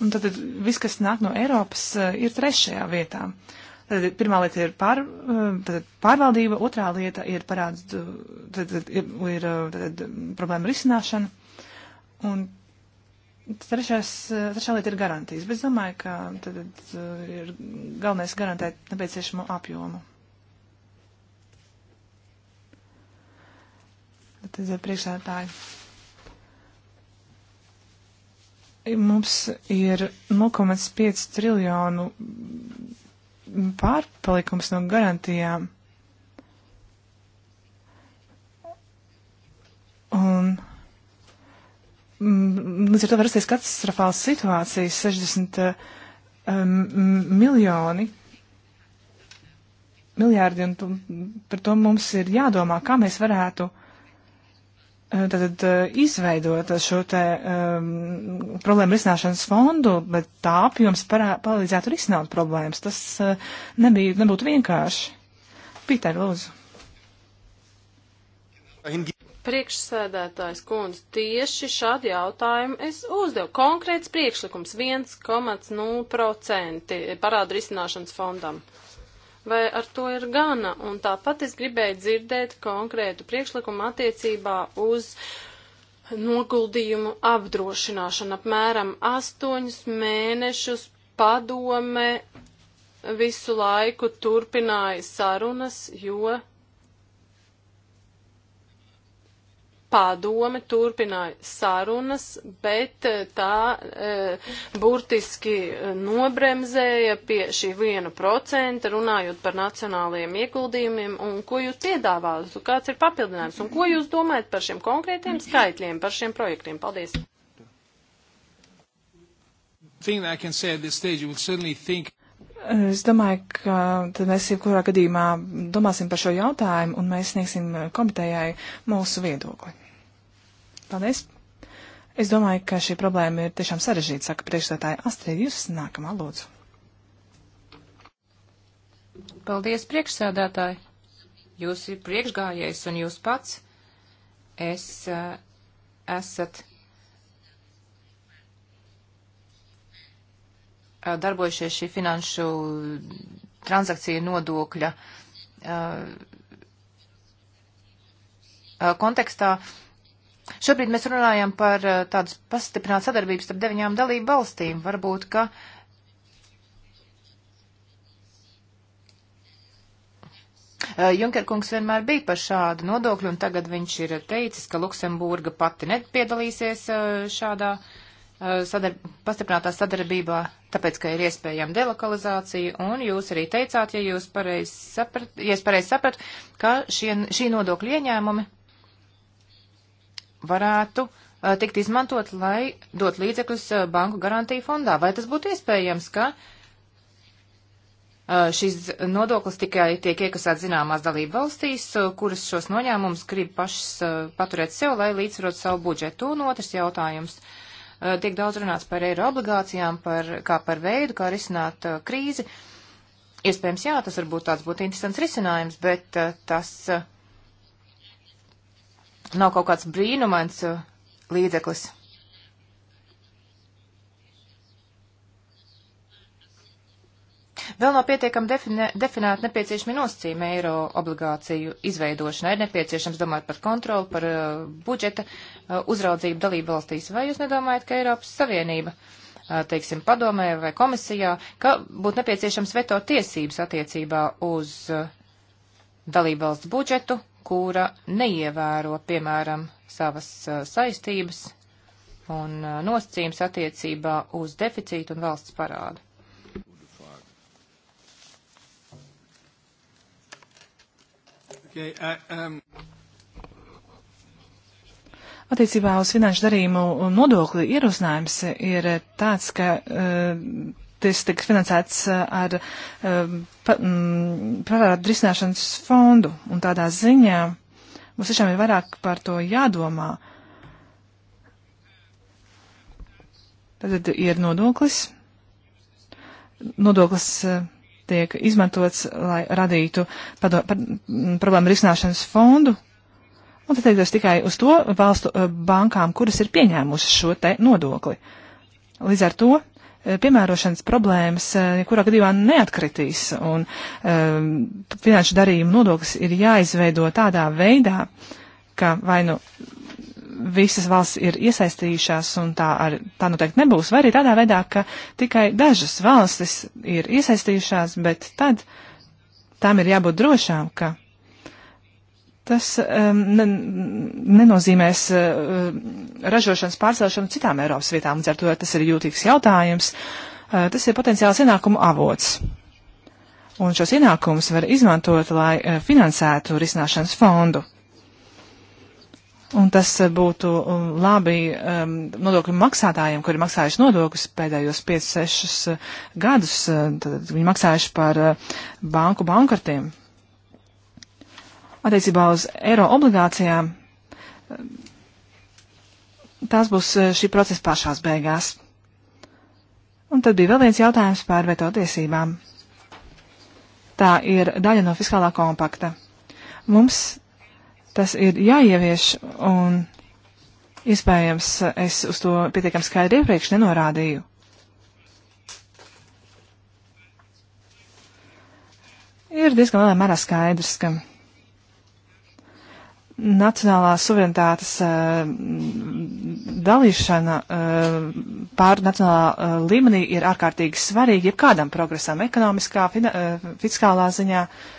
un tad viss, kas nāk no Eiropas, uh, ir trešajā vietā. Uh, Tad pirmā lieta ir pār, eh, pārvaldība, otrā lieta ir parāds, tad, tad ir, ir eh, tad, problēma risināšana, un trešās, eh, trešā lieta ir garantijas. Bet es domāju, ka tad, tad ir galvenais garantēt nepieciešamo apjomu. Tad ir priekšsētāji. Mums ir 0,5 triljonu pārpalikums no garantijām. Un mm, līdz ar to var rasties katastrofāls situācijas - 60 uh, miljoni, miljārdi, un par to mums ir jādomā, kā mēs varētu uh, Eh, tātad eh, izveidot šo te um, problēmu risināšanas fondu, bet tā apjoms parā, palīdzētu risināt problēmas. Tas uh, nebija, nebūtu vienkārši. Pīter, lūdzu. Priekšsēdētājs kundze, tieši šādu jautājumu es uzdevu. Konkrēts priekšlikums 1,0% parādu risināšanas fondam. Uh, vai ar to ir gana. Un tāpat es gribēju dzirdēt konkrētu priekšlikumu attiecībā uz noguldījumu apdrošināšanu apmēram astoņus mēnešus padome visu laiku turpināja sarunas, jo Padome turpināja sarunas, bet eh, tā e, burtiski eh, nobremzēja pie šī viena procenta, runājot par nacionālajiem ieguldījumiem, un ko jūs piedāvājat, kāds ir papildinājums, un ko jūs domājat par šiem konkrētiem skaitļiem, par šiem projektiem. Paldies! thing that I can say at this stage, you would certainly think Es domāju, ka tad mēs jebkurā gadījumā domāsim par šo jautājumu un mēs sniegsim komitejai mūsu viedokli. Paldies! Es domāju, ka šī problēma ir tiešām sarežģīta, saka priekšstādāja Astrid, jūs nākamā lūdzu. Paldies, priekšsēdētāji! Jūs ir priekšgājējs un jūs pats. Es uh, esat darbojušies šī finanšu transakcija nodokļa kontekstā. Šobrīd mēs runājam par tādas pastiprinātas sadarbības starp deviņām dalību valstīm. Varbūt, ka Junker kungs vienmēr bija par šādu nodokļu, un tagad viņš ir teicis, ka Luksemburga pati nepiedalīsies šādā uh, Uh, sadarb pastiprinātā sadarbībā, tāpēc, ka ir iespējama delokalizācija, un jūs arī teicāt, ja jūs pareizi saprat, ja es pareizi sapratu, ka šie, šī nodokļa ieņēmumi varētu uh, tikt izmantot, lai dot līdzekļus uh, banku garantiju fondā. Vai tas būtu iespējams, ka uh, šis nodoklis tikai tiek iekasēts zināmās dalību valstīs, uh, kuras šos noņēmumus grib pašas uh, paturēt sev, lai līdzsvarot savu budžetu? Un otrs jautājums. Uh, Eh, tiek daudz runāts par eiro obligācijām, par, kā par veidu, kā risināt uh, krīzi. Iespējams, jā, tas varbūt tāds būtu interesants risinājums, bet uh, tas uh, nav kaut kāds brīnumains līdzeklis. Vēl nav pietiekami defini definēti nepieciešami nosacījumi eiro obligāciju izveidošanai. Ir nepieciešams domāt par kontroli, par uh, budžeta uh, uzraudzību dalību valstīs. Vai jūs nedomājat, ka Eiropas Savienība, uh, teiksim, padomē vai komisijā, ka būtu nepieciešams veto tiesības attiecībā uz uh, dalību valsts budžetu, kura neievēro, piemēram, savas uh, saistības un uh, nosacījums attiecībā uz deficītu un valsts parādu? Okay, uh, um... Attiecībā uz finanšu darījumu nodokli ierosinājums ir tāds, ka uh, tas tiks finansēts uh, ar uh, pa, um, mm, parādu risināšanas fondu, un tādā ziņā mums tiešām ir vairāk par to jādomā. Tad ir nodoklis. Nodoklis uh, tiek izmantots, lai radītu pado, par, problēmu risināšanas fondu. Un tad teikties tikai uz to valstu eh, bankām, kuras ir pieņēmušas šo te nodokli. Līdz ar to eh, piemērošanas problēmas nekurā eh, gadījumā neatkritīs, un um, finanšu darījumu nodoklis ir jāizveido tādā veidā, ka vai nu visas valsts ir iesaistījušās, un tā, ar, tā noteikti nebūs, vai arī tādā veidā, ka tikai dažas valstis ir iesaistījušās, bet tad tām ir jābūt drošām, ka tas um, ne, nenozīmēs uh, ražošanas pārcelšanu citām Eiropas vietām, līdz ar to tas ir jūtīgs jautājums, uh, tas ir potenciāls ienākumu avots. Un šos ienākumus var izmantot, lai uh, finansētu risināšanas fondu. Un tas eh, būtu um, labi um, nodokļu maksātājiem, kuri maksājuši nodokļus pēdējos 5-6 uh, eh, gadus. Uh, tad viņi maksājuši par uh, banku bankartiem. Attiecībā uz eiro obligācijām uh, tās būs uh, šī procesa pašās beigās. Un tad bija vēl viens jautājums par veto tiesībām. Tā ir daļa no fiskālā kompakta. Mums Tas ir jāievieš un iespējams es uz to pietiekam skaidri iepriekš nenorādīju. Ir diezgan lielā mērā skaidrs, ka nacionālās suverenitātes uh, dalīšana uh, pār nacionālā uh, līmenī ir ārkārtīgi svarīga jebkādam progresam ekonomiskā, fina, fiskālā ziņā. Uh,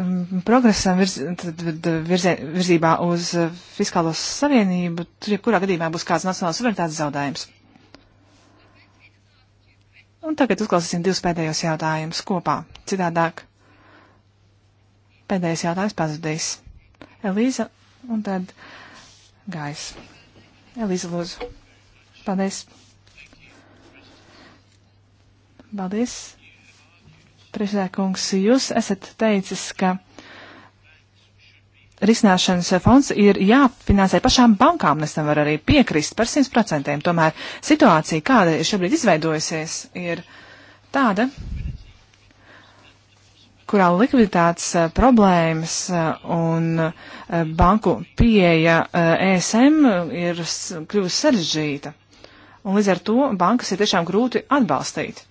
Um, progresam virz, virzē, virzībā uz uh, fiskālo savienību, tur jebkurā gadījumā būs kāds nacionāls suverenitātes zaudējums. Un tagad uzklausīsim divus pēdējos jautājumus kopā. Citādāk pēdējais jautājums pazudīs. Elīza un tad Gais. Elīza, lūdzu. Paldies. Paldies Priekšsēkungs, jūs esat teicis, ka risināšanas fonds ir jāfinansē pašām bankām, es tam varu arī piekrist par 100%. Tomēr situācija, kāda ir šobrīd izveidojusies, ir tāda, kurā likviditātes eh, problēmas eh, un eh, banku pieeja ESM e ir kļuvusi sarežģīta. Un līdz ar to bankas ir tiešām grūti atbalstīt.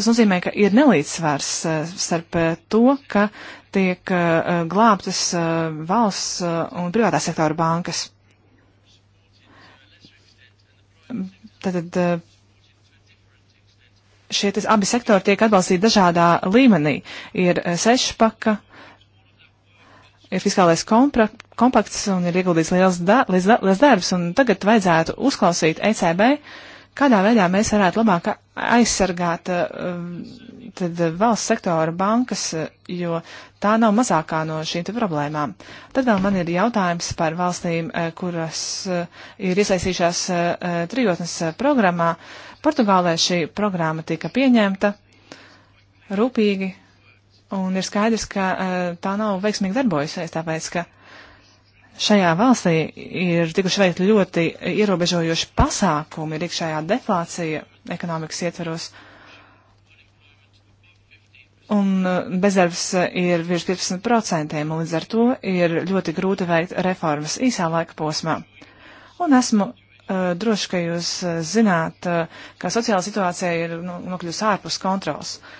Tas nozīmē, ka ir nelīdzsvars eh, starp eh, to, ka tiek eh, glābtas valsts un privātā sektora bankas. Tātad šie abi sektori tiek atbalstīti dažādā līmenī. Ir sešpaka, ir fiskālais kompakts un ir ieguldīts liels, da, liels, liels darbs, un tagad vajadzētu uzklausīt ECB kādā veidā mēs varētu labāk aizsargāt eh, tad, eh, valsts sektora bankas, eh, jo tā nav mazākā no šīm problēmām. Tad vēl man ir jautājums par valstīm, kuras ir iesaistījušās trijotnes programmā. Portugālē šī programma tika pieņemta rūpīgi, un ir skaidrs, ka tā nav veiksmīgi darbojusies, tāpēc, ka šajā valstī ir tikuši veikti ļoti ierobežojoši pasākumi, ir iekšējā deflācija ekonomikas ietveros. Un eh, bezdarbs eh, ir virs 15%, un līdz ar to ir ļoti grūti veikt reformas īsā laika posmā. Un esmu uh, droši, ka jūs zināt, uh, ka sociāla situācija ir nu, nokļūst ārpus kontrols. Uh,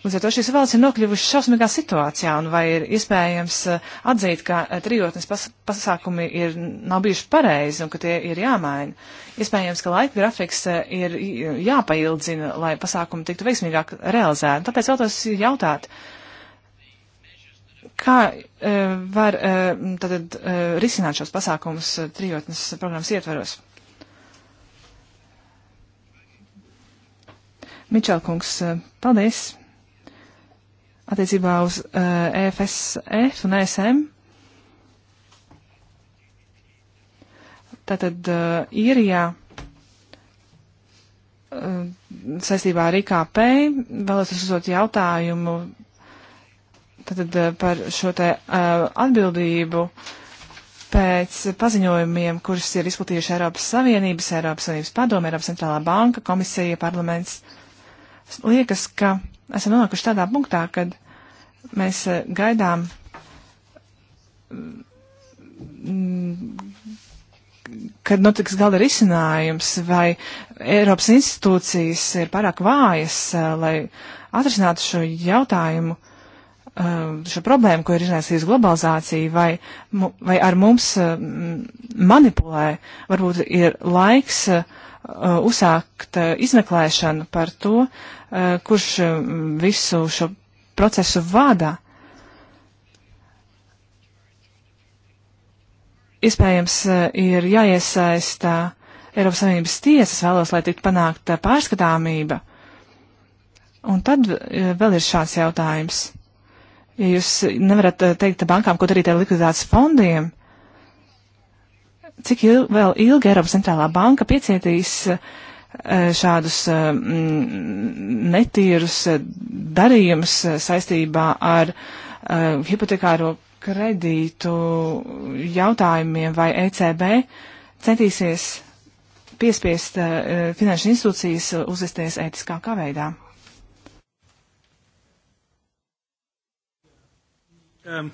Līdz ar to šīs valsts ir nokļuvušas šausmīgā situācijā, un vai ir iespējams eh, atzīt, ka eh, trijotnes pas pasākumi ir, nav bijuši pareizi un ka tie ir jāmaina? Iespējams, ka laika grafiks eh, ir jāpaildzina, lai pasākumi tiktu veiksmīgāk realizēti. Tāpēc vēlos jautāt, kā var tad risināt šos pasākumus trijotnes programmas ietveros? Mičelkungs, paldies! attiecībā uz uh, eh, EFSF e un ESM. Tātad uh, eh, īrijā uh, eh, saistībā ar IKP vēlētos uzdot jautājumu tātad, uh, par šo te uh, atbildību pēc paziņojumiem, kurus ir izplatījuši Eiropas Savienības, Eiropas Savienības padome, Eiropas centrālā banka, komisija, parlaments. Liekas, ka esam nonākuši tādā punktā, kad mēs eh, gaidām mm, kad notiks gala risinājums, vai Eiropas institūcijas ir pārāk vājas, eh, lai atrisinātu šo jautājumu, eh, šo problēmu, ko ir izraisījusi globalizācija, vai, vai ar mums manipulē, varbūt ir laiks uzsākt izmeklēšanu par to, uh, Eh, kurš eh, visu šo procesu vada. Iespējams, eh, ir jāiesaista Eiropas Savienības tiesas vēlos, lai tiktu panākta pārskatāmība. Un tad vēl ir šāds jautājums. Ja jūs nevarat teikt bankām, ko darīt ar likviditātes fondiem, cik il vēl ilgi Eiropas centrālā banka piecietīs uh, E, šādus e, netīrus e, darījumus saistībā ar hipotekāro kredītu jautājumiem, vai ECB centīsies piespiest finanšu institūcijas uzvesties ētiskākā veidā. Um,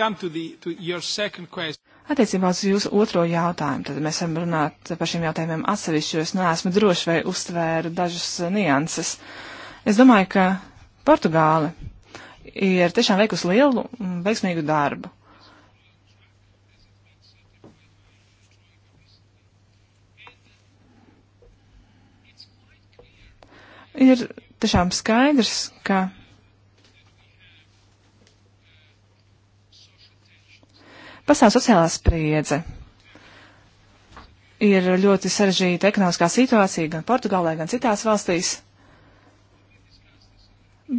come to the to your second question. Attiecībā uz jūsu otro jautājumu, tad mēs varam runāt par šiem jautājumiem atsevišķi, jo es neesmu droši vai uztvēru dažas nianses. Es domāju, ka Portugāle ir tiešām veikusi lielu un veiksmīgu darbu. Ir tiešām skaidrs, ka Pastāv sociālā spriedze. Ir ļoti sarežģīta ekonomiskā situācija gan Portugālē, gan citās valstīs.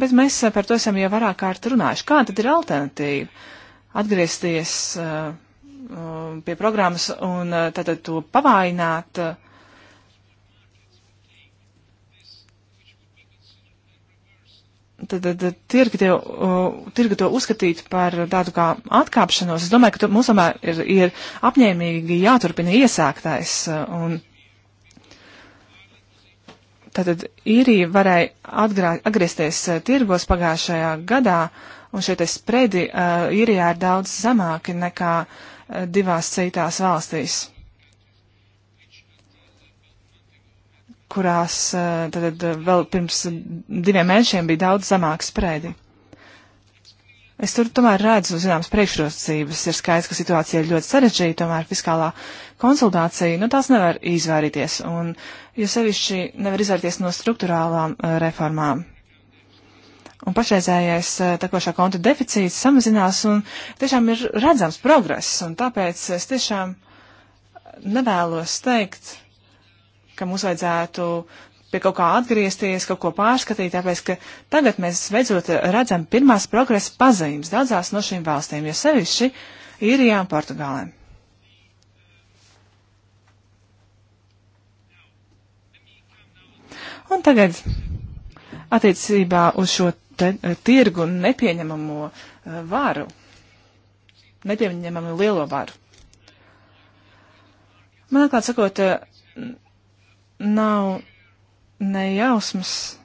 Bet mēs par to esam jau vairāk kārt runājuši. Kā tad ir alternatīva? Atgriezties uh, uh, pie programmas un uh, tātad to pavājināt. Uh, tad, tad tirgi, tev, tirgi to uzskatīt par tādu kā atkāpšanos. Es domāju, ka tu, mums tomēr ir, ir apņēmīgi jāturpina iesāktais. E, un tātad īrija varēja atgrā, atgriezties e, tirgos pagājušajā gadā, un šie spredi e, īrijā ir daudz zemāki nekā divās citās valstīs. kurās eh, tad eh, vēl pirms diviem mēnešiem bija daudz zemāka sprēdi. Es tur tomēr redzu, zināms, priekšrocības. Ir skaidrs, ka situācija ir ļoti sarežģīta, tomēr fiskālā konsultācija, nu tās nevar izvairīties, un jo sevišķi nevar izvairīties no struktūrālām uh, reformām. Un pašreizējais tekošā konta deficīts samazinās, un tiešām ir redzams progress, un tāpēc es tiešām nevēlos teikt, ka mums vajadzētu pie kaut kā atgriezties, kaut ko pārskatīt, tāpēc, ka tagad mēs beidzot redzam pirmās progresa pazīmes daudzās no šīm valstīm, jo sevišķi īrijā un Portugālēm. Un tagad attiecībā uz šo te, eh, tirgu nepieņemamo eh, varu, nepieņemamo lielo varu. Man atklāt sakot, eh, nav nejausmas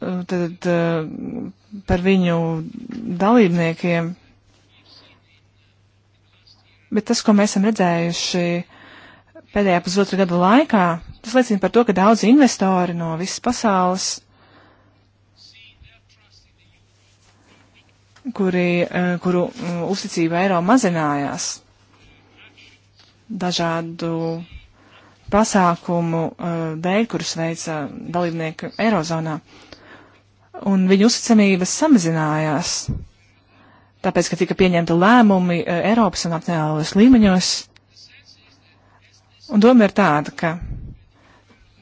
eh, tad, eh, par viņu dalībniekiem, bet tas, ko mēs esam redzējuši pēdējā pusotra gada laikā, tas liecina par to, ka daudzi investori no visas pasaules, kuri, eh, kuru mm, uzticība eiro mazinājās dažādu pasākumu uh, dēļ, kurus veica dalībnieki Eirozonā. Un viņu uzticamība samazinājās, tāpēc, ka tika pieņemta lēmumi uh, Eiropas un aptnēlas līmeņos. Un doma ir tāda, ka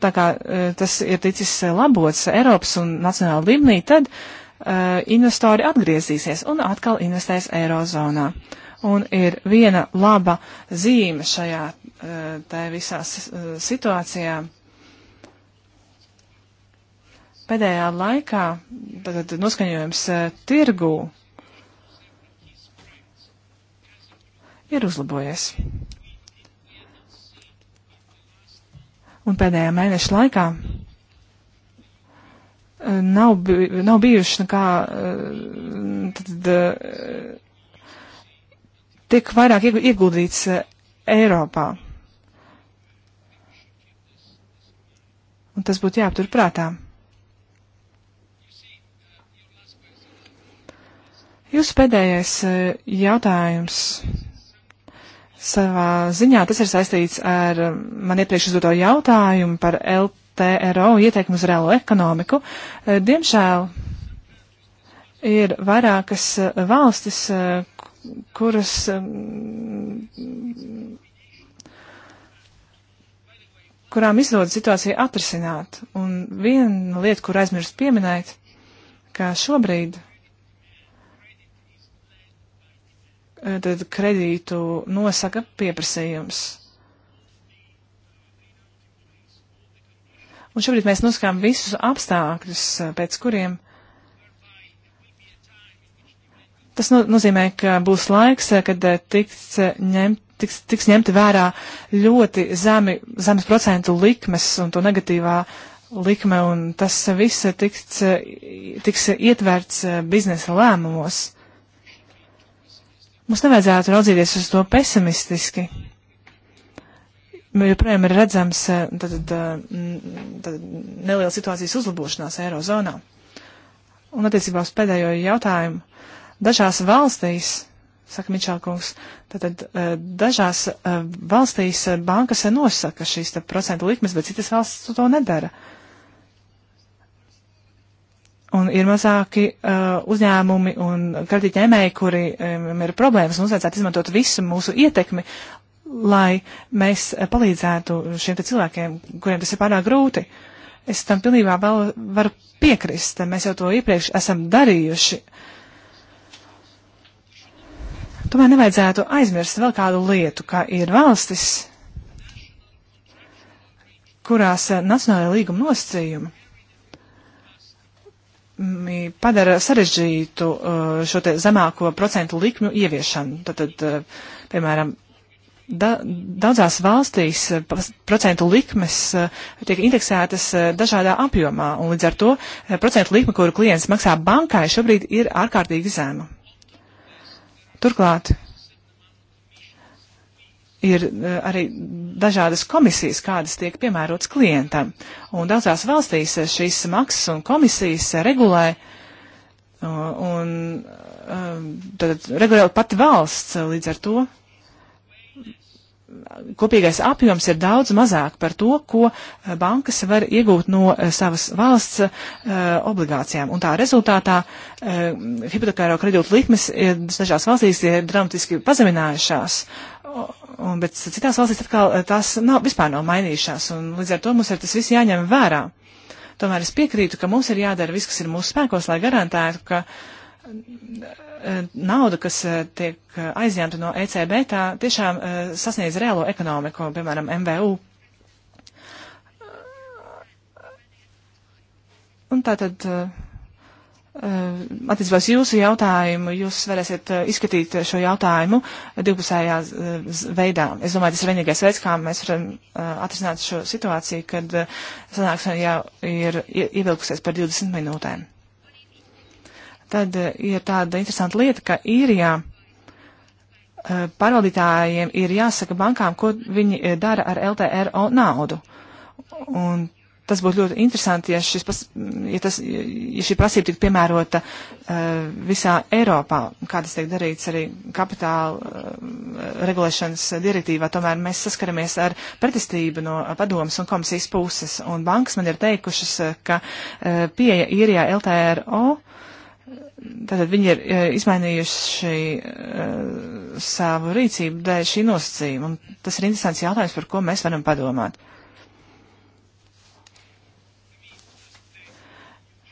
tā kā uh, tas ir ticis labots Eiropas un nacionāla līmenī, tad uh, investori atgriezīsies un atkal investēs Eirozonā. Uh, un ir viena laba zīme šajā eh, tā visā eh, situācijā. Pēdējā laikā tad noskaņojums eh, tirgū ir uzlabojies. Un pēdējā mēneša laikā nav, nav bijuši nekā tad, tiek vairāk ieguldīts eh, Eiropā. Un tas būtu jāaptur prātā. Jūsu pēdējais eh, jautājums savā ziņā, tas ir saistīts ar eh, man iepriekš uzdoto jautājumu par LTRO ieteikumu uz reālo ekonomiku. Diemžēl ir vairākas valstis, kuras um, kurām izdodas situācija atrisināt. Un viena lieta, kur aizmirst pieminēt, ka šobrīd eh, tad kredītu nosaka pieprasījums. Un šobrīd mēs nosakām visus apstākļus, eh, pēc kuriem Tas no, nu-, nozīmē, ka būs laiks, kad eh, tiks, eh, ņem, tiks, tiks ņemti vērā ļoti zemi, zemes procentu likmes un to negatīvā likme, un tas viss tiks, eh, tiks ietverts biznesa lēmumos. Mums nevajadzētu raudzīties uz to pesimistiski. Joprojām ir redzams tad, tad, tad neliela situācijas uzlabošanās Eirozonā. Un attiecībā uz pēdējo jautājumu Dažās valstīs, saka Mičelkungs, tātad eh, dažās eh, valstīs eh, bankas nosaka šīs procentu likmes, bet citas valsts to nedara. Un ir mazāki uh, uzņēmumi un kredītņēmēji, kuriem um, ir problēmas un uzveicētu izmantot visu mūsu ietekmi, lai mēs uh, palīdzētu šiem cilvēkiem, kuriem tas ir pārāk grūti. Es tam pilnībā vēl varu piekrist, mēs jau to iepriekš esam darījuši. Uh, Tomēr nevajadzētu aizmirst vēl kādu lietu, ka ir valstis, kurās eh, nacionālajā līguma nosacījumi mm, padara sarežģītu eh, šo te zemāko procentu likmju ieviešanu. Tad, eh, piemēram, da, daudzās valstīs procentu likmes tiek indeksētas dažādā apjomā, un līdz ar to procentu likme, kuru klients maksā bankai, šobrīd ir ārkārtīgi zema. Turklāt ir eh, arī dažādas komisijas, kādas tiek piemērotas klientam. Un daudzās valstīs eh, šīs maksas un komisijas eh, regulē un tad regulē pati valsts līdz ar to kopīgais apjoms ir daudz mazāk par to, ko eh, bankas var iegūt no eh, savas valsts uh, obligācijām. Un tā rezultātā uh, hipotekāro kredītu likmes ir dažās valstīs ir dramatiski pazeminājušās. Un, bet citās valstīs atkal tās nav, vispār nav mainījušās, un līdz ar to mums ir tas viss jāņem vērā. Tomēr es piekrītu, ka mums ir jādara viss, kas ir mūsu spēkos, lai garantētu, ka uh, Eh, nauda, kas eh, tiek eh, aizņemta no ECB, tā tiešām sasniedz reālo ekonomiku, piemēram, MVU. Un tātad, attiecībās jūsu jautājumu, jūs varēsiet izskatīt šo jautājumu divpusējā veidā. Es domāju, tas ir vienīgais veids, kā mēs varam atrisināt šo situāciju, kad sanāksme jau ir ievilkusies par 20 minūtēm. Tad eh, ir tāda interesanta lieta, ka īrijā eh, pārvaldītājiem ir jāsaka bankām, ko viņi eh, dara ar LTRO naudu. Un tas būtu ļoti interesanti, ja, šis, pas, ja, tas, ja šī prasība tiktu piemērota uh, visā Eiropā, kā tas tiek darīts arī kapitāla uh, regulēšanas direktīvā. Tomēr mēs saskaramies ar pretestību no padomas un komisijas puses. Un bankas man ir teikušas, ka uh, pieeja īrijā LTRO uh, Tātad viņi ir eh, izmainījuši uh, savu rīcību dēļ šī nosacījuma, un tas ir interesants jautājums, par ko mēs varam padomāt.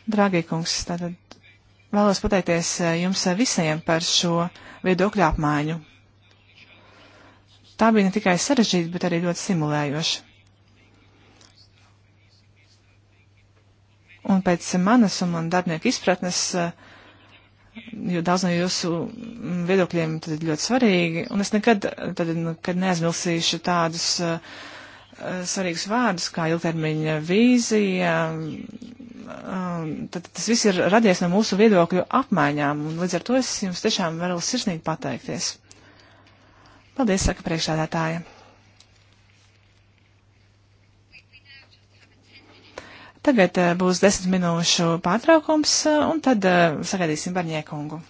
Drāgie kungs, tātad vēlos pateikties eh, jums visiem par šo viedokļu apmaiņu. Tā bija ne tikai sarežģīta, bet arī ļoti simulējoša. Un pēc manas un man darbinieku izpratnes uh, jo daudz no jūsu viedokļiem tad ir ļoti svarīgi, un es nekad, tad, nekad neaizmilsīšu tādus uh, svarīgus vārdus kā ilgtermiņa vīzija. Uh, tad tas viss ir radies no mūsu viedokļu apmaiņām, un līdz ar to es jums tiešām varu sirsnīgi pateikties. Paldies, saka priekšādātāja. Tagad eh, būs desmit minūšu pārtraukums, eh, un tad eh, sagaidīsim Barņiekungu.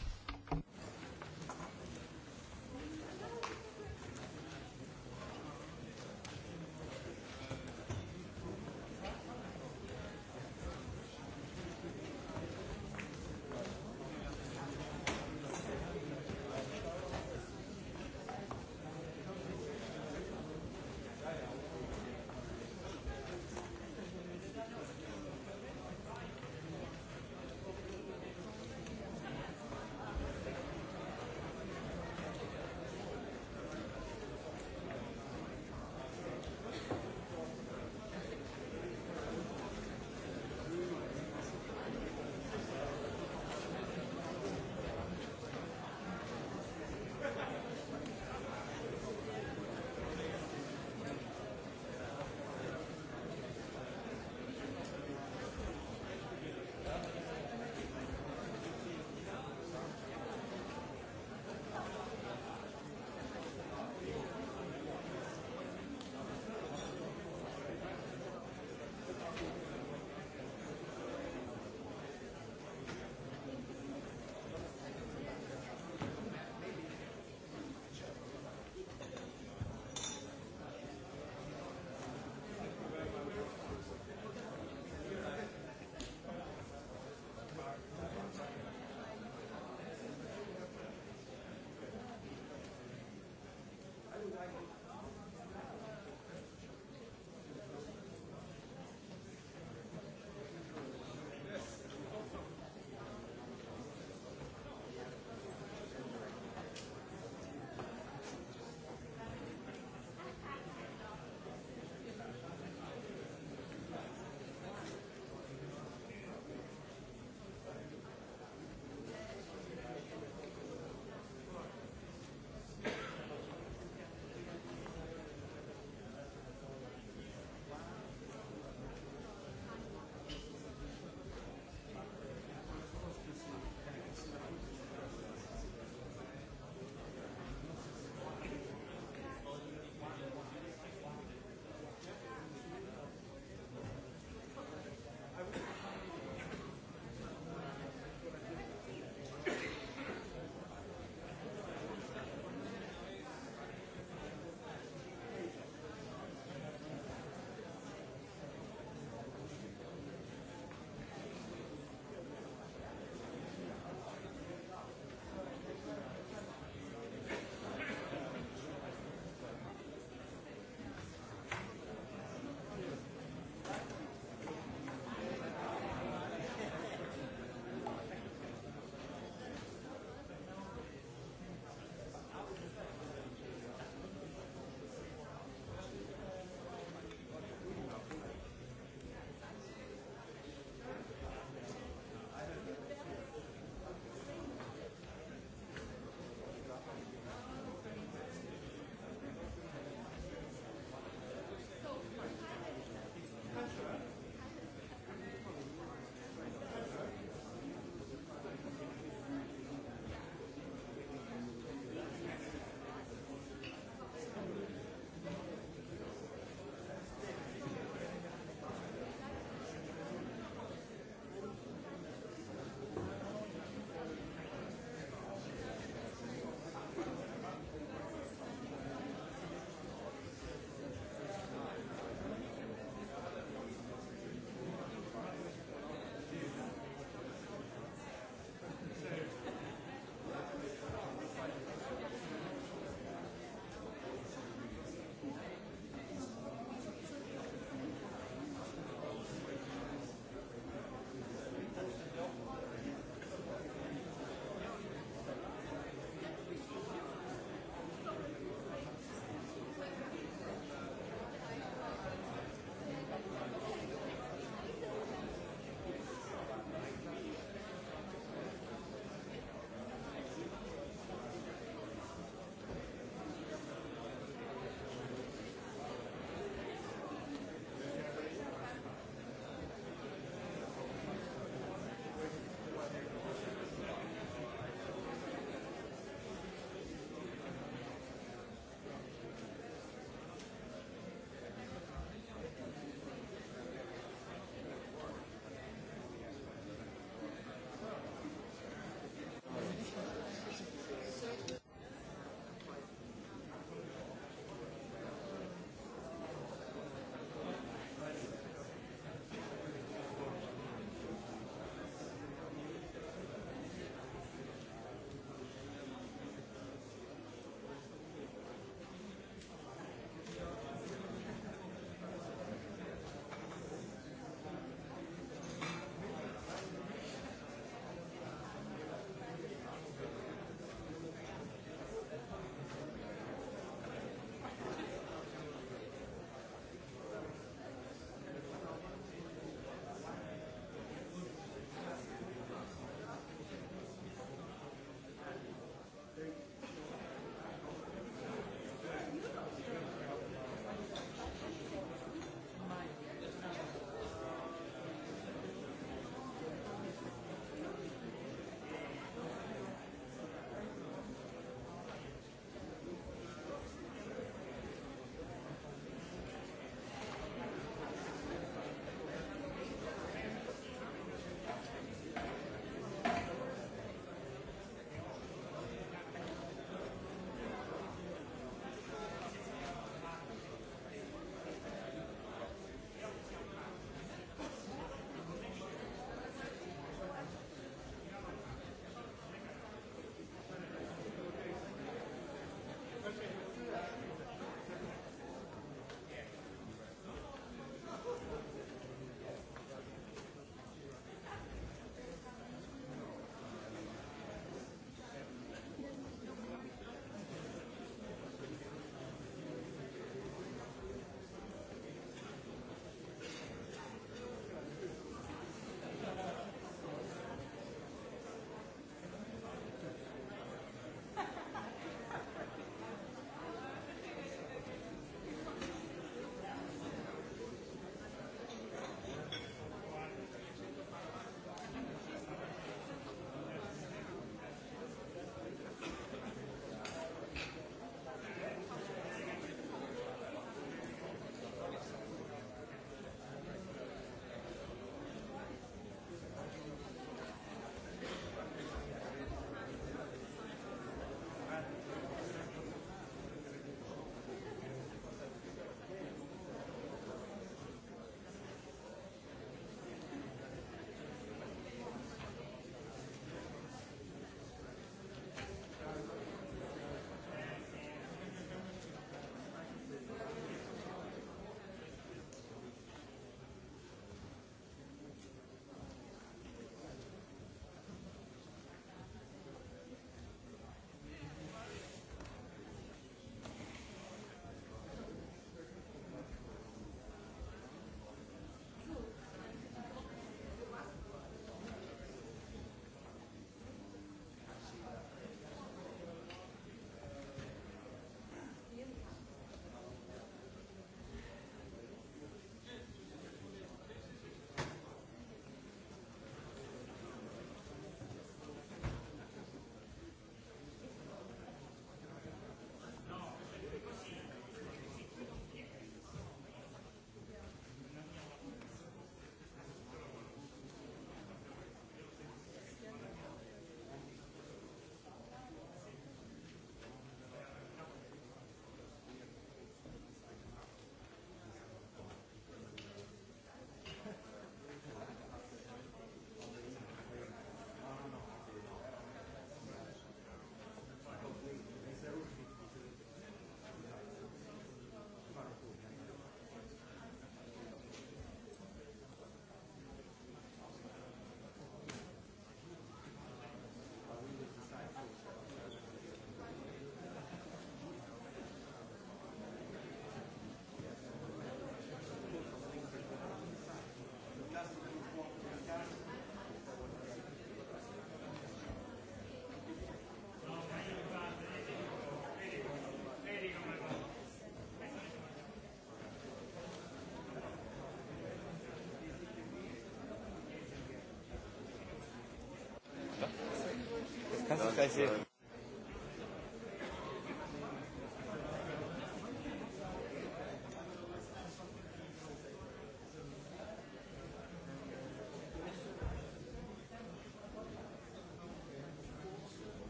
Kannst du gleich sehen.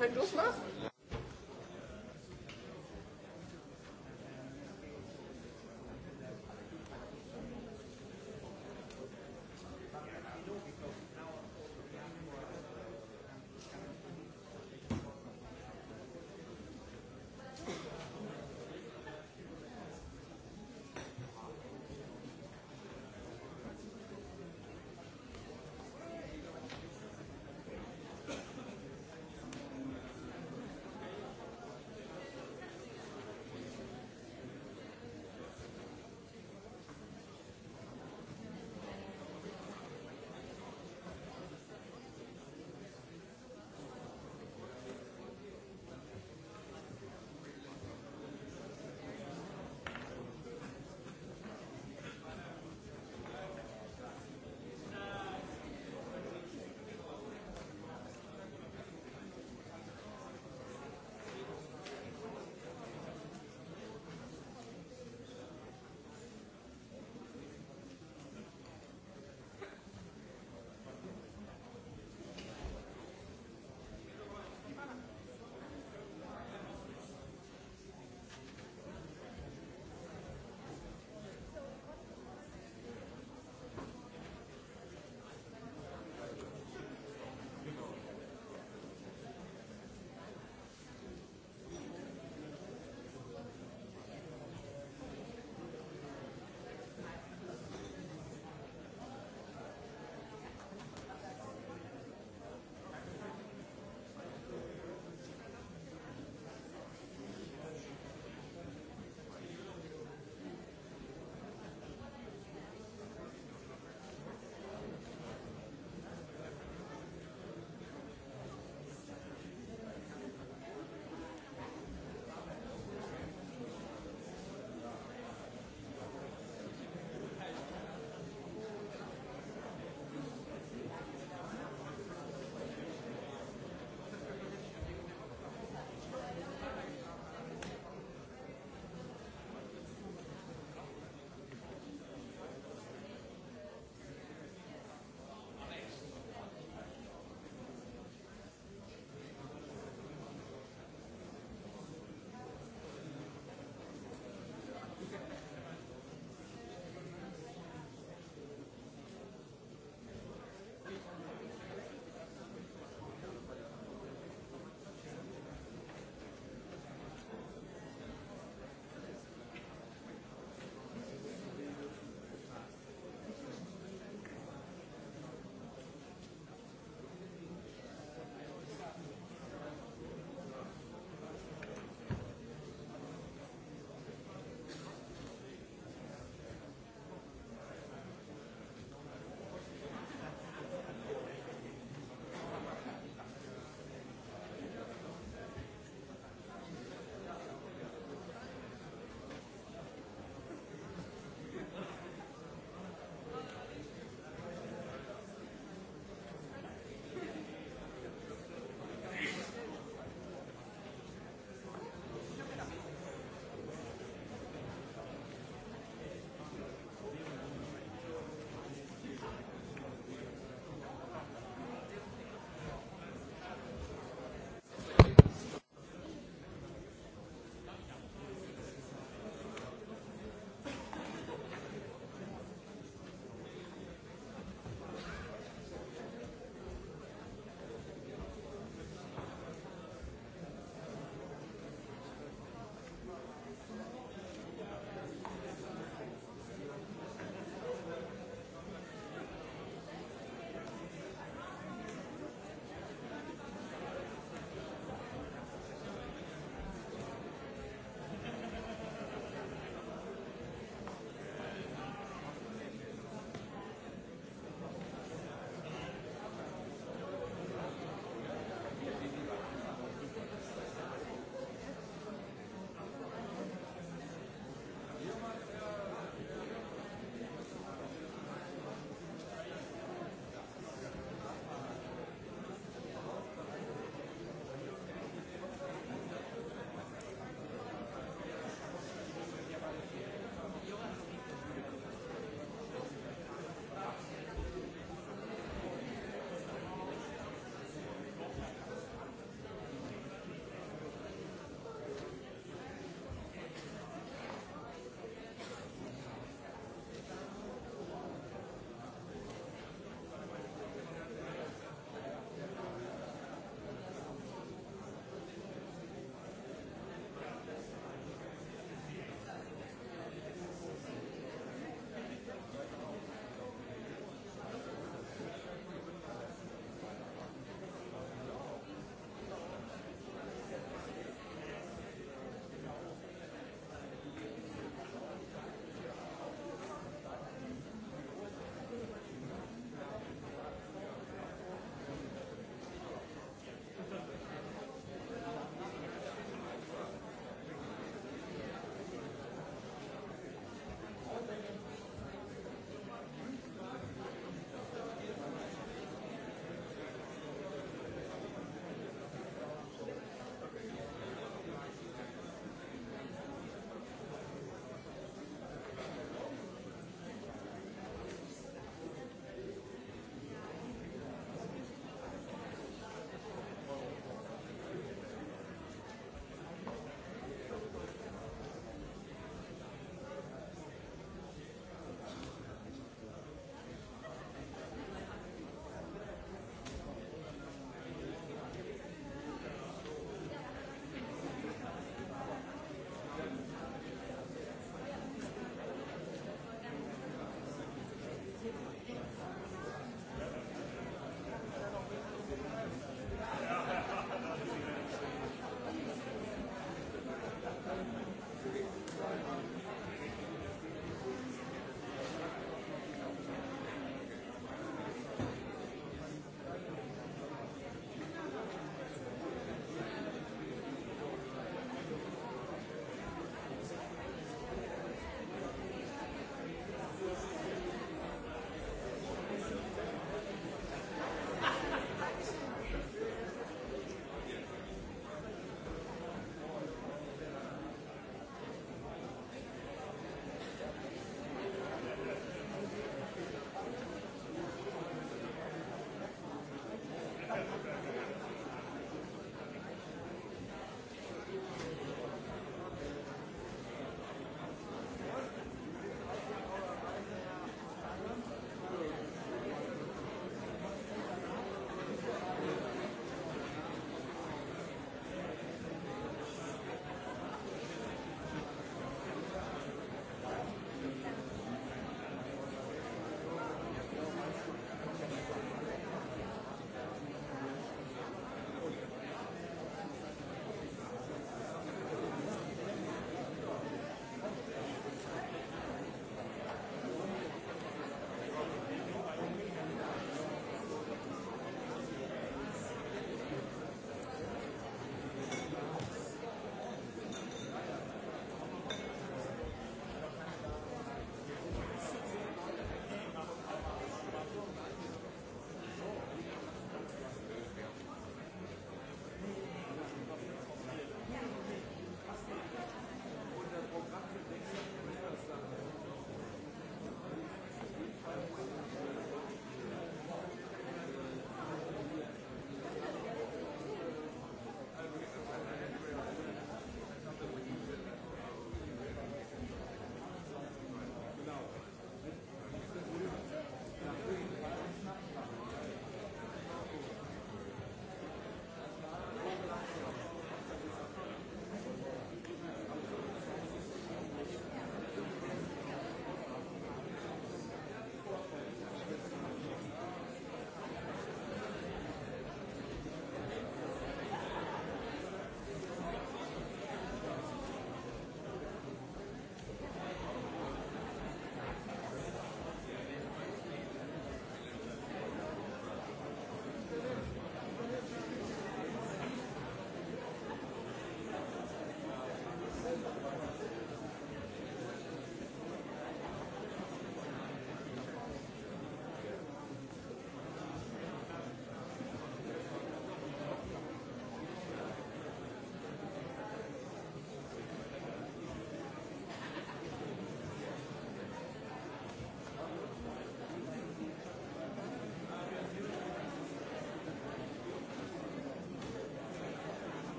Wenn du es machst?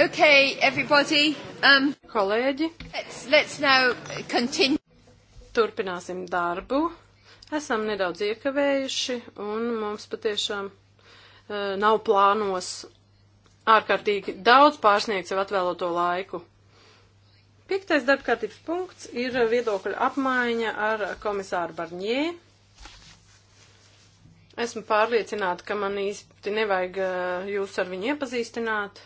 Okay, everybody. Um, Kolēģi. Let's, let's now continue. Turpināsim darbu. Esam nedaudz iekavējuši un mums patiešām uh, nav plānos ārkārtīgi daudz pārsniegt sev atvēloto laiku. Piektais darbkārtības punkts ir viedokļa apmaiņa ar komisāru Barņē. Esmu pārliecināta, ka man īsti nevajag uh, jūs ar viņu iepazīstināt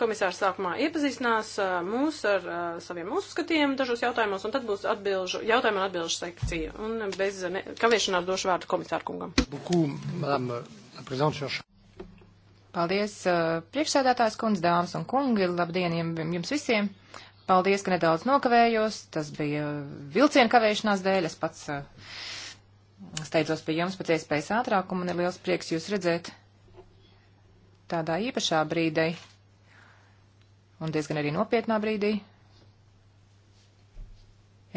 komisārs sākumā iepazīstinās mūs ar saviem uzskatiem dažos jautājumos, un tad būs atbilžu, jautājumu un atbilžu sekcija. Un bez ne, kavēšanās došu vārdu komisāru kungam. Paldies, priekšsēdētājs kundz, dāmas un kungi, labdien jums visiem. Paldies, ka nedaudz nokavējos. Tas bija vilciena kavēšanās dēļ. Es pats steidzos pie jums pēc iespējas ātrāk, un man ir liels prieks jūs redzēt tādā īpašā brīdī, un diezgan arī nopietnā brīdī.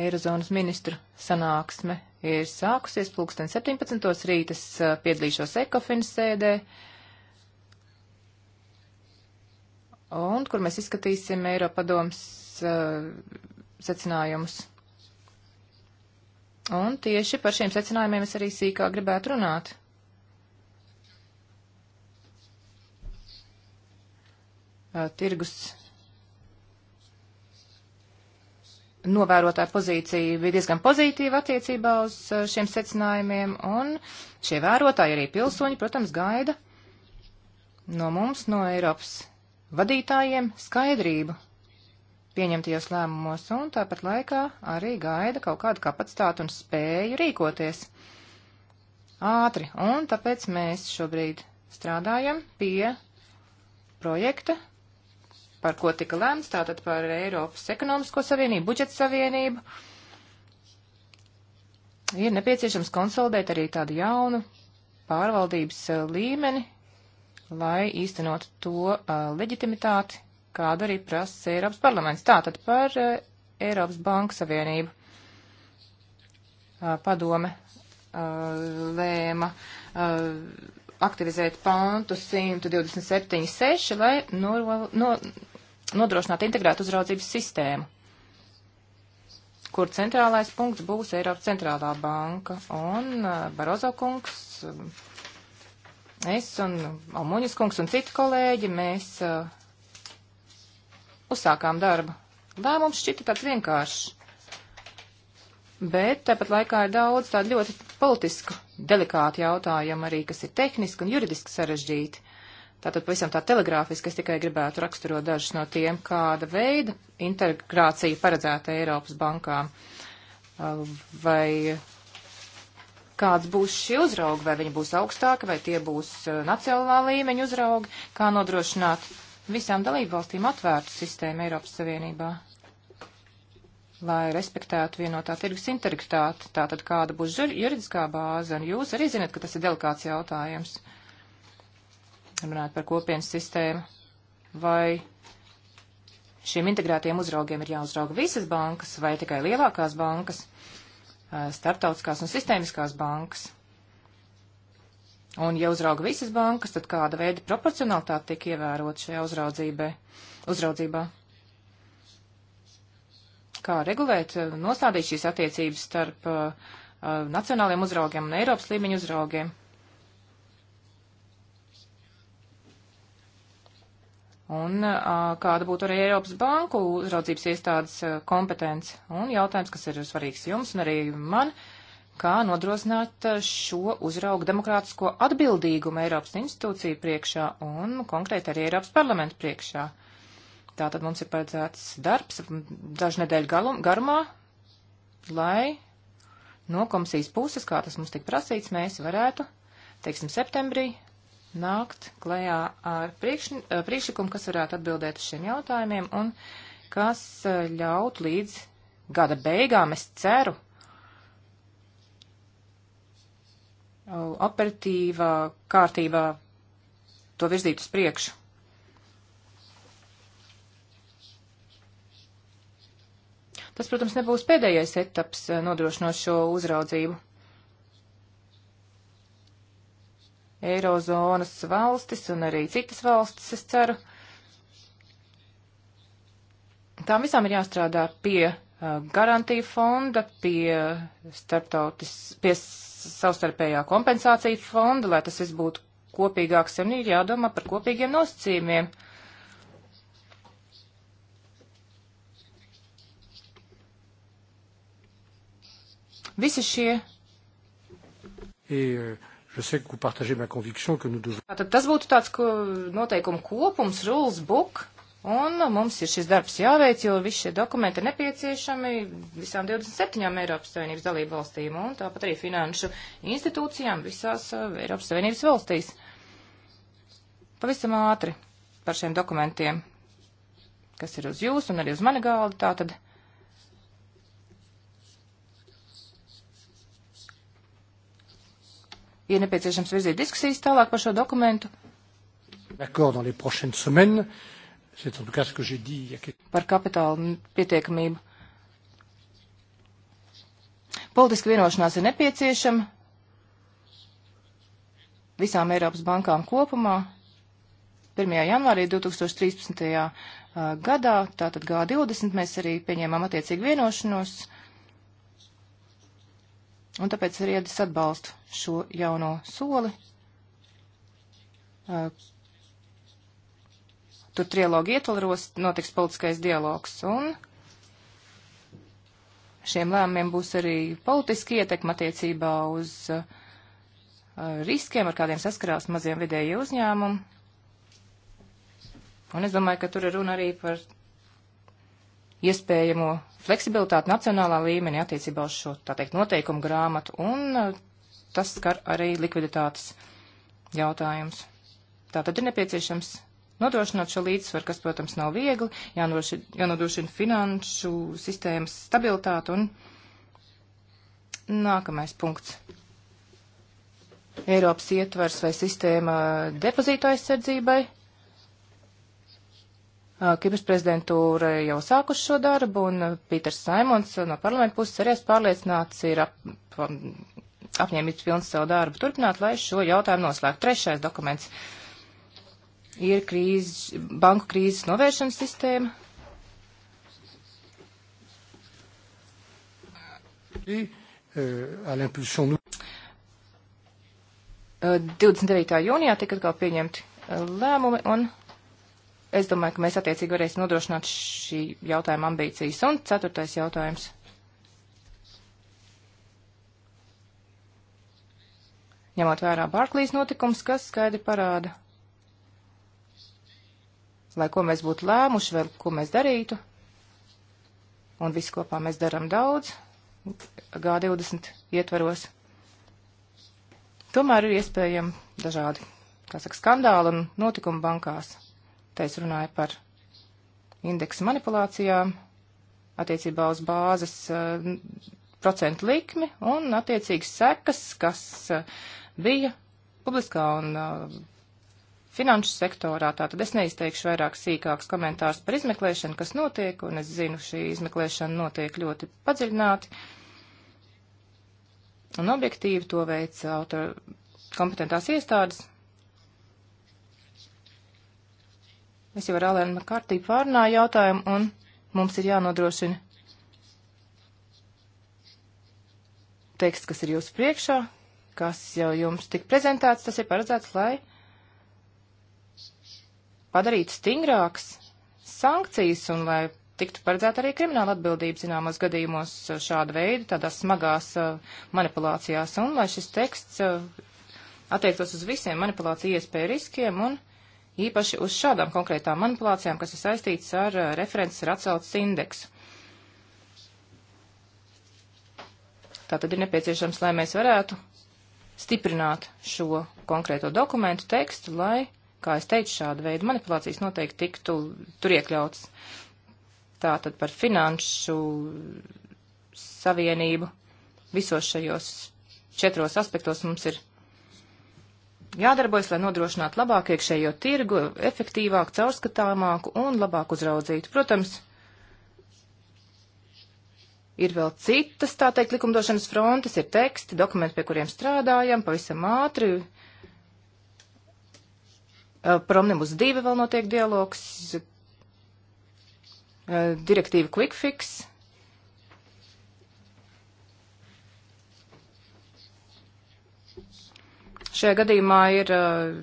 Eirozonas ministru sanāksme ir sākusies pulksten 17. rītas eh, piedalīšos Ekofins sēdē, un kur mēs izskatīsim Eiropadoms uh, secinājumus. Un tieši par šiem secinājumiem es arī sīkā gribētu runāt. Uh, tirgus novērotāja pozīcija bija diezgan pozitīva attiecībā uz uh, šiem secinājumiem, un šie vērotāji arī pilsoņi, protams, gaida no mums, no Eiropas vadītājiem skaidrību pieņemtajos lēmumos, un tāpat laikā arī gaida kaut kādu kapacitātu un spēju rīkoties ātri, un tāpēc mēs šobrīd strādājam pie projekta, par ko tika lēmts, tātad par Eiropas ekonomisko savienību, budžeta savienību, ir nepieciešams konsolidēt arī tādu jaunu pārvaldības eh, līmeni, lai īstenot to eh, leģitimitāti, kādu arī prasa Eiropas parlaments. Tātad par eh, Eiropas Banku Savienību padome lēma aktivizēt pantu 127.6, lai no, no, nodrošināt integrētu uzraudzības sistēmu, kur centrālais punkts būs Eiropas centrālā banka. Un uh, Barozo kungs, um, es un Almuņas kungs un citi kolēģi, mēs uh, uzsākām darbu. Lēmums šķita tāds vienkāršs. Bet tāpat laikā ir daudz tādu ļoti politisku, delikātu jautājumu arī, kas ir tehniski un juridiski sarežģīti. Tātad pavisam tā telegrāfiski es tikai gribētu raksturot dažus no tiem, kāda veida integrācija paredzēta Eiropas bankām. Vai kāds būs šie uzraugi, vai viņi būs augstāki, vai tie būs nacionālā līmeņa uzraugi, kā nodrošināt visām dalībvalstīm atvērtu sistēmu Eiropas Savienībā, lai respektētu vienotā tirgus integritāti. Tātad kāda būs juridiskā bāze, un jūs arī zinat, ka tas ir delikāts jautājums. Uh, runāt par kopienas sistēmu, vai šiem integrētiem uzraugiem ir jāuzrauga visas bankas vai tikai lielākās bankas, starptautiskās un sistēmiskās bankas. Un, ja uzrauga visas bankas, tad kāda veida proporcionalitāte tiek ievērot šajā uzraudzībā? Kā regulēt, nostādīt šīs attiecības starp uh, nacionāliem uzraugiem un Eiropas līmeņa uzraugiem? un kāda būtu arī Eiropas banku uzraudzības iestādes kompetence. Un jautājums, kas ir svarīgs jums un arī man, kā nodrošināt šo uzraugu demokrātisko atbildīgumu Eiropas institūciju priekšā un konkrēti arī Eiropas parlamentu priekšā. Tātad mums ir paredzēts darbs dažu nedēļu garumā, lai no komisijas puses, kā tas mums tika prasīts, mēs varētu, teiksim, septembrī nākt klajā ar priekš, eh, priekšlikumu, kas varētu atbildēt uz šiem jautājumiem un kas eh, ļaut līdz gada beigām, es ceru, operatīvā kārtībā to virzīt uz priekšu. Tas, protams, nebūs pēdējais etaps eh, nodrošinot šo uzraudzību. Eirozonas valstis un arī citas valstis, es ceru. Tām visām ir jāstrādā pie uh, garantiju fonda, pie, pie savstarpējā kompensācija fonda, lai tas viss būtu kopīgāks, un ir jādomā par kopīgiem nosacījumiem. Visi šie. Hey, uh Tātad tas būtu tāds ko, noteikumu kopums, rules book, un mums ir šis darbs jāveic, jo visi šie dokumenti ir nepieciešami visām 27 Eiropas Savienības dalību valstīm, un tāpat arī finanšu institūcijām visās uh, Eiropas Savienības valstīs. Pavisam ātri par šiem dokumentiem, kas ir uz jūsu un arī uz mani galdu, tātad. ir nepieciešams virzīt diskusijas tālāk par šo dokumentu. Par kapitāla pietiekamību. Politiska vienošanās ir nepieciešama visām Eiropas bankām kopumā 1. janvārī 2013. gadā, tātad G20, mēs arī pieņēmām attiecīgu vienošanos Un tāpēc arī es atbalstu šo jauno soli. Tur trilogu ietvaros notiks politiskais dialogs, un šiem lēmumiem būs arī politiski ietekma attiecībā uz riskiem, ar kādiem saskarās maziem vidēji uzņēmumi. Un es domāju, ka tur ir runa arī par iespējamo fleksibilitāti nacionālā līmenī attiecībā uz šo, tā teikt, noteikumu grāmatu, un eh, tas skar arī likviditātes jautājums. Tātad ir nepieciešams nodrošināt šo līdzsvaru, kas, protams, nav viegli, jānodrošina, jānodrošina finanšu sistēmas stabilitāte un nākamais punkts. Eiropas ietvers vai sistēma depozīta aizsardzībai Kipras prezidentūra jau sākuši šo darbu, un Pīters Saimons no parlamenta puses arī es pārliecināts ir ap, apņēmības pilns savu darbu turpināt, lai šo jautājumu noslēgtu. Trešais dokuments ir krīzes, banku krīzes novēršanas sistēma. Et, euh, à l'impulsion 29. jūnijā tika atkal pieņemti lēmumi, un Es domāju, ka mēs attiecīgi varēsim nodrošināt šī jautājuma ambīcijas. Un ceturtais jautājums. Ņemot vērā Barklīs notikums, kas skaidri parāda, lai ko mēs būtu lēmuši, vai ko mēs darītu, un visi kopā mēs darām daudz G20 ietvaros. Tomēr ir iespējami dažādi, kā saka, skandāli un notikumi bankās. Tā es runāju par indeksu manipulācijām attiecībā uz bāzes uh, procentu likmi un attiecīgas sekas, kas uh, bija publiskā un uh, finanšu sektorā. Tātad es neizteikšu vairāk sīkāks komentārs par izmeklēšanu, kas notiek, un es zinu, šī izmeklēšana notiek ļoti padziļināti. Un objektīvi to veic autora kompetentās iestādes. Mēs jau ar Alēnu kārtību pārnāju jautājumu, un mums ir jānodrošina teksts, kas ir jūsu priekšā, kas jau jums tik prezentēts, tas ir paredzēts, lai padarītu stingrāks sankcijas un lai tiktu paredzēta arī krimināla atbildība zināmos gadījumos šāda veida, tādās smagās uh, manipulācijās, un lai šis teksts uh, attiektos uz visiem manipulāciju iespēju riskiem un uh, īpaši uz šādām konkrētām manipulācijām, kas ir saistīts ar eh, references ar atsaucas indeksu. Tā tad ir nepieciešams, lai mēs varētu stiprināt šo konkrēto dokumentu tekstu, lai, kā es teicu, šāda veida manipulācijas noteikti tiktu tur iekļauts. Tā tad par finanšu savienību visos šajos četros aspektos mums ir jādarbojas, lai nodrošinātu labāku iekšējo tirgu, efektīvāku, caurskatāmāku un labāk uzraudzītu. Protams, ir vēl citas, tā teikt, likumdošanas frontes, ir teksti, dokumenti, pie kuriem strādājam, pavisam ātri. Promnibus 2 vēl notiek dialogs, direktīva Quick Fix Šajā gadījumā ir uh,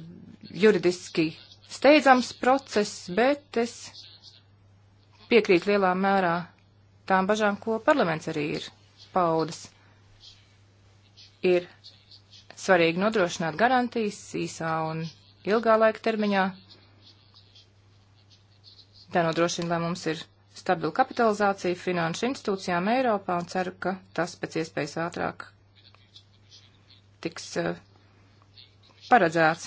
juridiski steidzams process, bet es piekrītu lielā mērā tām bažām, ko parlaments arī ir paudas. Ir svarīgi nodrošināt garantijas īsā un ilgā laika termiņā. Tā nodrošina, lai mums ir stabila kapitalizācija finanšu institūcijām Eiropā un ceru, ka tas pēc iespējas ātrāk tiks uh, paredzēts.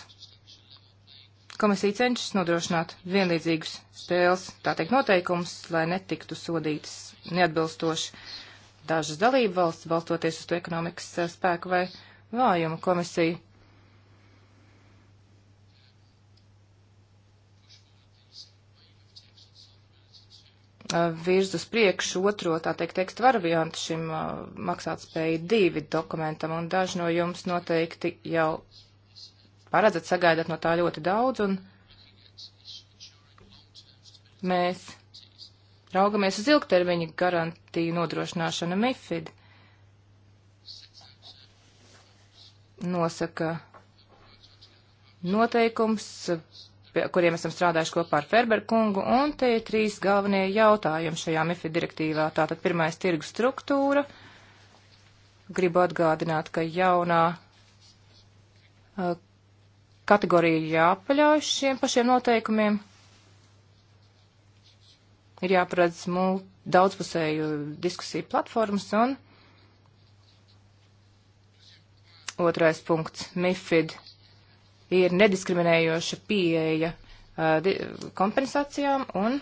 Komisija cenšas nodrošināt vienlīdzīgus spēles, tā teikt, noteikumus, lai netiktu sodītas neatbilstoši dažas dalību valsts, balstoties uz to ekonomikas eh, spēku vai vājumu komisiju. Eh, virz uz priekšu otro, tā teikt, tekstu variantu šim uh, maksātspēju divi dokumentam, un daži no jums noteikti jau paredzat, sagaidat no tā ļoti daudz, un mēs raugamies uz ilgtermiņa garantiju nodrošināšanu MIFID. Nosaka noteikums, pie kuriem esam strādājuši kopā ar Ferberkungu, un te ir trīs galvenie jautājumi šajā MIFID direktīvā. Tātad pirmais tirgu struktūra. Gribu atgādināt, ka jaunā kategorija jāpaļauj šiem pašiem noteikumiem. Ir jāparedz daudzpusēju diskusiju platformas un otrais punkts - MIFID ir nediskriminējoša pieeja uh, kompensācijām un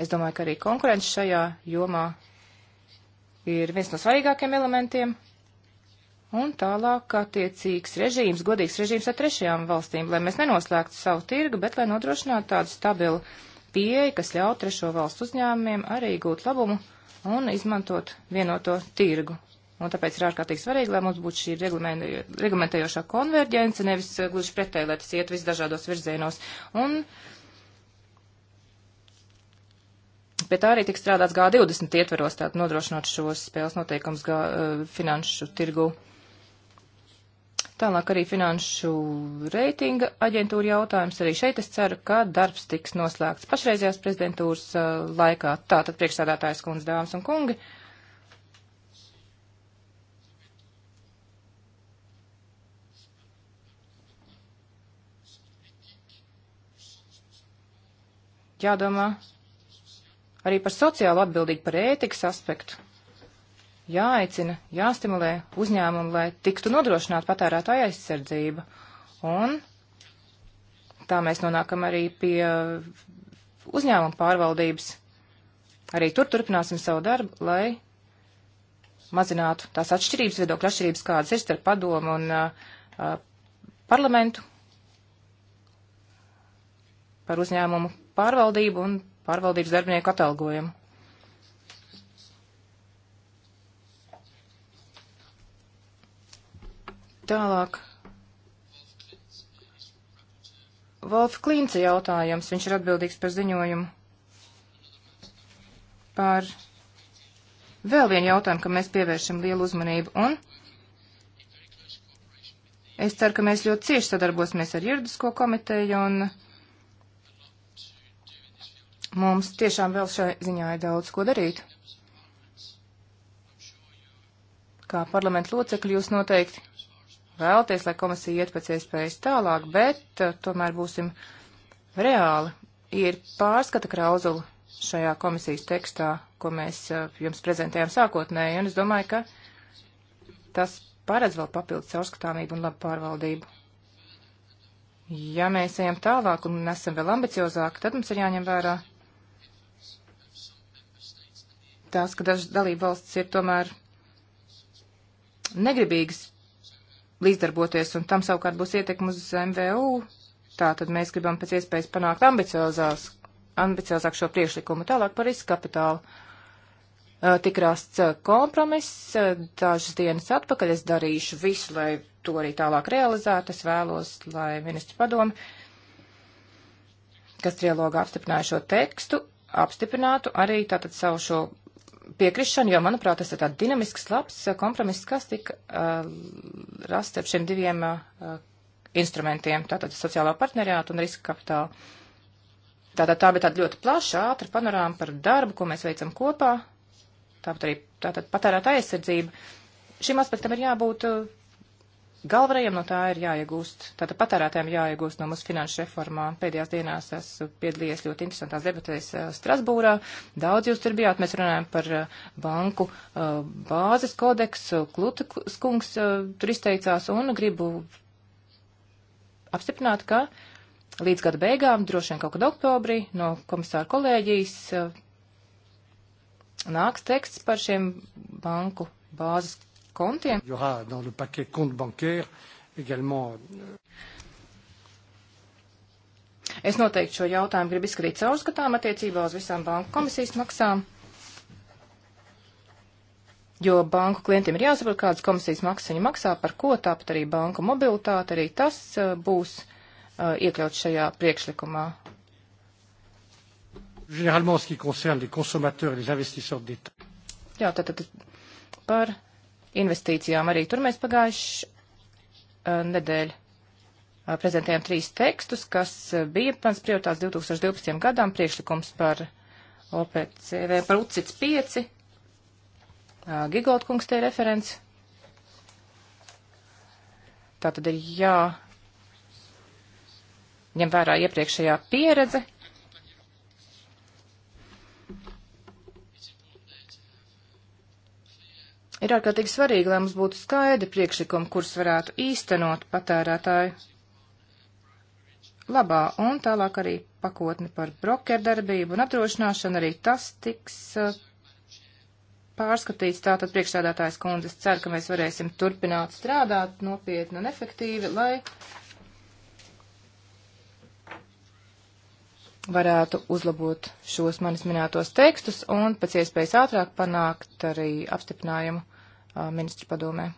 es domāju, ka arī konkurence šajā jomā ir viens no svarīgākiem elementiem. Un tālāk attiecīgs režīms, godīgs režīms ar trešajām valstīm, lai mēs nenoslēgtu savu tirgu, bet lai nodrošinātu tādu stabilu pieeju, kas ļauj trešo valstu uzņēmumiem arī gūt labumu un izmantot vienoto tirgu. Un tāpēc ir ārkārtīgi svarīgi, lai mums būtu šī reglamentējošā konverģence, nevis eh, gluži pretēji, lai tas iet visdažādos virzienos. Un pie tā arī tiek strādāts G20 ietveros, tātad nodrošinot šos spēles noteikums G, eh, finanšu tirgu. Uh, Tālāk arī finanšu reitinga aģentūra jautājums. Arī šeit es ceru, ka darbs tiks noslēgts pašreizējās prezidentūras uh, laikā. Tātad priekšsādātājs kundze, dāmas un kungi. jādomā arī par sociālu atbildību, par ētikas aspektu jāaicina, jāstimulē uzņēmumu, lai tiktu nodrošināta patērētāja aizsardzība. Un tā mēs nonākam arī pie uzņēmuma pārvaldības. Arī tur turpināsim savu darbu, lai mazinātu tās atšķirības, viedokļu atšķirības, kādas ir starp padomu un uh, parlamentu par uzņēmumu pārvaldību un pārvaldības darbinieku atalgojumu. Tālāk. Volfa Klīnce jautājums. Viņš ir atbildīgs par ziņojumu. Par vēl vienu jautājumu, kam mēs pievēršam lielu uzmanību. Un es ceru, ka mēs ļoti cieši sadarbosimies ar juridisko komiteju un mums tiešām vēl šai ziņā ir daudz ko darīt. Kā parlamentu locekļi jūs noteikti vēlaties, lai komisija iet pēc iespējas tālāk, bet eh, tomēr būsim reāli. Ir pārskata krauzula šajā komisijas tekstā, ko mēs eh, jums prezentējām sākotnēji, un es domāju, ka tas paredz vēl papildus caurskatāmību un labu pārvaldību. Ja mēs ejam tālāk un esam vēl ambiciozāki, tad mums ir jāņem vērā tās, ka dažas dalība valsts ir tomēr negribīgas līdzdarboties, un tam savukārt būs ietekme uz MVU. Tātad mēs gribam pēc iespējas panākt ambiciozāk šo priekšlikumu. Tālāk par riska kapitālu. Tik rasts kompromiss, dažas dienas atpakaļ es darīšu visu, lai to arī tālāk realizētu. Es vēlos, lai ministru padomi, kas trialogā apstiprināja šo tekstu, apstiprinātu arī tātad savu šo piekrišanu, jo, manuprāt, tas ir tāds dinamisks, labs eh, kompromiss, kas tika uh, eh, rasts ar šiem diviem uh, instrumentiem, tātad sociālā partneriāta un riska kapitāla. Tātad tā bija tāda ļoti plaša, ātra panorāma par darbu, ko mēs veicam kopā, tāpat arī tātad patērēta aizsardzība. Šim aspektam ir jābūt uh, Galvenajam no tā ir jāiegūst, tātad patērētājiem jāiegūst no mūsu finanšu reformām. Pēdējās dienās esmu piedalījies ļoti interesantās debatēs eh, Strasbūrā. Daudz jūs tur bijāt, mēs runājam par eh, banku eh, bāzes kodeksu, Kluta skungs tur izteicās un gribu apstiprināt, ka līdz gada beigām, droši vien kaut kad oktobrī, no komisāra kolēģijas nāks teksts par šiem banku bāzes kontiem. Euh, es noteikti šo jautājumu gribu izskatīt caurskatām attiecībā uz visām banku komisijas maksām, jo banku klientiem ir jāsaprot, kādas komisijas maksas viņi maksā, par ko, tāpat arī banku mobilitāte, arī tas uh, būs uh, iekļauts šajā priekšlikumā. Généralement, en ce qui concerne les consommateurs et les investisseurs d'État. Jā, tātad par investīcijām arī tur mēs pagājuši uh, nedēļu uh, prezentējām trīs tekstus, kas uh, bija mans prioritāts 2012. gadām priekšlikums par OPCV, par UCITS 5. Uh, Gigold kungs te ir referents. Tā tad ir jā ņem vērā iepriekšējā pieredze Ir ārkārtīgi svarīgi, lai mums būtu skaidri priekšlikumi, kurus varētu īstenot patērētāju labā, un tālāk arī pakotni par brokerdarbību un apdrošināšanu arī tas tiks eh, pārskatīts. Tātad priekšsēdētājs kundzes cer, ka mēs varēsim turpināt strādāt nopietni un efektīvi, lai varētu uzlabot šos manis minētos tekstus un pēc iespējas ātrāk panākt arī apstiprinājumu ministru padomē.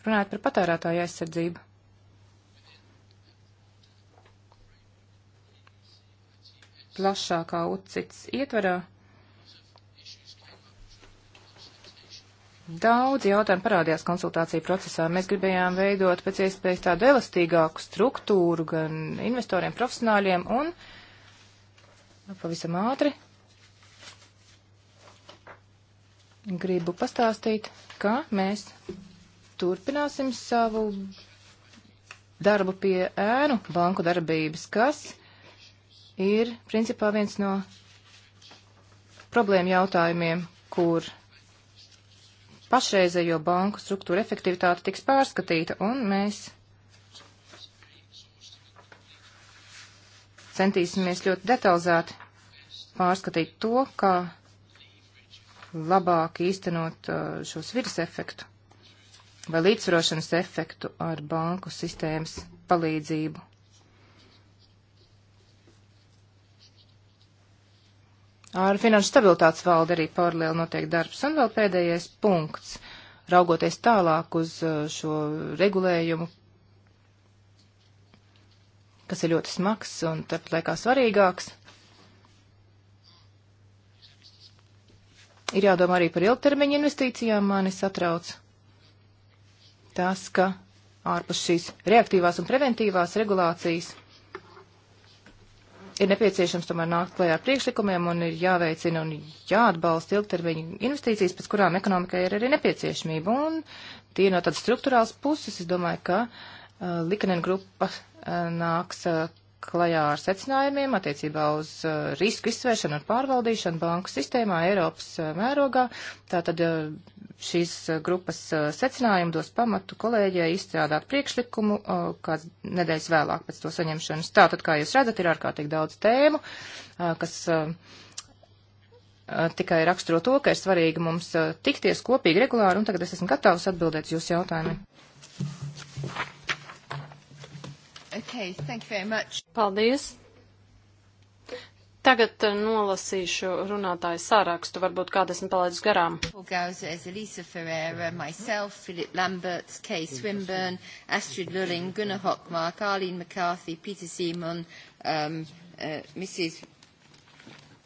Runājot par patērētāju aizsardzību. Plašākā UCITS ietverā Daudz jautājumu parādījās konsultāciju procesā. Mēs gribējām veidot pēc iespējas tādu elastīgāku struktūru gan investoriem, profesionāļiem un uh, Nu, pavisam ātri. Gribu pastāstīt, ka mēs turpināsim savu darbu pie ēnu banku darbības, kas ir principā viens no problēma jautājumiem, kur pašreizējo banku struktūra efektivitāte tiks pārskatīta, un mēs centīsimies ļoti detalizēti pārskatīt to, kā labāk īstenot uh, šos virs efektu vai līdzsvarošanas efektu ar banku sistēmas palīdzību. Ar finanšu stabilitātes valdi arī paralēli notiek darbs. Un vēl pēdējais punkts, raugoties tālāk uz uh, šo regulējumu kas ir ļoti smags un tāpat laikā svarīgāks. Ir jādomā arī par ilgtermiņa investīcijām, mani satrauc tas, ka ārpus šīs reaktīvās un preventīvās regulācijas ir nepieciešams tomēr nākt klajā ar priekšlikumiem un ir jāveicina un jāatbalsta ilgtermiņa investīcijas, pēc kurām ekonomikai ir arī nepieciešamība. Un tie no tādas struktūrāls puses, es domāju, ka uh, Eh, Likanen grupa eh, nāks eh, klajā ar secinājumiem attiecībā uz risku izsvēršanu un pārvaldīšanu banku sistēmā Eiropas mērogā. Tātad šīs grupas secinājumi dos pamatu kolēģijai izstrādāt priekšlikumu kāds nedēļas vēlāk pēc to saņemšanas. Tātad, kā jūs redzat, ir ārkārtīgi daudz tēmu, kas tikai raksturo to, ka ir svarīgi mums tikties kopīgi regulāri, un tagad es esmu gatavs atbildēt jūsu jautājumiem. Okay, thank you very much. Paldies. Tagad uh, nolasīšu runātāju sārakstu, varbūt kādas man palaidus garām. Gauzes, Elisa Ferreira, myself, Philip Lamberts, Kay Swinburne, Astrid Lulling, Gunnar Hockmark, Arlene McCarthy, Peter Simon, um, uh, Mrs.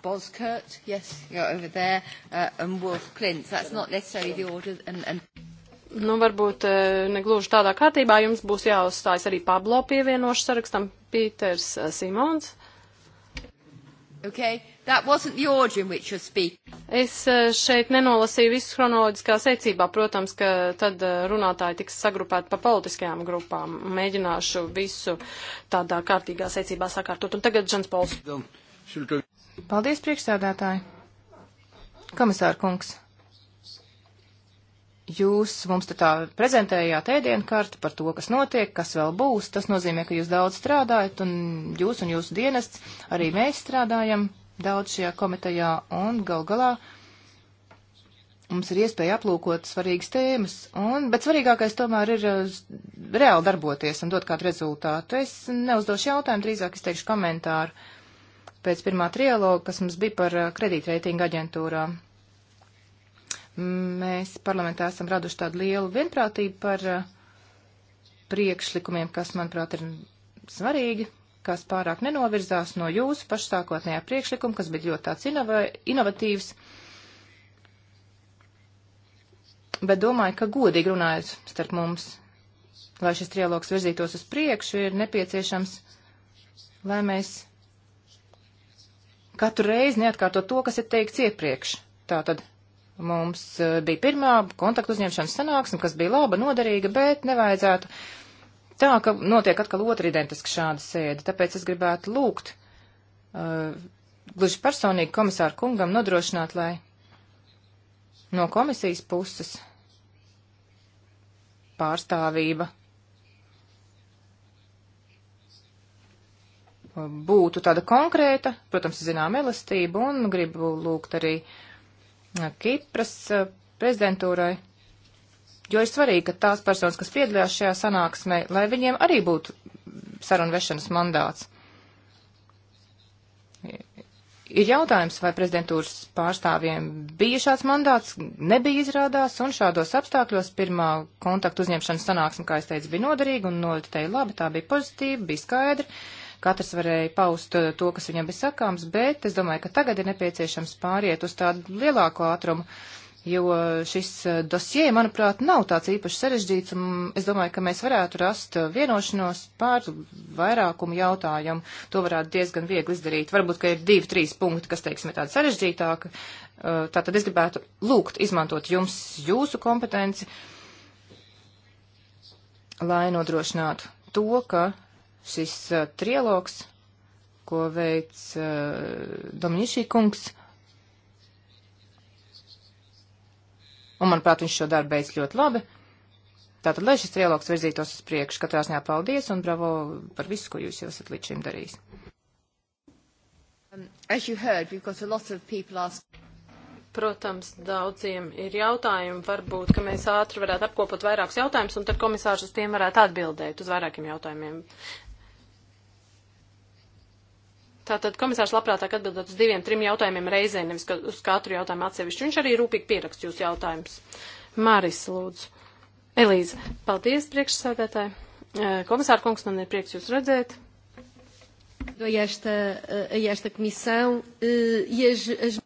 Boskurt, yes, you're over there, uh, and Wolf Clint. That's not necessarily the order. And, and nu, varbūt e, negluži tādā kārtībā jums būs jāuzstājas arī Pablo pievienošu sarakstam Pīters e, Simons. Okay. That wasn't the order in which you speak. Es e, šeit nenolasīju visu chronoloģiskā secībā, protams, ka tad runātāji tiks sagrupēti pa politiskajām grupām. Mēģināšu visu tādā kārtīgā secībā sakārtot. Un tagad Žans Pols. Paldies, priekšsēdētāji. Komisāra kungs. Jūs mums tā prezentējāt ēdienkarti par to, kas notiek, kas vēl būs. Tas nozīmē, ka jūs daudz strādājat, un jūs un jūsu dienests arī mēs strādājam daudz šajā komitejā, un gal galā mums ir iespēja aplūkot svarīgas tēmas, un, bet svarīgākais tomēr ir eh, reāli darboties un dot kādu rezultātu. Es neuzdošu jautājumu, drīzāk es teikšu komentāru pēc pirmā trialoga, kas mums bija par eh, kredītreitinga aģentūrām. Mēs parlamentā esam raduši tādu lielu vienprātību par uh, priekšlikumiem, kas, manuprāt, ir svarīgi, kas pārāk nenovirzās no jūsu pašsākotnējā priekšlikuma, kas bija ļoti tāds inova, inovatīvs. Bet domāju, ka godīgi runājot starp mums, lai šis trialogs virzītos uz priekšu, ir nepieciešams, lai mēs katru reizi neatkārto to, kas ir teikts iepriekš. Tātad Mums eh, bija pirmā kontaktu uzņemšanas sanāksme, kas bija laba, noderīga, bet nevajadzētu tā, ka notiek atkal otra identiska šāda sēde. Tāpēc es gribētu lūgt uh, gluži personīgi komisāru kungam nodrošināt, lai no komisijas puses pārstāvība būtu tāda konkrēta, protams, zinām, elastība, un gribu lūgt arī uh, Kipras eh, prezidentūrai, jo ir svarīgi, ka tās personas, kas piedalījās šajā sanāksmē, lai viņiem arī būtu sarunvešanas mandāts. Ir jautājums, vai prezidentūras pārstāvjiem bija šāds mandāts, nebija izrādās, un šādos apstākļos pirmā kontaktu uzņemšanas sanāksme, kā es teicu, bija noderīga un noritēja labi, tā bija pozitīva, bija skaidra. Uh, Katrs varēja paust eh, to, kas viņam bija sakāms, bet es domāju, ka tagad ir nepieciešams pāriet uz tādu lielāku ātrumu, jo eh, šis eh, dosie, manuprāt, nav tāds īpaši sarežģīts, un es domāju, ka mēs varētu rast vienošanos pār vairākumu jautājumu. To varētu diezgan viegli izdarīt. Varbūt, ka ir divi, trīs punkti, kas, teiksim, ir tādi sarežģītāki. Tātad es gribētu lūgt izmantot jums jūsu kompetenci lai nodrošinātu to, ka šis uh, trialogs, ko veic uh, Dominišī kungs. Un, manuprāt, viņš šo darbu veic ļoti labi. Tātad, lai šis trialogs virzītos uz priekšu, katrā ziņā paldies un bravo par visu, ko jūs jau esat līdz šim darījis. Um, Protams, daudziem ir jautājumi. Varbūt, ka mēs ātri varētu apkopot vairākus jautājumus, un tad komisārs uz tiem varētu atbildēt uz vairākiem jautājumiem. Tātad komisārs labprātāk atbildot uz diviem, trim jautājumiem reizē, nevis ka uz katru jautājumu atsevišķi. Viņš arī rūpīgi pierakst jūs jautājumus. Māris, lūdzu. Elīze, paldies priekšsēdētāji. Komisāra kungs, man ir prieks jūs redzēt. A esta, a esta komisão, e as, as...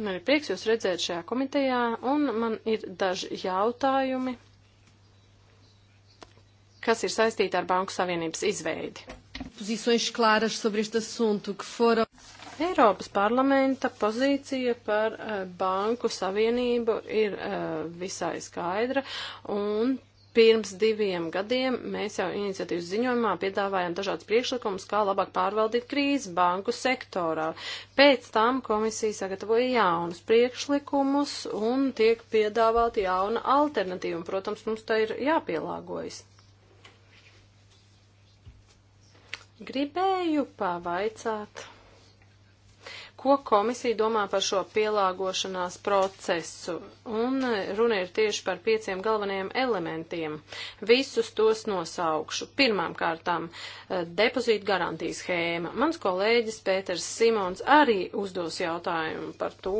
Man ir prieks jūs redzēt šajā komitejā, un man ir daži jautājumi, kas ir saistīti ar Banku Savienības izveidi. Pozīcijas klāras sobre este assunto, ka fora. Eiropas parlamenta pozīcija par eh, banku savienību ir eh, visai skaidra, un pirms diviem gadiem mēs jau iniciatīvas ziņojumā piedāvājām dažādas priekšlikumus, kā labāk pārvaldīt krīzi banku sektorā. Pēc tam komisija sagatavoja jaunus priekšlikumus un tiek piedāvāta jauna alternatīva, un, protams, mums tā ir jāpielāgojas. Gribēju pavaicāt, ko komisija domā par šo pielāgošanās procesu, un runa ir tieši par pieciem galvenajiem elementiem. Visus tos nosaukšu. Pirmām kārtām eh, depozīta garantijas schēma. Mans kolēģis Pēters Simons arī uzdos jautājumu par to,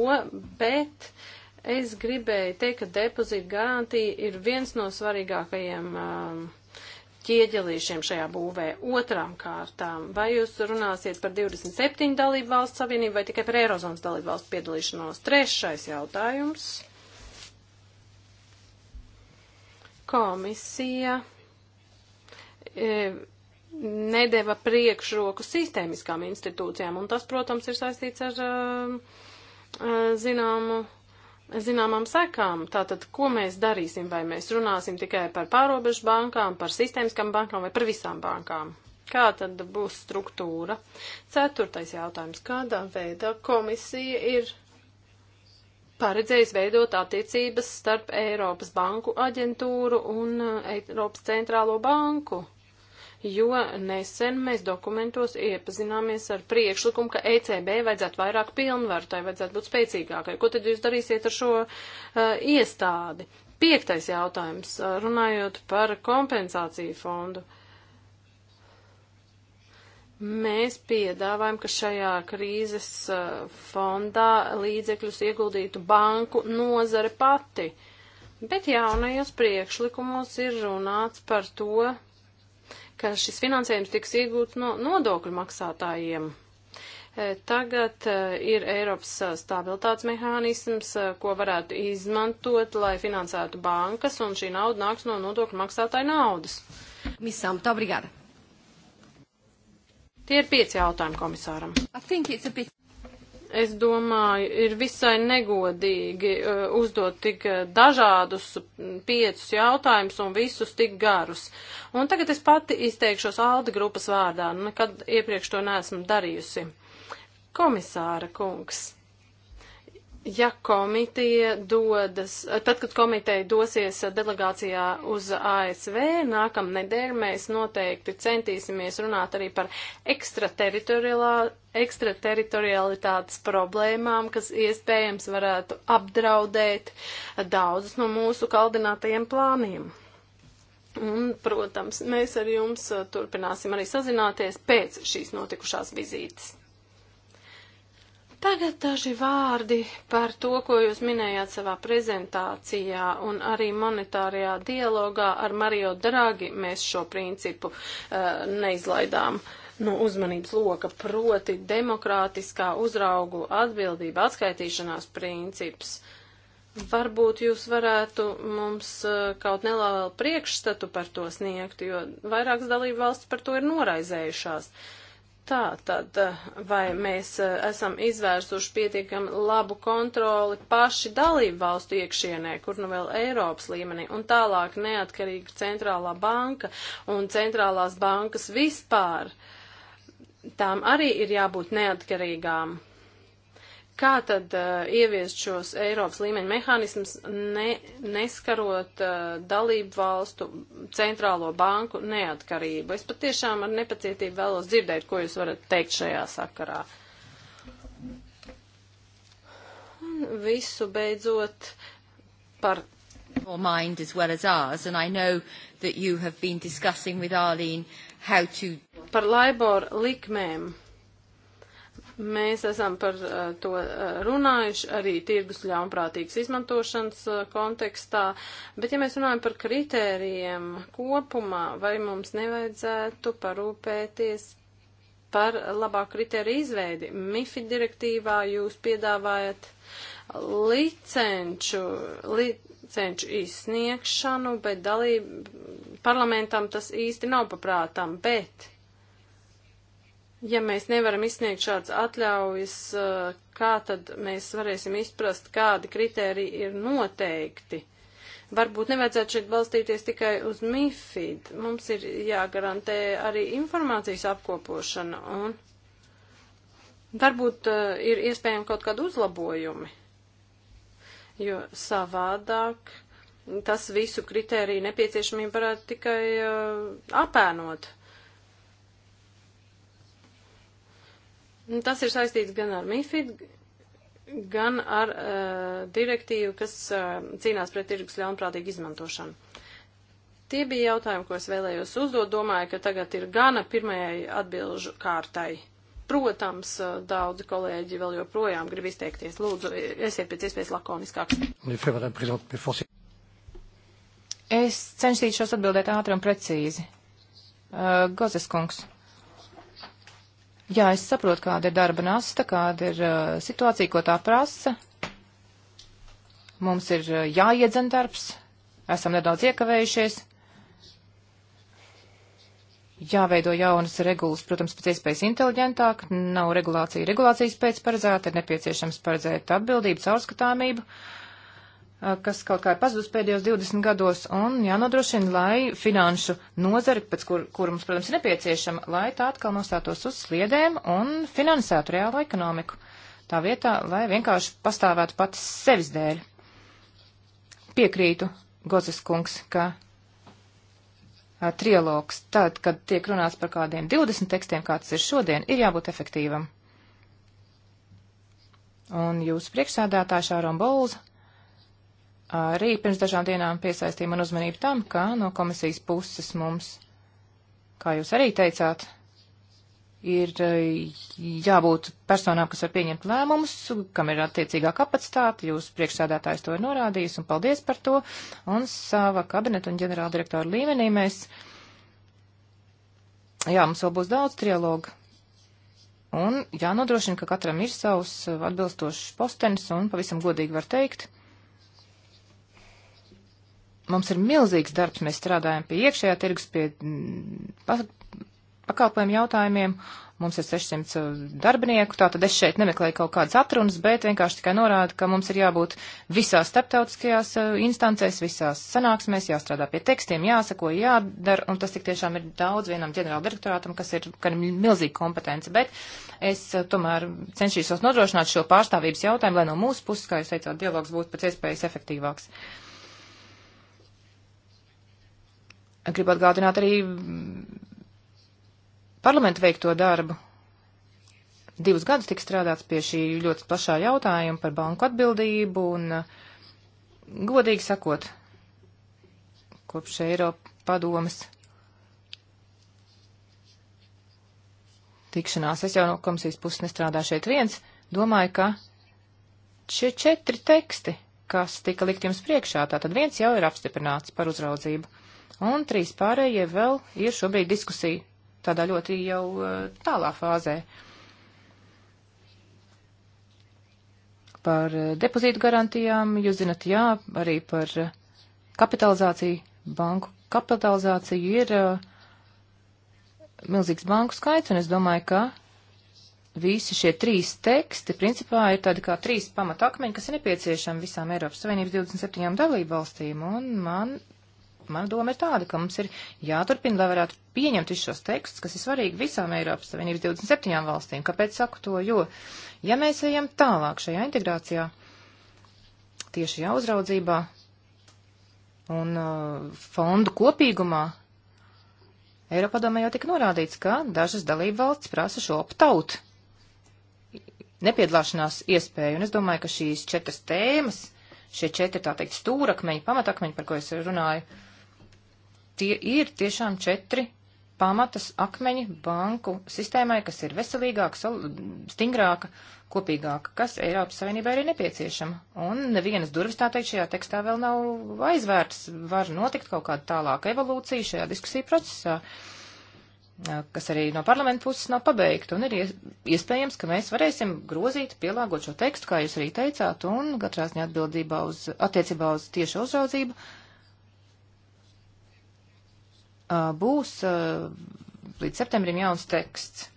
bet. Es gribēju teikt, ka depozīta garantija ir viens no svarīgākajiem uh, um, ķieģelīšiem šajā būvē. Otrām kārtām, vai jūs runāsiet par 27 dalību valsts savienību vai tikai par Eirozonas dalību valstu piedalīšanos? Trešais jautājums. Komisija e, nedeva priekšroku sistēmiskām institūcijām, un tas, protams, ir saistīts ar, e, e, zināmu, zināmām sekām. Tātad, ko mēs darīsim, vai mēs runāsim tikai par pārobežu bankām, par sistēmiskām bankām vai par visām bankām? Kā tad būs struktūra? Ceturtais jautājums. Kādā veidā komisija ir paredzējis veidot attiecības starp Eiropas banku aģentūru un eh, Eiropas centrālo banku? jo nesen mēs dokumentos iepazināmies ar priekšlikumu, ka ECB vajadzētu vairāk pilnvaru, tai vajadzētu būt spēcīgākai. Ko tad jūs darīsiet ar šo uh, iestādi? Piektais jautājums, eh, runājot par kompensāciju fondu. Mēs piedāvājam, ka šajā krīzes eh, fondā līdzekļus ieguldītu banku nozare pati, bet jaunajos priekšlikumos ir runāts par to, ka šis finansējums tiks iegūts no nodokļu maksātājiem. E, tagad e, ir Eiropas e, stabilitātes mehānisms, ko varētu izmantot, lai finansētu bankas, un šī nauda nāks no nodokļu maksātāju naudas. Misām, tā brigāda. Tie ir pieci jautājumi komisāram. Bit es domāju, ir visai negodīgi uh, uzdot tik uh, dažādus piecus jautājumus un visus tik garus. Un tagad es pati izteikšos Alda grupas vārdā, nu, nekad iepriekš to neesmu darījusi. Komisāra kungs, Ja komiteja dodas, tad, kad komiteja dosies delegācijā uz ASV, nākamnedēļ mēs noteikti centīsimies runāt arī par ekstrateritorialitātes problēmām, kas iespējams varētu apdraudēt daudzus no mūsu kaldinātajiem plāniem. Un, protams, mēs ar jums turpināsim arī sazināties pēc šīs notikušās vizītes. Tagad daži vārdi par to, ko jūs minējāt savā prezentācijā un arī monetārajā dialogā ar Mario Dragi. Mēs šo principu uh, neizlaidām no uzmanības loka, proti demokrātiskā uzraugu atbildība atskaitīšanās princips. Varbūt jūs varētu mums uh, kaut nelielu priekšstatu par to sniegt, jo vairākas dalību valsts par to ir noraizējušās. Uh, Tā tad, eh, vai mēs eh, esam izvērsuši pietiekami labu kontroli paši dalību valstu iekšienē, kur nu vēl Eiropas līmenī, un tālāk neatkarīga centrālā banka un centrālās bankas vispār, tām arī ir jābūt neatkarīgām. Kā tad uh, ieviest šos Eiropas līmeņa mehānismus, ne, neskarot uh, dalību valstu centrālo banku neatkarību? Es patiešām ar nepacietību vēlos dzirdēt, ko jūs varat teikt šajā sakarā. Un visu beidzot par your mind as well as ours, and I know that you have been discussing with Arlene how to... Par Laibor likmēm Mēs esam par uh, to uh, runājuši arī tirgus ļaunprātīgas izmantošanas uh, kontekstā, bet ja mēs runājam par kritērijiem kopumā, vai mums nevajadzētu parūpēties par labāku kritēriju izveidi? MIFI direktīvā jūs piedāvājat licenču, li, licenču izsniegšanu, bet dalību parlamentam tas īsti nav paprātām, bet Ja mēs nevaram izsniegt šādas atļaujas, eh, kā tad mēs varēsim izprast, kādi kriteriji ir noteikti? Varbūt nevajadzētu šeit balstīties tikai uz MIFID. Mums ir jāgarantē arī informācijas apkopošana un varbūt eh, ir iespējami kaut kādi uzlabojumi, jo savādāk tas visu kritēriju nepieciešamību varētu tikai eh, apēnot. Nu, tas ir saistīts gan ar MIFID, gan ar uh, direktīvu, kas uh, cīnās pret tirgus ļaunprātīgu izmantošanu. Tie bija jautājumi, ko es vēlējos uzdot. Domāju, ka tagad ir gana pirmajai atbilžu kārtai. Protams, uh, daudzi kolēģi vēl joprojām grib izteikties. Lūdzu, esiet pēc iespējas lakoniskāks. Es cenšīšos atbildēt ātri un precīzi. Uh, Gozes kungs. Jā, es saprotu, kāda ir darba nasta, kāda ir uh, situācija, ko tā prasa. Mums ir uh, jāiedzen darbs, esam nedaudz iekavējušies. Jāveido jaunas regulas, protams, pēc iespējas inteliģentāk, nav regulācija regulācijas pēc paredzēta, ir nepieciešams paredzēt atbildību, caurskatāmību. Uh, kas kaut kā ir pazudus pēdējos 20 gados, un jānodrošina, lai finanšu nozari, pēc kur, kur mums, protams, ir nepieciešama, lai tā atkal nostātos uz sliedēm un finansētu reālu ekonomiku. Tā vietā, lai vienkārši pastāvētu pati sevis dēļ. Piekrītu, Gozes kungs, ka a, trialogs, tad, kad tiek runāts par kādiem 20 tekstiem, kā tas ir šodien, ir jābūt efektīvam. Un jūsu priekšsēdētā Šāron Bolza arī pirms dažām dienām piesaistīja man uzmanību tam, ka no komisijas puses mums, kā jūs arī teicāt, ir eh, jābūt personām, kas var pieņemt lēmumus, kam ir attiecīgā kapacitāte, jūs priekšsēdētājs to ir norādījis un paldies par to, un sava kabineta un ģenerāla direktora līmenī mēs, jā, mums vēl būs daudz trialogu, un jānodrošina, ka katram ir savs atbilstošs postenis, un pavisam godīgi var teikt, Mums ir milzīgs darbs, mēs strādājam pie iekšējā tirgus, pie mm, pakalpojumu jautājumiem. Mums ir 600 uh, darbinieku, tātad es šeit nemeklēju kaut kādas atrunas, bet vienkārši tikai norādu, ka mums ir jābūt visās starptautiskajās uh, instancēs, visās sanāksmēs, jāstrādā pie tekstiem, jāsako, jādara, un tas tik tiešām ir daudz vienam ģenerāldirektorātam, kas ir, ka ir milzīga kompetence, bet es uh, tomēr cenšīšos nodrošināt šo pārstāvības jautājumu, lai no mūsu puses, kā jūs teicāt, dialogs būtu pēc iespējas efektīvāks. Uh, Gribu atgādināt arī parlamentu veikto darbu. Divus gadus tika strādāts pie šī ļoti plašā jautājuma par banku atbildību un, uh, godīgi sakot, kopš Eiropa padomas tikšanās. Es jau no komisijas puses nestrādāju šeit viens. Domāju, ka šie četri teksti, kas tika likt jums priekšā, tātad viens jau ir apstiprināts par uzraudzību un trīs pārējie vēl ir šobrīd diskusija tādā ļoti jau eh, tālā fāzē. Par eh, depozītu garantijām, jūs zinat, jā, arī par eh, kapitalizāciju, banku kapitalizāciju ir milzīgs banku skaits, un es domāju, ka visi šie trīs teksti principā ir tādi kā trīs pamatakmeņi, kas ir nepieciešami visām Eiropas Savienības 27 dalību valstīm, un man Mana doma ir tāda, ka mums ir jāturpina, lai varētu pieņemt visus šos tekstus, kas ir svarīgi visām Eiropas Savienības 27 valstīm. Kāpēc saku to? Jo, ja mēs ejam tālāk šajā integrācijā, tieši jāuzraudzībā un uh, fondu kopīgumā, Eiropadomē jau tika norādīts, ka dažas dalība valsts prasa šo optaut nepiedalāšanās iespēju, un es domāju, ka šīs četras tēmas, šie četri, tā teikt, stūrakmeņi, pamatakmeņi, par ko es runāju, tie ir tiešām četri pamatas akmeņi banku sistēmai, kas ir veselīgāka, stingrāka, kopīgāka, kas Eiropas Savienībai arī nepieciešama. Un nevienas durvis, tā teikt, šajā tekstā vēl nav aizvērts. Var notikt kaut kāda tālāka evolūcija šajā diskusiju procesā, kas arī no parlamenta puses nav pabeigta. Un ir iespējams, ka mēs varēsim grozīt, pielāgot šo tekstu, kā jūs arī teicāt, un katrā ziņā atbildībā uz, attiecībā uz tiešu uzraudzību Uh, būs uh, līdz septembrim jauns teksts.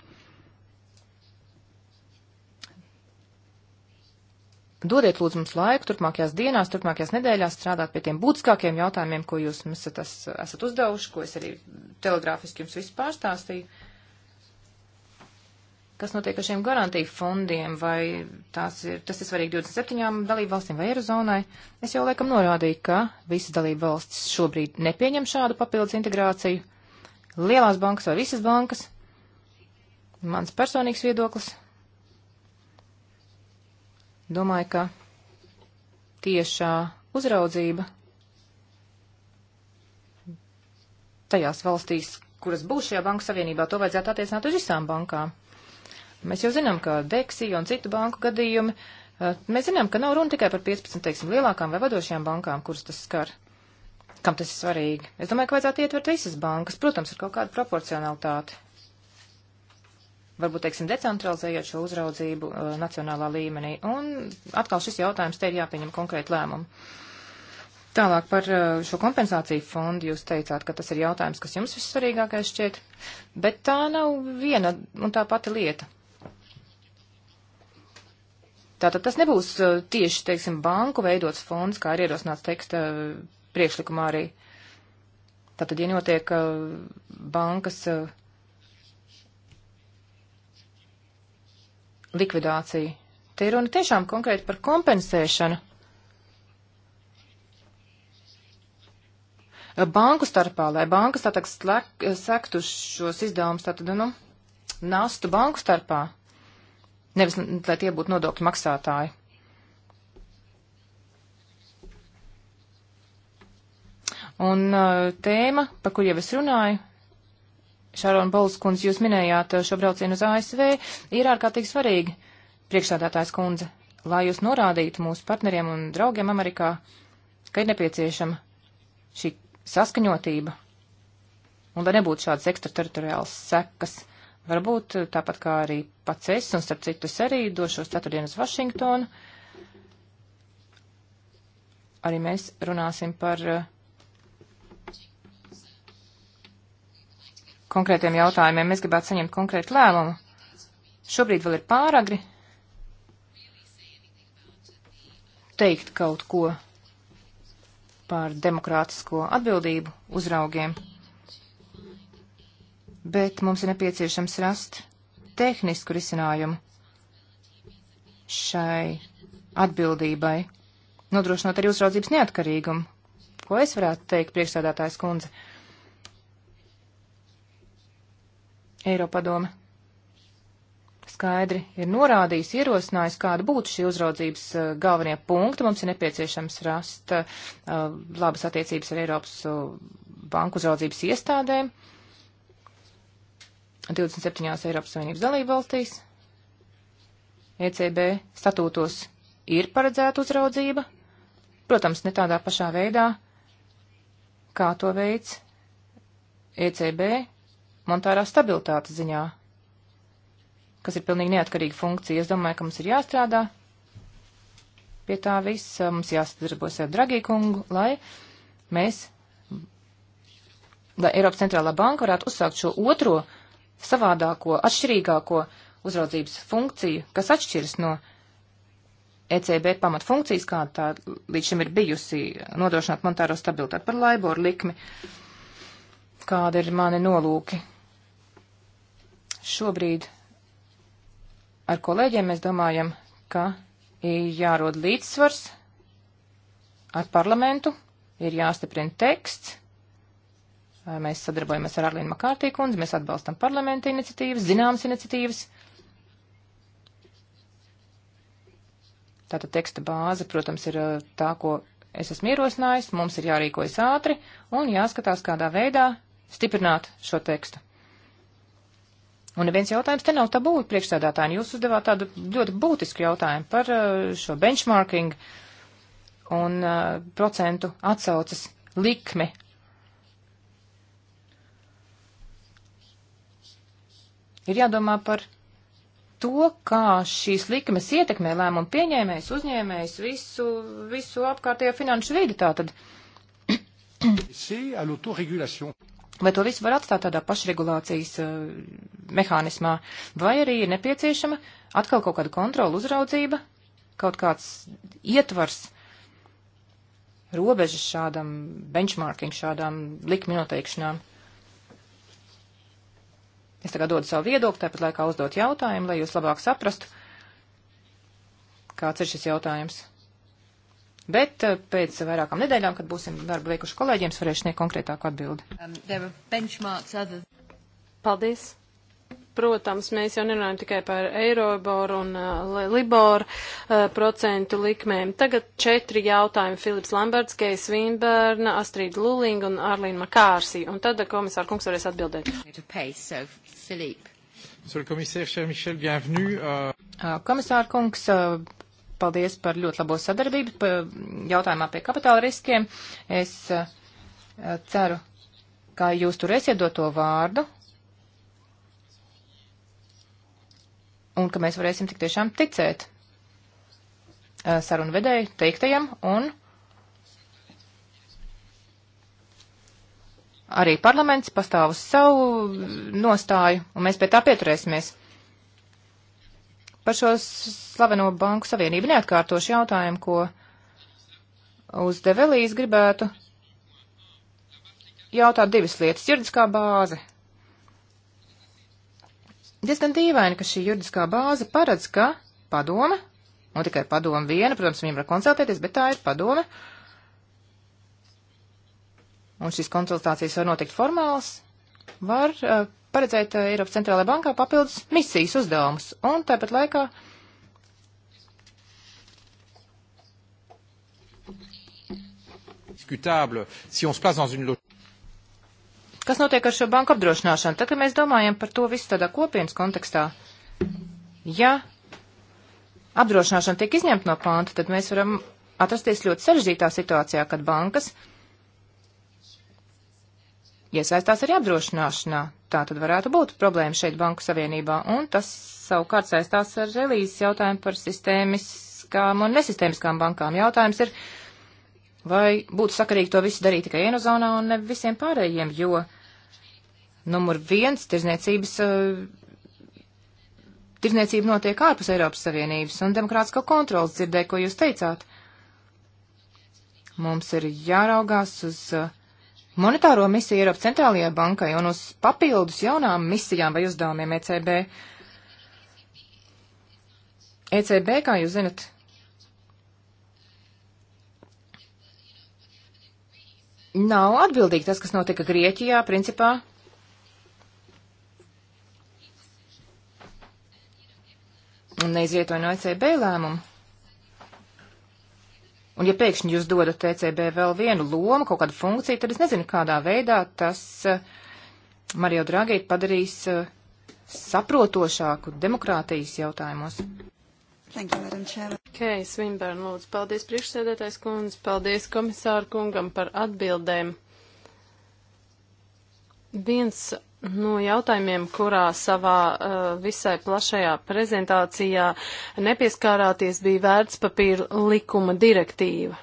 Dodiet lūdzu mums laiku turpmākajās dienās, turpmākajās nedēļās strādāt pie tiem būtiskākiem jautājumiem, ko jūs esat, esat uzdevuši, ko es arī telegrāfiski jums visu pārstāstīju kas notiek ar šiem garantiju fondiem, vai tās ir, tas ir svarīgi 27 dalību valstīm vai Eirozonai. Es jau laikam norādīju, ka visas dalību valstis šobrīd nepieņem šādu papildus integrāciju. Lielās bankas vai visas bankas. Mans personīgs viedoklis. Domāju, ka tiešā uzraudzība tajās valstīs, kuras būs šajā banku savienībā, to vajadzētu attiecināt uz visām bankām. Mēs jau zinām, ka Deksija un citu banku gadījumi, eh, mēs zinām, ka nav runa tikai par 15, teiksim, lielākām vai vadošajām bankām, kuras tas skar. Kam tas ir svarīgi? Es domāju, ka vajadzētu ietvert visas bankas, protams, ar kaut kādu proporcionalitāti. Varbūt, teiksim, decentralizējot šo uzraudzību uh, nacionālā līmenī. Un atkal šis jautājums te ir jāpieņem konkrēti lēmumu. Tālāk par eh, šo kompensāciju fondu jūs teicāt, ka tas ir jautājums, kas jums vissvarīgākais šķiet, bet tā nav viena un tā pati lieta. Tātad tas nebūs eh, tieši, teiksim, banku veidots fonds, kā ir ierosināts teksta eh, priekšlikumā arī. Tātad, ja notiek eh, bankas likvidācija, te ir runa tiešām konkrēti par kompensēšanu. Banku starpā, lai bankas tātad sektu šos izdevumus, tātad, nu, nastu banku starpā. Nevis, lai tie būtu nodokļu maksātāji. Un uh, tēma, par kur jau es runāju, Šarona Bolskundze, jūs minējāt uh, šo braucienu uz ASV, ir ārkārtīgi svarīgi, priekšstādātājs kundze, lai jūs norādītu mūsu partneriem un draugiem Amerikā, ka ir nepieciešama šī saskaņotība un lai nebūtu šādas ekstrateritoriālas sekas. Varbūt eh, tāpat kā arī pats es, un starp citu es arī došos ceturtdien uz Vašingtonu. Arī mēs runāsim par eh, konkrētiem jautājumiem. Mēs gribētu saņemt konkrētu lēmumu. Šobrīd vēl ir pāragri teikt kaut ko par demokrātisko atbildību uzraugiem bet mums ir nepieciešams rast tehnisku risinājumu šai atbildībai, nodrošinot arī uzraudzības neatkarīgumu. Ko es varētu teikt, priekšsēdētājs kundze? Eiropadome skaidri ir norādījis, ierosinājis, kāda būtu šī uzraudzības uh, galvenie punkti. Mums ir nepieciešams rast uh, labas attiecības ar Eiropas uh, banku uzraudzības iestādēm. Uh, 27. Eiropas Savienības dalību valstīs. ECB statūtos ir paredzēta uzraudzība, protams, ne tādā pašā veidā, kā to veids ECB monetārā stabilitātes ziņā, kas ir pilnīgi neatkarīga funkcija. Es domāju, ka mums ir jāstrādā pie tā visa, mums jāsadarbojas ar Dragī kungu, lai mēs, lai Eiropas centrālā banka varētu uzsākt šo otro savādāko, atšķirīgāko uzraudzības funkciju, kas atšķiras no ECB pamatfunkcijas, kāda tā līdz šim ir bijusi nodrošināt monetāro stabilitāti par laiboru likmi. Kāda ir mani nolūki? Šobrīd ar kolēģiem mēs domājam, ka ir jārod līdzsvars ar parlamentu, ir jāstiprina teksts, Mēs sadarbojamies ar Arlīnu Makārtīku kundzi, mēs atbalstam parlamenta iniciatīvas, zināmas iniciatīvas. Tātad teksta bāze, protams, ir uh, tā, ko es esmu ierosinājis, mums ir jārīkojas ātri un jāskatās, kādā veidā stiprināt šo tekstu. Un neviens jautājums te nav tabū priekšstādātājiem. Jūs uzdevāt tādu ļoti būtisku jautājumu par uh, šo benchmarking un uh, procentu atsaucas likmi Ir jādomā par to, kā šīs likumas ietekmē lēmumu pieņēmējs, uzņēmējs, visu, visu apkārtējo finanšu vidi tātad. Vai to visu var atstāt tādā pašregulācijas uh, mehānismā, vai arī ir nepieciešama atkal kaut kāda kontrola uzraudzība, kaut kāds ietvars, robežas šādam benchmarking, šādām likmi noteikšanām? Es tagad dodu savu viedokli, tāpat laikā uzdot jautājumu, lai jūs labāk saprastu, kāds ir šis jautājums. Bet eh, pēc vairākām nedēļām, kad būsim darbu veikuši kolēģiem, es varēšu sniegt konkrētāku atbildi. Um, other... Paldies! protams, mēs jau nerunājam tikai par Eiroboru un uh, Liboru uh, procentu likmēm. Tagad četri jautājumi Filips Lamberts, Keis Vinbērna, Astrid Luling un Arlīna Makārsī. Un tad uh, komisāra kungs varēs atbildēt. Pay, so Filip. Euh. Komisāra kungs, paldies par ļoti labo sadarbību jautājumā pie kapitāla riskiem. Es ceru, ka jūs turēsiet doto vārdu un ka mēs varēsim tik tiešām ticēt sarunu vedēju teiktajam un arī parlaments pastāv uz savu nostāju, un mēs pie tā pieturēsimies. Par šo slaveno banku savienību neatkārtošu jautājumu, ko uz Develīs gribētu jautāt divas lietas. Juridiskā bāze. Diezgan dīvaini, ka šī juridiskā bāze paredz, ka padome, un tikai padome viena, protams, viņiem var konsultēties, bet tā ir padome, uh, un šīs konsultācijas var notikt formāls, var uh, paredzēt uh, Eiropas centrālajā bankā papildus misijas uzdevumus. Un tāpat laikā Kas notiek ar šo banku apdrošināšanu? Tad, kad mēs domājam par to visu tādā kopienas kontekstā, ja apdrošināšana tiek izņemta no panta, tad mēs varam atrasties ļoti sarežģītā situācijā, kad bankas uh, iesaistās arī apdrošināšanā. Tā tad varētu būt problēma šeit Banku Savienībā, un tas savukārt saistās ar relīzes jautājumu par sistēmiskām un nesistēmiskām bankām. Jautājums ir, vai būtu sakarīgi to visu darīt tikai Eirozonā un ne visiem pārējiem, jo numur viens tirzniecības. Eh, tirzniecība notiek ārpus Eiropas Savienības un demokrātisko kontrolas dzirdē, ko jūs teicāt. Mums ir jāraugās uz uh, monetāro misiju Eiropas centrālajai bankai un uz papildus jaunām misijām vai uzdevumiem ECB. ECB, kā jūs zinat, nav atbildīgi tas, kas notika Grieķijā, principā. Un neizrietoja no ECB lēmumu. Un ja pēkšņi jūs dodat ECB vēl vienu lomu, kaut kādu funkciju, tad es nezinu, kādā veidā tas eh, Mario Draghi padarīs eh, saprotošāku demokrātijas jautājumos. Thank you, Madam Chair. Okay, Svinbērn, lūdzu, paldies priekšsēdētājs kundze, paldies komisāru kungam par atbildēm. Viens No nu, jautājumiem, kurā savā uh, visai plašajā prezentācijā nepieskārāties, bija vērtspapīra likuma direktīva.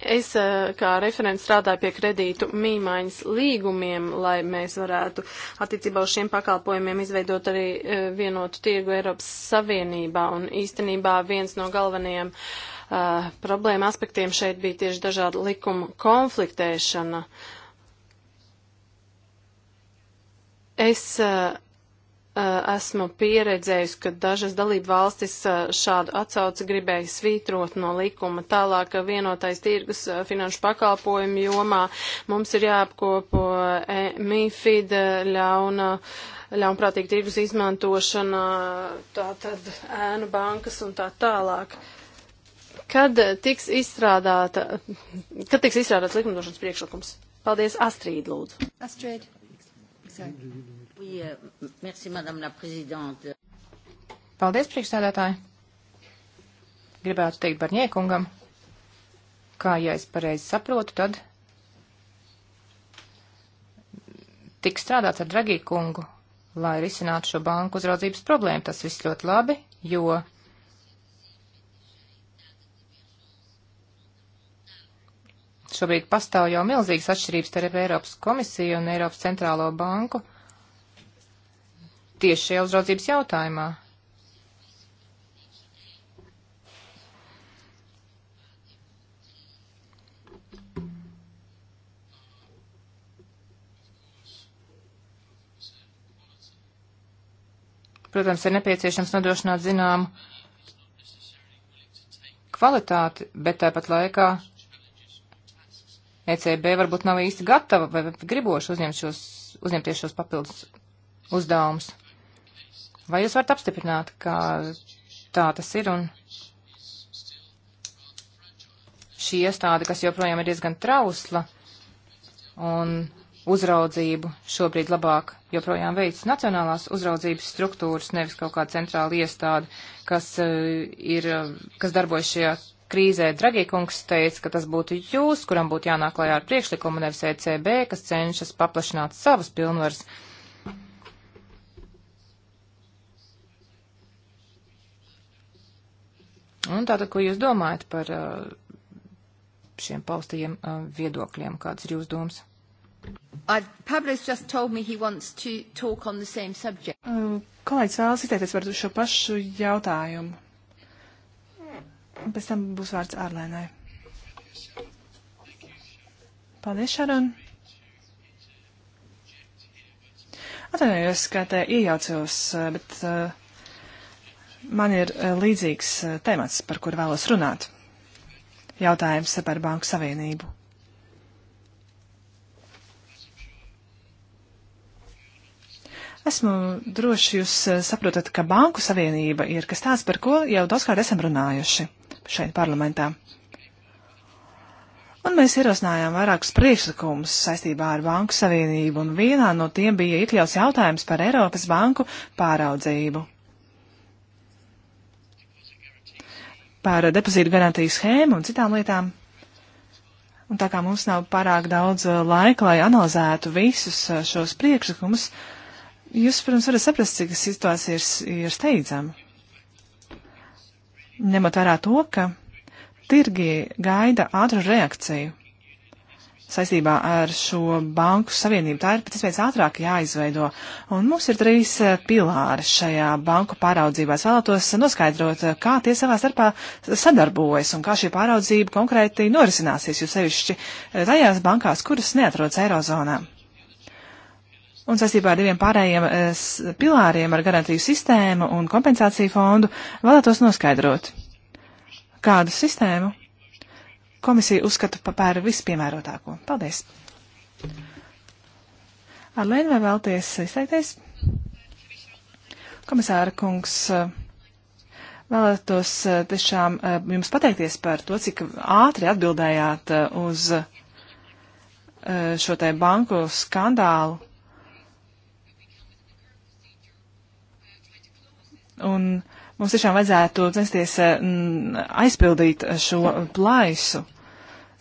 Es eh, kā referents strādāju pie kredītu mīmaiņas līgumiem, lai mēs varētu attiecībā uz šiem pakalpojumiem izveidot arī eh, vienotu tirgu Eiropas Savienībā. Un īstenībā viens no galvenajiem uh, problēma aspektiem šeit bija tieši dažāda likuma konfliktēšana. Uh, Es uh, uh esmu pieredzējusi, ka dažas dalību valstis uh, šādu atsauci gribēja svītrot no likuma. Tālāk uh, vienotais tirgus finanšu pakalpojumu jomā mums ir jāapkopo e MIFID ļauna ļaunprātīga tirgus izmantošana, tātad ēnu bankas un tā tālāk. Kad tiks izstrādāta, kad tiks izstrādāts likumdošanas priekšlikums? Paldies, Astrīd, lūdzu. Astrīd. Exact. Oui, euh, merci, Madame la Présidente. Paldies, priekšsēdētāji. Gribētu teikt Barņiekungam, kā, ja es pareizi saprotu, tad tik strādāts ar Dragīkungu, lai risinātu šo banku uzraudzības problēmu. Tas viss ļoti labi, jo Šobrīd pastāv jau milzīgas atšķirības starp Eiropas komisiju un Eiropas centrālo banku tieši šajā uzraudzības jautājumā. protams, ir nepieciešams nodrošināt zināmu kvalitāti, bet tāpat laikā ECB varbūt nav īsti gatava vai griboši uzņemt šos, uzņemties šos papildus uzdevumus. Vai jūs varat apstiprināt, ka tā tas ir un šī iestāde, kas joprojām ir diezgan trausla un uzraudzību šobrīd labāk joprojām veic nacionālās uzraudzības struktūras, nevis kaut kā centrāla iestāde, kas, eh, ir, eh, kas darbojas šajā krīzē Dragīkungs teica, ka tas būtu jūs, kuram būtu jānāk klajā ar priekšlikumu, nevis ECB, kas cenšas paplašināt savas pilnvaras. Un tātad, ko jūs domājat par uh, šiem paustajiem uh, viedokļiem? Kāds ir jūsu domas? Uh, Pablo's just told me he wants to talk on the same subject. Um, kolēģis vēlas izteikties par šo pašu jautājumu. Pēc tam būs vārds ārlēnai. Paldies, Šaron. Atvainojos, ka te iejaucos, bet uh, man ir uh, līdzīgs uh, temats, par kur vēlos runāt. Jautājums par Banku Savienību. Esmu droši, jūs saprotat, ka Banku Savienība ir kas tāds, par ko jau daudzkārt esam runājuši šeit parlamentā. Un mēs ierosinājām vairākus priekšlikumus saistībā ar Banku Savienību, un vienā no tiem bija iekļauts jautājums par Eiropas banku pāraudzību. Par depozītu garantiju schēmu un citām lietām. Un tā kā mums nav pārāk daudz eh, laika, lai analizētu visus eh, šos priekšlikumus, jūs, protams, varat saprast, cik situācija ir, ir steidzama ņemot vērā to, ka tirgi gaida ātru reakciju saistībā ar šo banku savienību. Tā ir pēc iespējas ātrāk jāizveido. Un mums ir trīs eh, pilāri šajā banku pāraudzībā. Es vēlētos noskaidrot, eh, kā tie savā starpā sadarbojas un kā šī pāraudzība konkrēti norisināsies, jo sevišķi eh, tajās bankās, kuras neatrodas Eirozonā. Un saistībā ar diviem pārējiem eh, pilāriem ar garantiju sistēmu un kompensāciju fondu vēlētos noskaidrot, kādu sistēmu komisija uzskata par vispiemērotāko. Paldies! Arlēn, vai vēlties izteikties? Komisāra kungs, eh, vēlētos eh, tiešām jums pateikties par to, cik ātri atbildējāt uz šo te banku skandālu Un mums tiešām vajadzētu censties eh, aizpildīt šo plaisu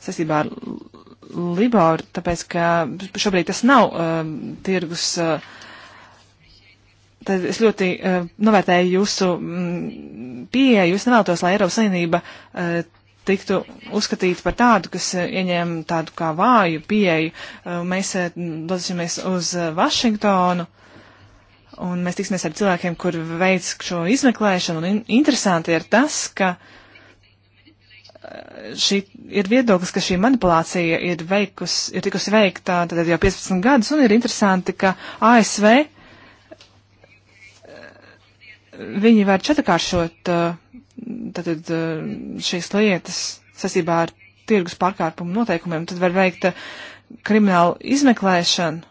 saistībā ar Liboru, tāpēc ka šobrīd tas nav uh, tirgus. Uh, Tad es ļoti uh, novērtēju jūsu mm, pieeju. Jūs nevēlatos, lai Eiropas Savienība uh, tiktu uzskatīta par tādu, kas uh, ieņem tādu kā vāju pieeju. Uh, mēs uh, dosimies uz uh, Vašingtonu. Uh, un mēs tiksimies ar cilvēkiem, kur veids šo izmeklēšanu, un in interesanti ir tas, ka eh, šī ir viedoklis, ka šī manipulācija ir, veikus, ir tikusi veikta tad jau 15 gadus, un ir interesanti, ka ASV eh, viņi var četrkāršot tātad eh, šīs lietas sasībā ar tirgus pārkāpumu noteikumiem, tad var veikt kriminālu izmeklēšanu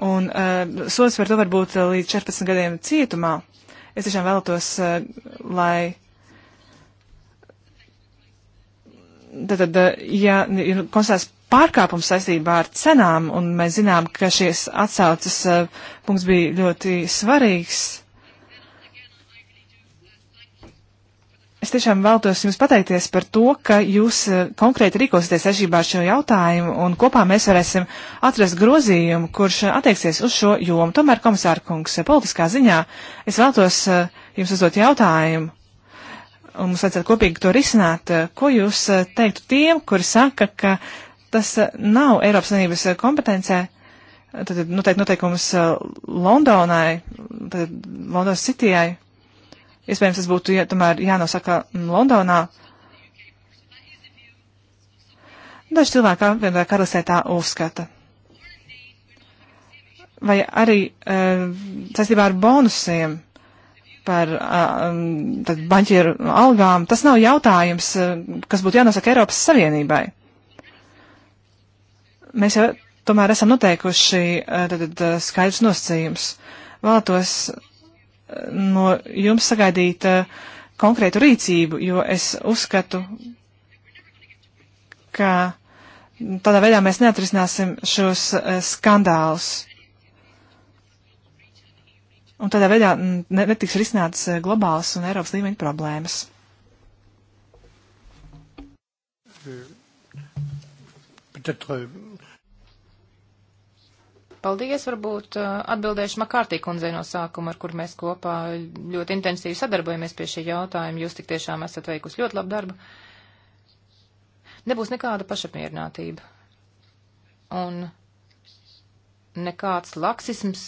Un uh, sots par to var būt uh, līdz 14 gadiem cietumā. Es tiešām vēlētos, uh, lai. Tātad, uh, ja ir konstatēts pārkāpums saistībā ar cenām, un mēs zinām, ka šīs atsaucas uh, punkts bija ļoti svarīgs, Es tiešām vēltos jums pateikties par to, ka jūs eh, konkrēti rīkosieties saistībā ar šo jautājumu un kopā mēs varēsim atrast grozījumu, kurš eh, attieksies uz šo jomu. Tomēr, komisāra kungs, eh, politiskā ziņā es vēltos jums uzdot jautājumu un mums vajadzētu kopīgi to risināt. Ko jūs teiktu tiem, kuri saka, ka tas nav Eiropas Savienības kompetencē? Tad noteikti noteikums Londonai, tad Londonas Citijai Iespējams, tas būtu ja, tomēr jānosaka Londonā. Daži cilvēki apvienotā karalistē tā uzskata. Vai arī uh, saistībā ar bonusiem par uh, baņķieru algām, tas nav jautājums, uh, kas būtu jānosaka Eiropas Savienībai. Mēs jau tomēr esam noteikuši uh, tad, uh, skaidrs nosacījums. Vēlētos no jums sagaidīt eh, konkrētu rīcību, jo es uzskatu, ka tādā veidā mēs neatrisināsim šos eh, skandālus. Un tādā veidā netiks risināts eh, globāls un Eiropas līmeņa problēmas. Peut-être euh, Paldies, varbūt uh, atbildēšu Makārtī kundzei no sākuma, ar kur mēs kopā ļoti intensīvi sadarbojamies pie šī jautājuma. Jūs tik tiešām esat veikusi ļoti labu darbu. Nebūs nekāda pašapmierinātība. Un nekāds laksisms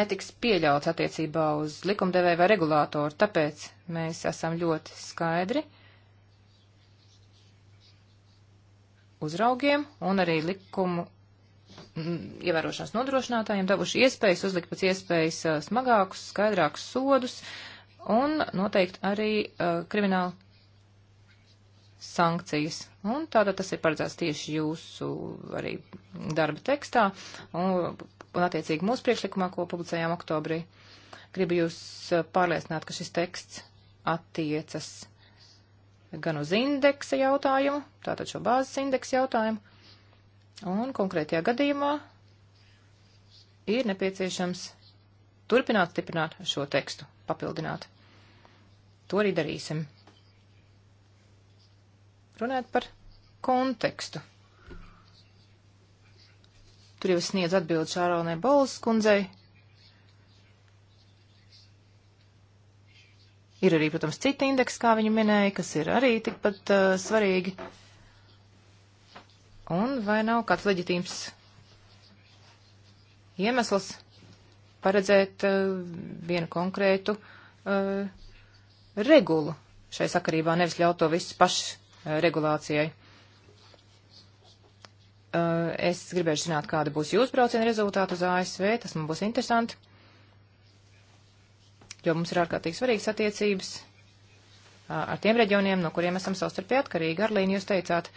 netiks pieļauts attiecībā uz likumdevēju vai regulātoru, tāpēc mēs esam ļoti skaidri uzraugiem un arī likumu Mm, ievērošanas nodrošinātājiem devuši iespējas uzlikt pēc iespējas smagākus, skaidrākus sodus un noteikti arī uh, kriminālu sankcijas. Un tātad tas ir paredzēts tieši jūsu arī darba tekstā un, un attiecīgi mūsu priekšlikumā, ko publicējām oktobrī. Gribu jūs pārliecināt, ka šis teksts attiecas gan uz indeksa jautājumu, tātad šo bāzes indeksa jautājumu, Un konkrētajā gadījumā ir nepieciešams turpināt stiprināt šo tekstu, papildināt. To arī darīsim. Runāt par kontekstu. Tur jau sniedz atbildi Šāronai Bolas kundzei. Ir arī, protams, citi indeksi, kā viņa minēja, kas ir arī tikpat uh, svarīgi. Uh, Un vai nav kāds leģitīms iemesls paredzēt uh, vienu konkrētu uh, regulu šai sakarībā, nevis ļaut to visu pašu uh, eh, regulācijai? Uh, es gribēju zināt, kāda būs jūsu brauciena rezultāta uz ASV, tas man būs interesanti, jo mums ir ārkārtīgi svarīgas attiecības uh, ar tiem reģioniem, no kuriem esam savstarpēji atkarīgi. Arlīna, jūs teicāt, uh,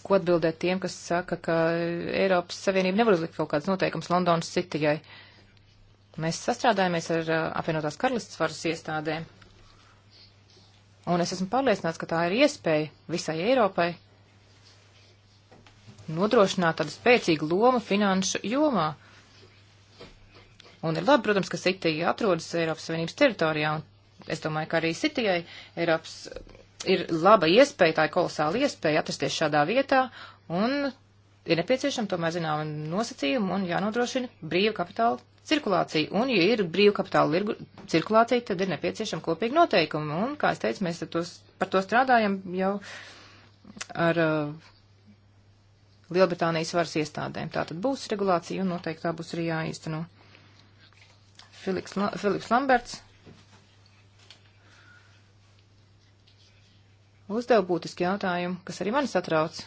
ko atbildēt tiem, kas saka, ka Eiropas Savienība nevar uzlikt kaut kādas noteikumas Londonas Cityjai. Mēs sastrādājamies ar uh, apvienotās karalistas varas iestādēm. Un es esmu pārliecināts, ka tā ir iespēja visai Eiropai nodrošināt tādu spēcīgu lomu finanšu jomā. Un ir labi, protams, ka Sitija atrodas Eiropas Savienības teritorijā, un es domāju, ka arī Sitijai Eiropas ir laba iespēja, tā ir kolosāla iespēja atrasties šādā vietā, un ir nepieciešama tomēr zināma nosacījuma un jānodrošina brīva kapitāla cirkulācija. Un, ja ir brīva kapitāla lirgu, cirkulācija, tad ir nepieciešama kopīga noteikuma. Un, kā es teicu, mēs tos, par to strādājam jau ar uh, Lielbritānijas varas iestādēm. Tā tad būs regulācija un noteikti tā būs arī jāīsteno. Filips Lamberts uzdev būtiski jautājumu, kas arī mani satrauc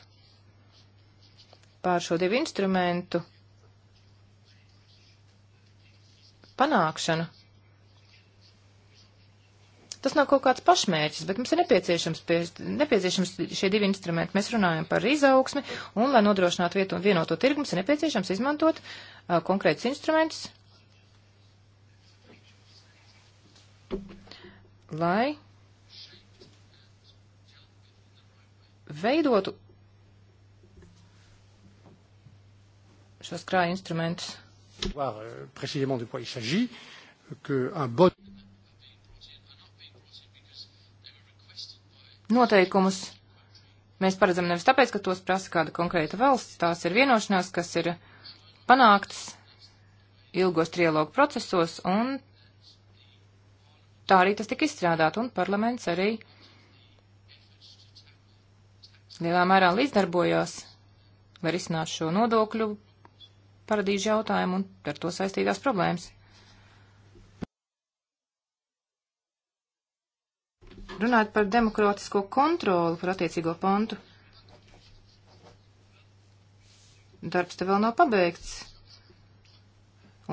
pār šo divu instrumentu panākšanu. Tas nav kaut kāds pašmērķis, bet mums ir nepieciešams, pie, nepieciešams šie divi instrumenti. Mēs runājam par izaugsmi, un, lai nodrošinātu vietu un vienoto tirgu, mums ir nepieciešams izmantot uh, konkrētus instrumentus, lai veidotu šos krāju instrumentus. Euh, Noteikumus mēs paredzam nevis tāpēc, ka tos prasa kāda konkrēta valsts, tās ir vienošanās, kas ir panāktas ilgos trialogu procesos, un tā arī tas tika izstrādāt, un parlaments arī uh, lielā mērā līdzdarbojās, lai risinātu šo nodokļu paradīžu jautājumu un ar to saistītās problēmas. Runājot par demokrātisko kontroli par attiecīgo pantu. Darbs te vēl nav pabeigts.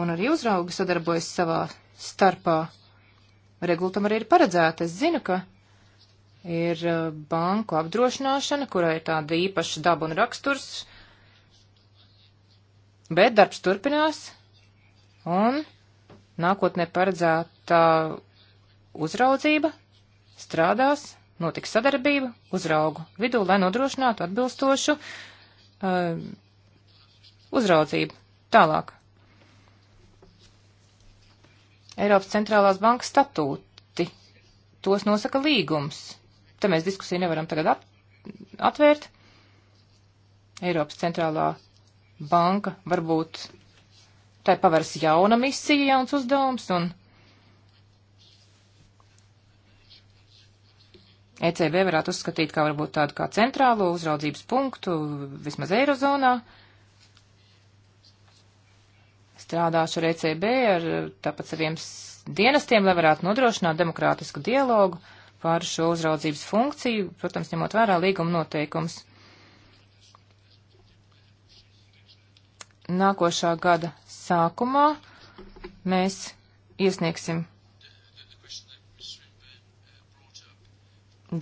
Un arī uzraugi sadarbojas savā starpā. Regultam arī ir paredzēta. Es zinu, ka ir eh, banku apdrošināšana, kurai ir tāda īpaša daba un raksturs, bet darbs turpinās un nākotnē paredzēta uzraudzība strādās, notiks sadarbība uzraugu vidū, lai nodrošinātu atbilstošu uh, uzraudzību. Tālāk. Eiropas centrālās bankas statūti. Tos nosaka līgums Te mēs diskusiju nevaram tagad at atvērt. Eiropas centrālā banka varbūt tai pavars jauna misija, jauns uzdevums, un ECB varētu uzskatīt kā varbūt tādu kā centrālo uzraudzības punktu vismaz Eirozonā. Strādāšu ar ECB, ar tāpat saviem dienestiem, lai varētu nodrošināt demokrātisku dialogu. Uh, par šo uzraudzības funkciju, protams, ņemot vērā līguma noteikums. Nākošā gada sākumā mēs iesniegsim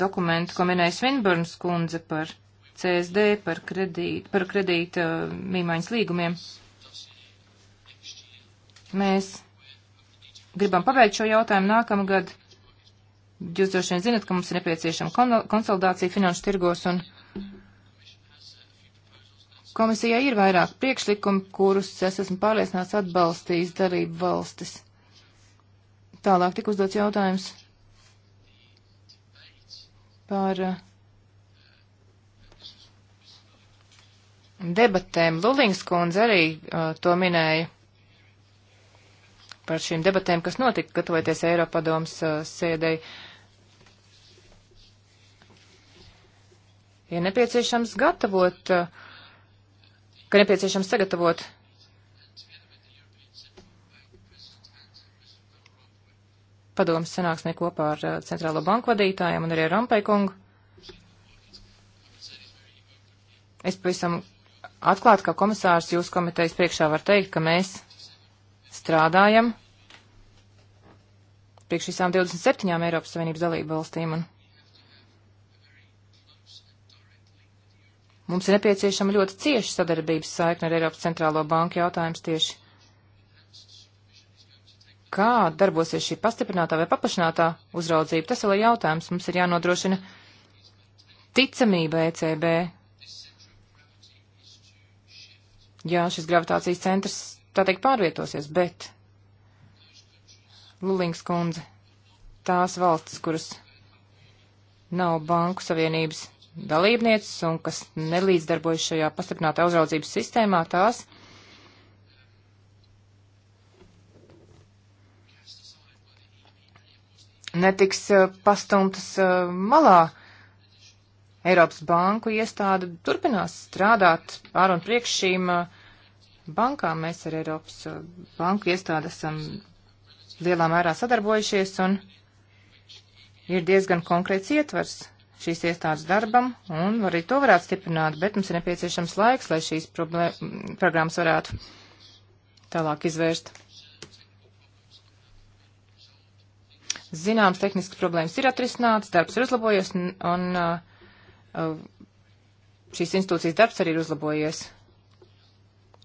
dokumentu, ko minēja Svinburns kundze par CSD, par, kredīt, par kredīta uh, mīmaiņas līgumiem. Mēs gribam pabeigt šo jautājumu nākamgad Jūs droši vien zinat, ka mums ir nepieciešama konsolidācija finanšu tirgos un komisijā ir vairāk priekšlikumi, kurus es esmu pārliecināts atbalstījis dalību valstis. Tālāk tik uzdots jautājums par uh, debatēm. Lulīngas kundze arī uh, to minēja par šīm debatēm, kas notika, gatavoties Eiropadoms uh, sēdēji. Uh, ir nepieciešams gatavot, eh, ka nepieciešams sagatavot padomas sanāksmē kopā ar eh, centrālo banku vadītājiem un arī ar Rampeikungu. Es pavisam atklāt, ka komisārs jūs komitejas priekšā var teikt, ka mēs strādājam priekš visām 27 Eiropas Savienības dalību valstīm. Un Mums ir nepieciešama ļoti cieša sadarbības saikne ar Eiropas centrālo banku jautājums tieši. Kā darbosies šī pastiprinātā vai paplašinātā uzraudzība? Tas vēl ir jautājums. Mums ir jānodrošina ticamība ECB. Jā, šis gravitācijas centrs tā teikt pārvietosies, bet Lulings kundze, tās valstis, kuras nav banku savienības dalībnieces un kas nelīdzdarbojas šajā pastiprinātā uzraudzības sistēmā, tās netiks eh, pastumtas eh, malā. Eiropas banku iestāde turpinās strādāt pār un priekš šīm eh, bankām. Mēs ar Eiropas banku iestādi esam lielā mērā sadarbojušies un ir diezgan konkrēts ietvers šīs iestādes darbam, un arī to varētu stiprināt, bet mums ir nepieciešams laiks, lai šīs programmas varētu tālāk izvērst. Zināms, tehniskas problēmas ir atrisināts, darbs ir uzlabojies, un, un uh, uh, šīs institūcijas darbs arī ir uzlabojies.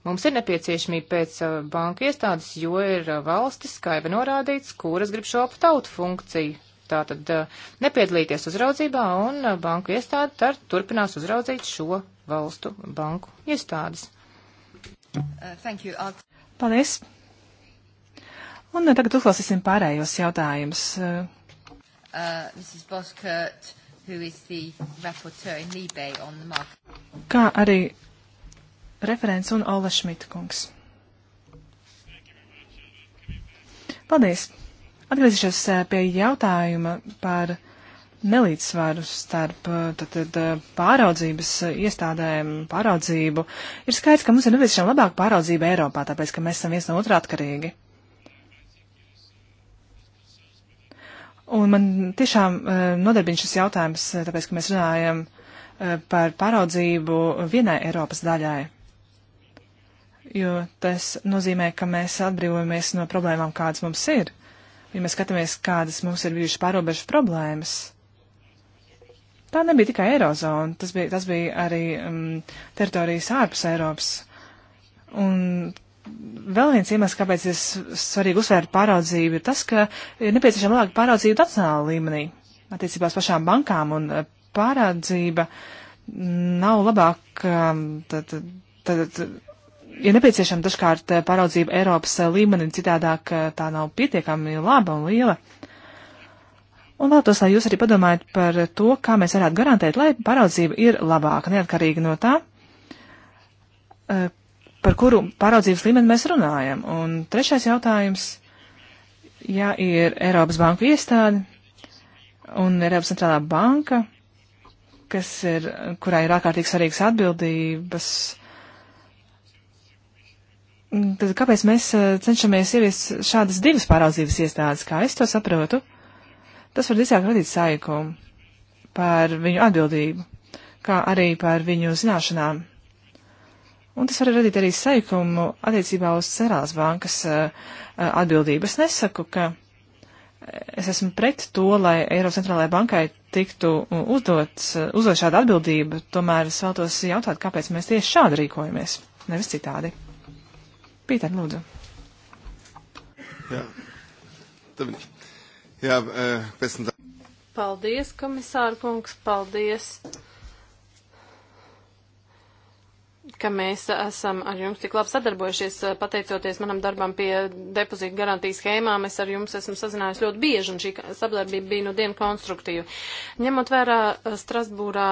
Mums ir nepieciešamība pēc uh, banka iestādes, jo ir uh, valstis, kā jau norādīts, kuras grib šo aptautu funkciju tātad eh, nepiedalīties uzraudzībā un eh, banku iestāde tar, turpinās uzraudzīt šo valstu banku iestādes. Uh, Paldies! Un eh, tagad uzklausīsim pārējos jautājumus. Uh, Kā arī referents un Ola Šmita kungs. Paldies! Atgriezīšos eh, pie jautājuma par nelīdzsvaru starp tātad, eh, eh, pāraudzības iestādēm, pāraudzību. Ir skaidrs, ka mums ir nepieciešama labāka pāraudzība Eiropā, tāpēc, ka mēs esam viens no otrā atkarīgi. Un man tiešām nodarbina šis jautājums, tāpēc, ka mēs runājam par pāraudzību vienai Eiropas daļai. Jo tas nozīmē, ka mēs atbrīvojamies no problēmām, kādas mums ir ja mēs skatāmies, kādas mums ir bijušas pārobežu problēmas, tā nebija tikai Eirozona, tas bija, tas bija arī um, teritorijas ārpus Eiropas. Un vēl viens iemesls, kāpēc ir svarīgi uzsvērt pāraudzību, ir tas, ka ir nepieciešama lielāka pāraudzība nacionāla līmenī attiecībās pašām bankām, un uh, pāraudzība nav labāk um, tad, tad, tad, ir ja nepieciešama dažkārt eh, pāraudzība Eiropas eh, līmenī, citādāk eh, tā nav pietiekami laba un liela. Un vēlētos, lai jūs arī padomājat par to, kā mēs varētu garantēt, lai pāraudzība ir labāka, neatkarīgi no tā, par kuru pāraudzības līmeni mēs runājam. Un trešais jautājums, ja ir Eiropas banku iestāde un Eiropas centrālā banka, kas ir, kurai ir ārkārtīgi svarīgas atbildības, Tad kāpēc mēs eh, cenšamies ieviest šādas divas pāraudzības iestādes, kā es to saprotu? Tas var visāk radīt saikumu par viņu atbildību, kā arī par viņu zināšanām. Un tas var radīt arī saikumu attiecībā uz Cerālas bankas eh, atbildības. Nesaku, ka eh, es esmu pret to, lai Eiropas centrālajai bankai tiktu uzdots, uzdot šāda atbildība, tomēr es vēlos jautāt, kāpēc mēs tieši šādi rīkojamies, nevis citādi. Pīter, lūdzu. Jā, tā bija. Jā, eh, pēc tam. Paldies, komisāra kungs, paldies ka mēs esam ar jums tik labi sadarbojušies, pateicoties manam darbam pie depozīta garantijas schēmām. Es ar jums esmu sazinājusi ļoti bieži, un šī sadarbība bija no nu dienu konstruktīva. Ņemot vērā eh, Strasbūrā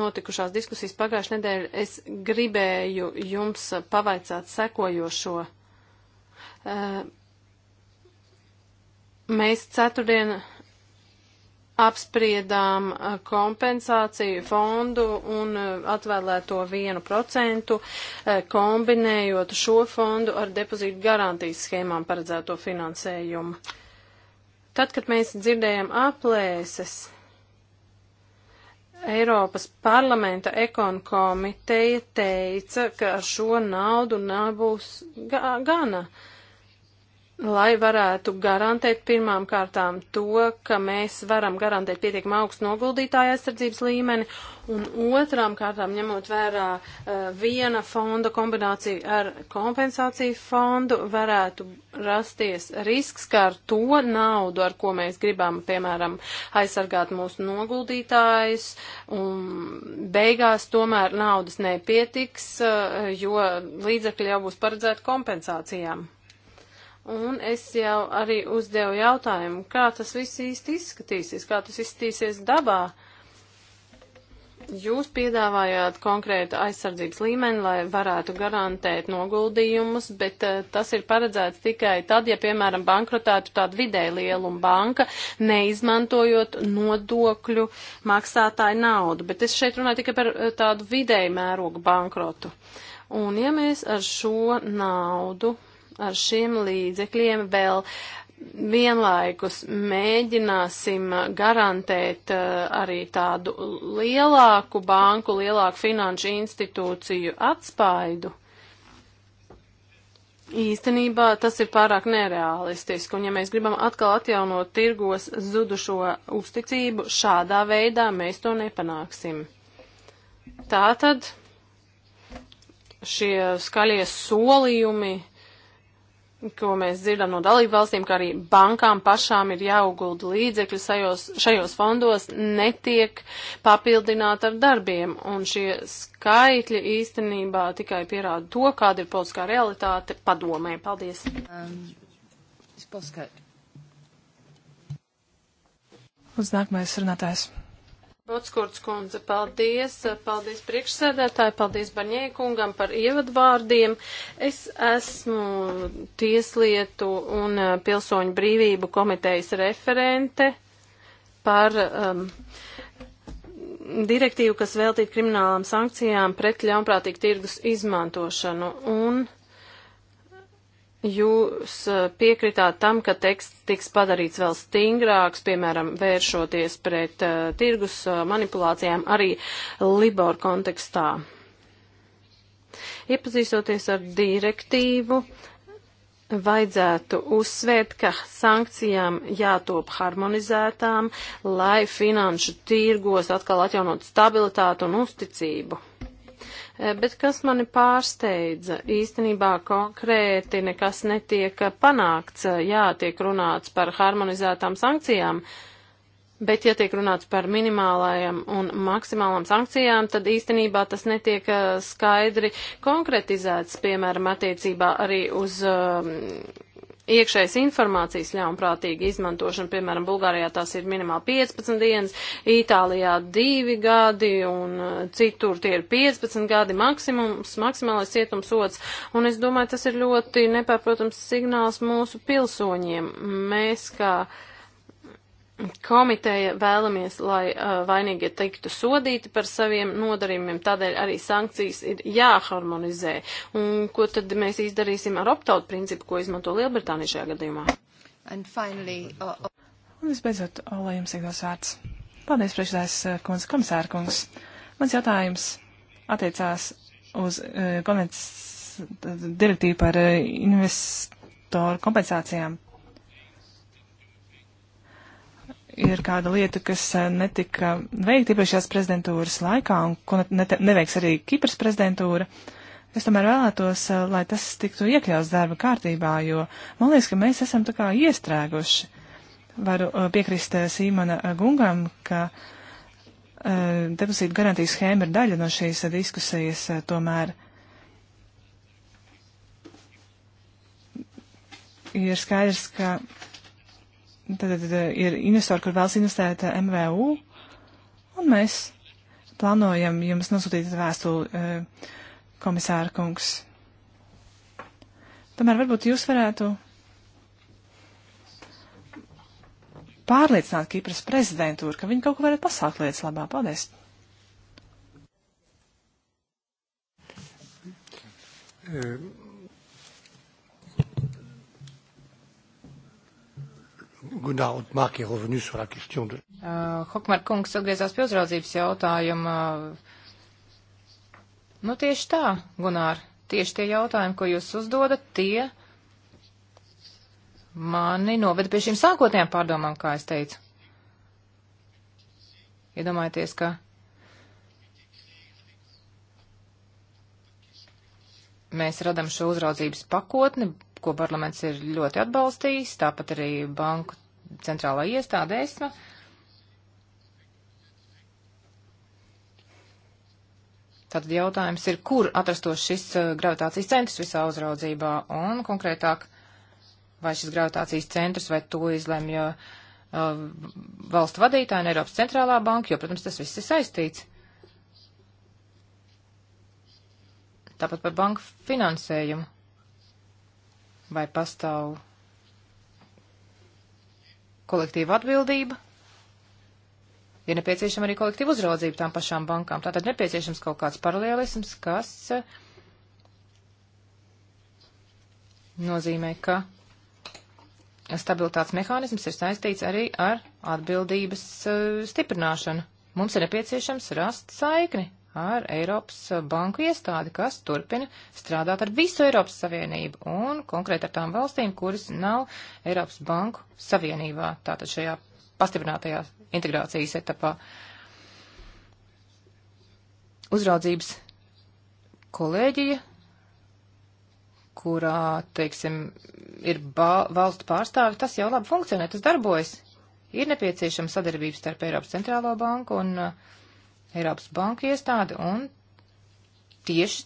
notikušās diskusijas pagājušajā nedēļā, es gribēju jums pavaicāt sekojošo. Eh, mēs ceturtdien apspriedām uh, kompensāciju fondu un uh, atvēlēto vienu procentu, uh, kombinējot šo fondu ar depozītu garantijas schēmām paredzēto finansējumu. Tad, kad mēs dzirdējam aplēses, Eiropas parlamenta ekonu komiteja teica, ka ar šo naudu nebūs gana. Uh, lai varētu garantēt pirmām kārtām to, ka mēs varam garantēt pietiekami augstu noguldītāju aizsardzības līmeni, un otrām kārtām ņemot vērā eh, viena fonda kombināciju ar kompensāciju fondu, varētu rasties risks, ka ar to naudu, ar ko mēs gribam, piemēram, aizsargāt mūsu noguldītājus, un beigās tomēr naudas nepietiks, eh, jo līdzekļi jau būs paredzēti kompensācijām. Un es jau arī uzdevu jautājumu, kā tas viss īsti izskatīsies, kā tas izskatīsies dabā. Jūs piedāvājāt konkrētu aizsardzības līmeni, lai varētu garantēt noguldījumus, bet uh, tas ir paredzēts tikai tad, ja, piemēram, bankrotētu tāda vidēja lieluma banka, neizmantojot nodokļu maksātāju naudu. Bet es šeit runāju tikai par uh, tādu vidēju mērogu bankrotu. Un ja mēs ar šo naudu ar šiem līdzekļiem vēl vienlaikus mēģināsim uh, garantēt uh, arī tādu lielāku banku, lielāku finanšu institūciju atspaidu. Īstenībā tas ir pārāk nereālistiski, un ja mēs gribam atkal atjaunot tirgos zudušo uzticību, šādā veidā mēs to nepanāksim. Tātad šie skaļie solījumi, uh, ko mēs dzirdam no dalību valstīm, ka arī bankām pašām ir jāugulda līdzekļi sajos, šajos fondos, netiek papildināti ar darbiem. Un šie skaitļi īstenībā tikai pierāda to, kāda ir politiskā realitāte padomē. Paldies. Um, Uz nākamais runātājs. Botskurts kundze, paldies, paldies priekšsēdētāji, paldies Barņēkungam par ievadvārdiem. Es esmu Tieslietu un eh, Pilsoņu brīvību komitejas referente par um, direktīvu, kas veltīta kriminālām sankcijām pret ļaunprātīgu tirgus izmantošanu. Un Jūs eh, piekritāt tam, ka teksts tiks padarīts vēl stingrāks, piemēram, vēršoties pret uh, tirgus eh, manipulācijām arī Libor kontekstā. Iepazīstoties ar direktīvu, vajadzētu uzsvērt, ka sankcijām jātop harmonizētām, lai finanšu tirgos atkal atjaunot stabilitātu un uzticību. Eh, bet kas mani pārsteidza, īstenībā konkrēti nekas netiek panākts. Eh, jā, tiek runāts par harmonizētām sankcijām, bet ja tiek runāts par minimālajām un maksimālām sankcijām, tad īstenībā tas netiek eh, skaidri konkretizēts, piemēram, attiecībā arī uz. Uh, iekšējas informācijas ļaunprātīga izmantošana, piemēram, Bulgārijā tās ir minimāli 15 dienas, Itālijā 2 gadi un uh, citur tie ir 15 gadi maksimums, maksimālais cietumsots, un es domāju, tas ir ļoti nepārprotams signāls mūsu pilsoņiem. Mēs kā. Ka komiteja vēlamies, lai uh, vainīgie tiktu sodīti par saviem nodarījumiem, tādēļ arī sankcijas ir jāharmonizē. Un ko tad mēs izdarīsim ar optautu principu, ko izmanto Lielbritānija šajā gadījumā? Finally, uh, uh, un visbeidzot, Ola, jums ir dos vārds. Paldies, priekšsēdājs kundze, komisārkungs. Mans jautājums attiecās uz uh, konvencijas direktīvu par uh, investoru kompensācijām ir kāda lieta, kas eh, netika veikta iepriekšējās prezidentūras laikā un ko ne, neveiks arī Kipras prezidentūra. Es tomēr vēlētos, eh, lai tas tiktu iekļauts darba kārtībā, jo man liekas, ka mēs esam tā kā iestrēguši. Varu eh, piekrist Sīmana Gungam, ka depozītu garantijas schēma ir daļa no šīs diskusijas tomēr. Ir skaidrs, ka tad, tad ir investori, kur vēlas investēt eh, MVU, un mēs plānojam jums nosūtīt vēstuli, eh, komisāra kungs. Tomēr varbūt jūs varētu pārliecināt Kipras prezidentūru, ka viņi kaut ko varētu pasākt lietas labā. Paldies! Um. Gunā un Māk ir revenu sur la question de. Uh, Hokmar kungs atgriezās pie uzraudzības jautājuma. Nu tieši tā, Gunār, tieši tie jautājumi, ko jūs uzdodat, tie mani noved pie šīm sākotnējām pārdomām, kā es teicu. Iedomājieties, ka mēs radam šo uzraudzības pakotni, ko parlaments ir ļoti atbalstījis, tāpat arī banku centrālā iestāde ESMA. Tātad jautājums ir, kur atrastos šis eh, gravitācijas centrs visā uzraudzībā un konkrētāk, vai šis gravitācijas centrs vai to izlemj uh, valstu vadītāji un Eiropas centrālā banka, jo, protams, tas viss ir saistīts. Tāpat par banku finansējumu. Vai pastāv kolektīva atbildība, ir ja nepieciešama arī kolektīva uzraudzība tām pašām bankām. Tātad nepieciešams kaut kāds paralēlisms, kas eh, nozīmē, ka stabilitātes mehānisms ir saistīts arī ar atbildības eh, stiprināšanu. Mums ir nepieciešams rast saikni ar Eiropas banku iestādi, kas turpina strādāt ar visu Eiropas Savienību un konkrēti ar tām valstīm, kuras nav Eiropas banku savienībā, tātad šajā pastiprinātajā integrācijas etapā. Uzraudzības kolēģija, kurā, teiksim, ir valstu pārstāvi, tas jau labi funkcionē, tas darbojas. Ir nepieciešama sadarbības starp Eiropas centrālo banku un uh, Eiropas banku iestādi, un tieši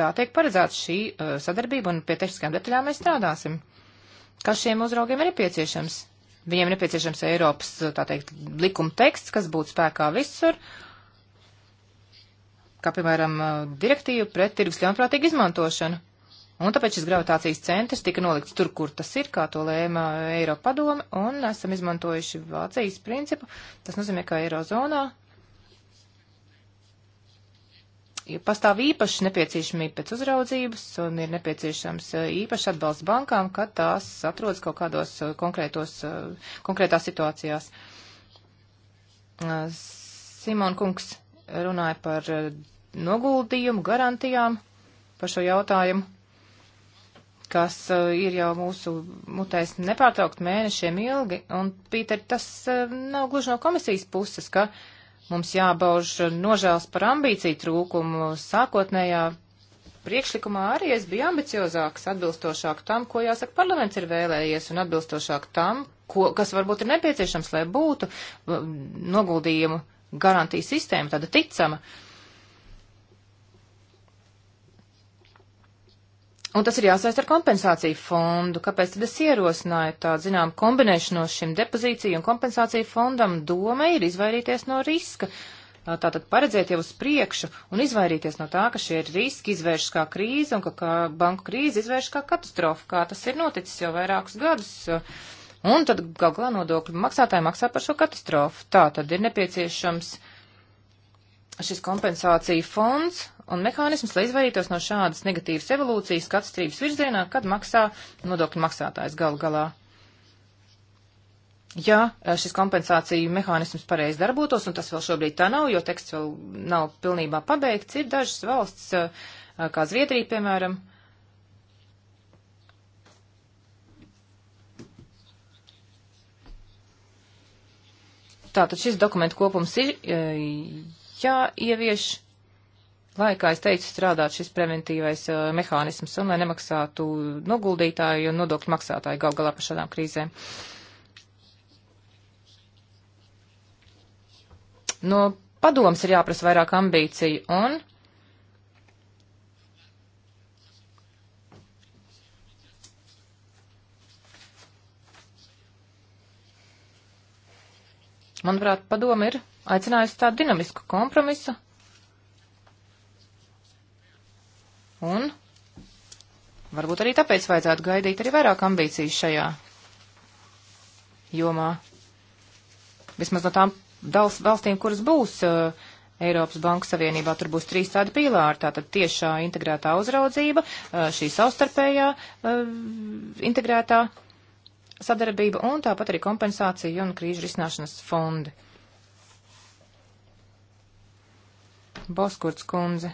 tā tiek paredzēta šī uh, sadarbība, un pie tehniskām detaļām mēs strādāsim. Kas šiem uzraugiem ir nepieciešams? Viņiem ir nepieciešams Eiropas, uh, tā teikt, likuma teksts, kas būtu spēkā visur, kā, piemēram, uh, direktīva pret tirgus ļaunprātīgu izmantošanu. Un tāpēc šis gravitācijas centrs tika nolikts tur, kur tas ir, kā to lēma uh, Eiropa padome, un esam izmantojuši Vācijas principu. Tas nozīmē, ka Eirozonā pastāv īpaši nepieciešamība pēc uzraudzības un ir nepieciešams eh, īpaši atbalsts bankām, kad tās atrodas kaut kādos eh, konkrētos, eh, konkrētās situācijās. Simon Kungs runāja par noguldījumu, garantijām par šo jautājumu, kas ir jau mūsu mutēs nepārtraukt mēnešiem ilgi, un, Pīter, tas nav gluži no komisijas puses, ka uh, Mums jābauž nožēls par ambīciju trūkumu. Sākotnējā priekšlikumā arī es biju ambiciozāks, atbilstošāk tam, ko jāsaka parlaments ir vēlējies, un atbilstošāk tam, ko, kas varbūt ir nepieciešams, lai būtu um, noguldījumu garantija sistēma, tāda ticama. Uh, Un tas ir jāsaist ar kompensāciju fondu. Kāpēc tad es ierosināju tā, zinām, kombinēšanos šim depozīciju un kompensāciju fondam? Doma ir izvairīties no riska. Tātad paredzēt jau uz priekšu un izvairīties no tā, ka šie riski izvēršas kā krīze un ka, ka banku krīze izvēršas kā katastrofa, kā tas ir noticis jau vairākus gadus. Un tad gal galā nodokļu maksātāji maksā par šo katastrofu. Tā tad ir nepieciešams šis kompensācija fonds, un mehānisms, lai izvairītos no šādas negatīvas evolūcijas katstrības virzienā, kad maksā nodokļu maksātājs galu galā. Ja eh, šis kompensāciju mehānisms pareizi darbotos, un tas vēl šobrīd tā nav, jo teksts vēl nav pilnībā pabeigts, ir dažas valsts, eh, kā Zviedrija, piemēram, Tātad šis dokumentu kopums ir eh, jāievieš. Ja lai, kā es teicu, strādātu šis preventīvais uh, mehānisms un lai nemaksātu noguldītāju un nodokļu maksātāju gal galā par šādām krīzēm. No padoms ir jāprasa vairāk ambīciju un. Manuprāt, padoma ir aicinājusi tādu dinamisku kompromisu, Un varbūt arī tāpēc vajadzētu gaidīt arī vairāk ambīcijas šajā jomā. Vismaz no tām valstīm, kuras būs uh, Eiropas Banku Savienībā tur būs trīs tādi pīlāri - tātad tiešā integrētā uzraudzība, uh, šī savstarpējā uh, integrētā sadarbība un tāpat arī kompensācija un krīžu risināšanas fondi. Boskurts kundze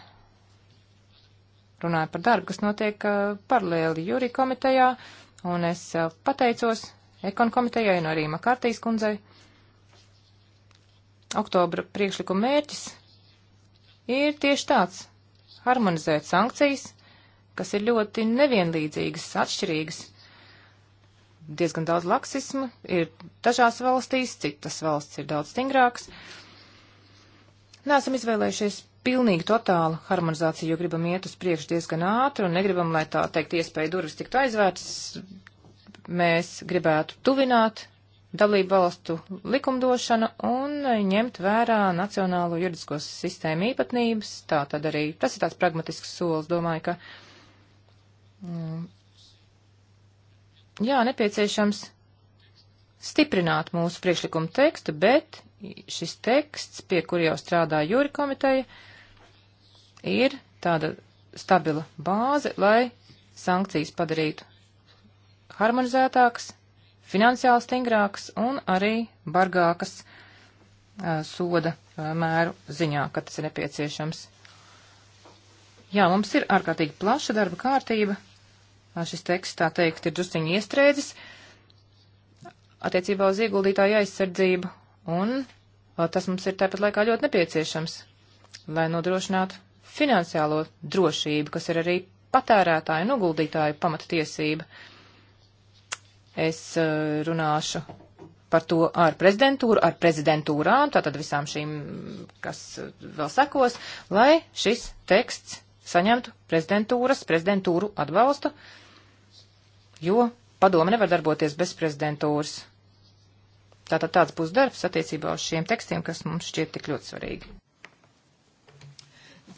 runāju par darbu, kas notiek uh, paralēli jūri komitejā, un es uh, pateicos ekon komitejai un arī Makārtīs kundzei. Oktobra priekšlikuma mērķis ir tieši tāds - harmonizēt sankcijas, kas ir ļoti nevienlīdzīgas, atšķirīgas. Diezgan daudz laksismu ir dažās valstīs, citas valsts ir daudz stingrākas. Nesam izvēlējušies pilnīgi totālu harmonizāciju, jo gribam iet uz priekšu diezgan ātri un negribam, lai tā teikt iespēja durvis tiktu aizvērts. Mēs gribētu tuvināt dalību valstu likumdošanu un ņemt vērā nacionālo juridisko sistēmu īpatnības. Tā tad arī tas ir tāds pragmatisks solis, domāju, ka. Mm, jā, nepieciešams stiprināt mūsu priekšlikumu tekstu, bet šis teksts, pie kur jau strādā jūri komiteja, uh, ir tāda stabila bāze, lai sankcijas padarītu harmonizētākas, finansiāli stingrākas un arī bargākas uh, soda uh, mēru ziņā, kad tas ir nepieciešams. Jā, mums ir ārkārtīgi plaša darba kārtība. Uh, šis teksts, tā teikt, ir drusciņi iestrēdzis attiecībā uz ieguldītāju aizsardzību, un tas mums ir tāpat laikā ļoti nepieciešams, lai nodrošinātu finansiālo drošību, kas ir arī patērētāju un uguldītāju pamatiesība. Es uh, runāšu par to ar prezidentūru, ar prezidentūrām, tātad visām šīm, kas eh, vēl sekos, lai šis teksts saņemtu prezidentūras, prezidentūru atbalstu, jo padome nevar darboties bez prezidentūras. Tātad tāds būs darbs attiecībā uz šiem tekstiem, kas mums šķiet tik ļoti svarīgi.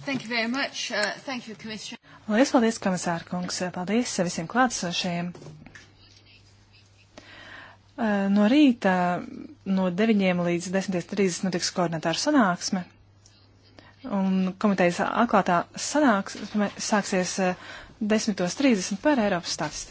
Thank you very much. Uh, thank you, Commissioner. Lielas paldies, komisāra kungs. Paldies visiem klātsošajiem. Uh, no rīta no 9 līdz 10.30 notiks koordinatāra sanāksme. Un komitejas atklātā sanāksme sāksies 10.30 uh, par Eiropas statistiku.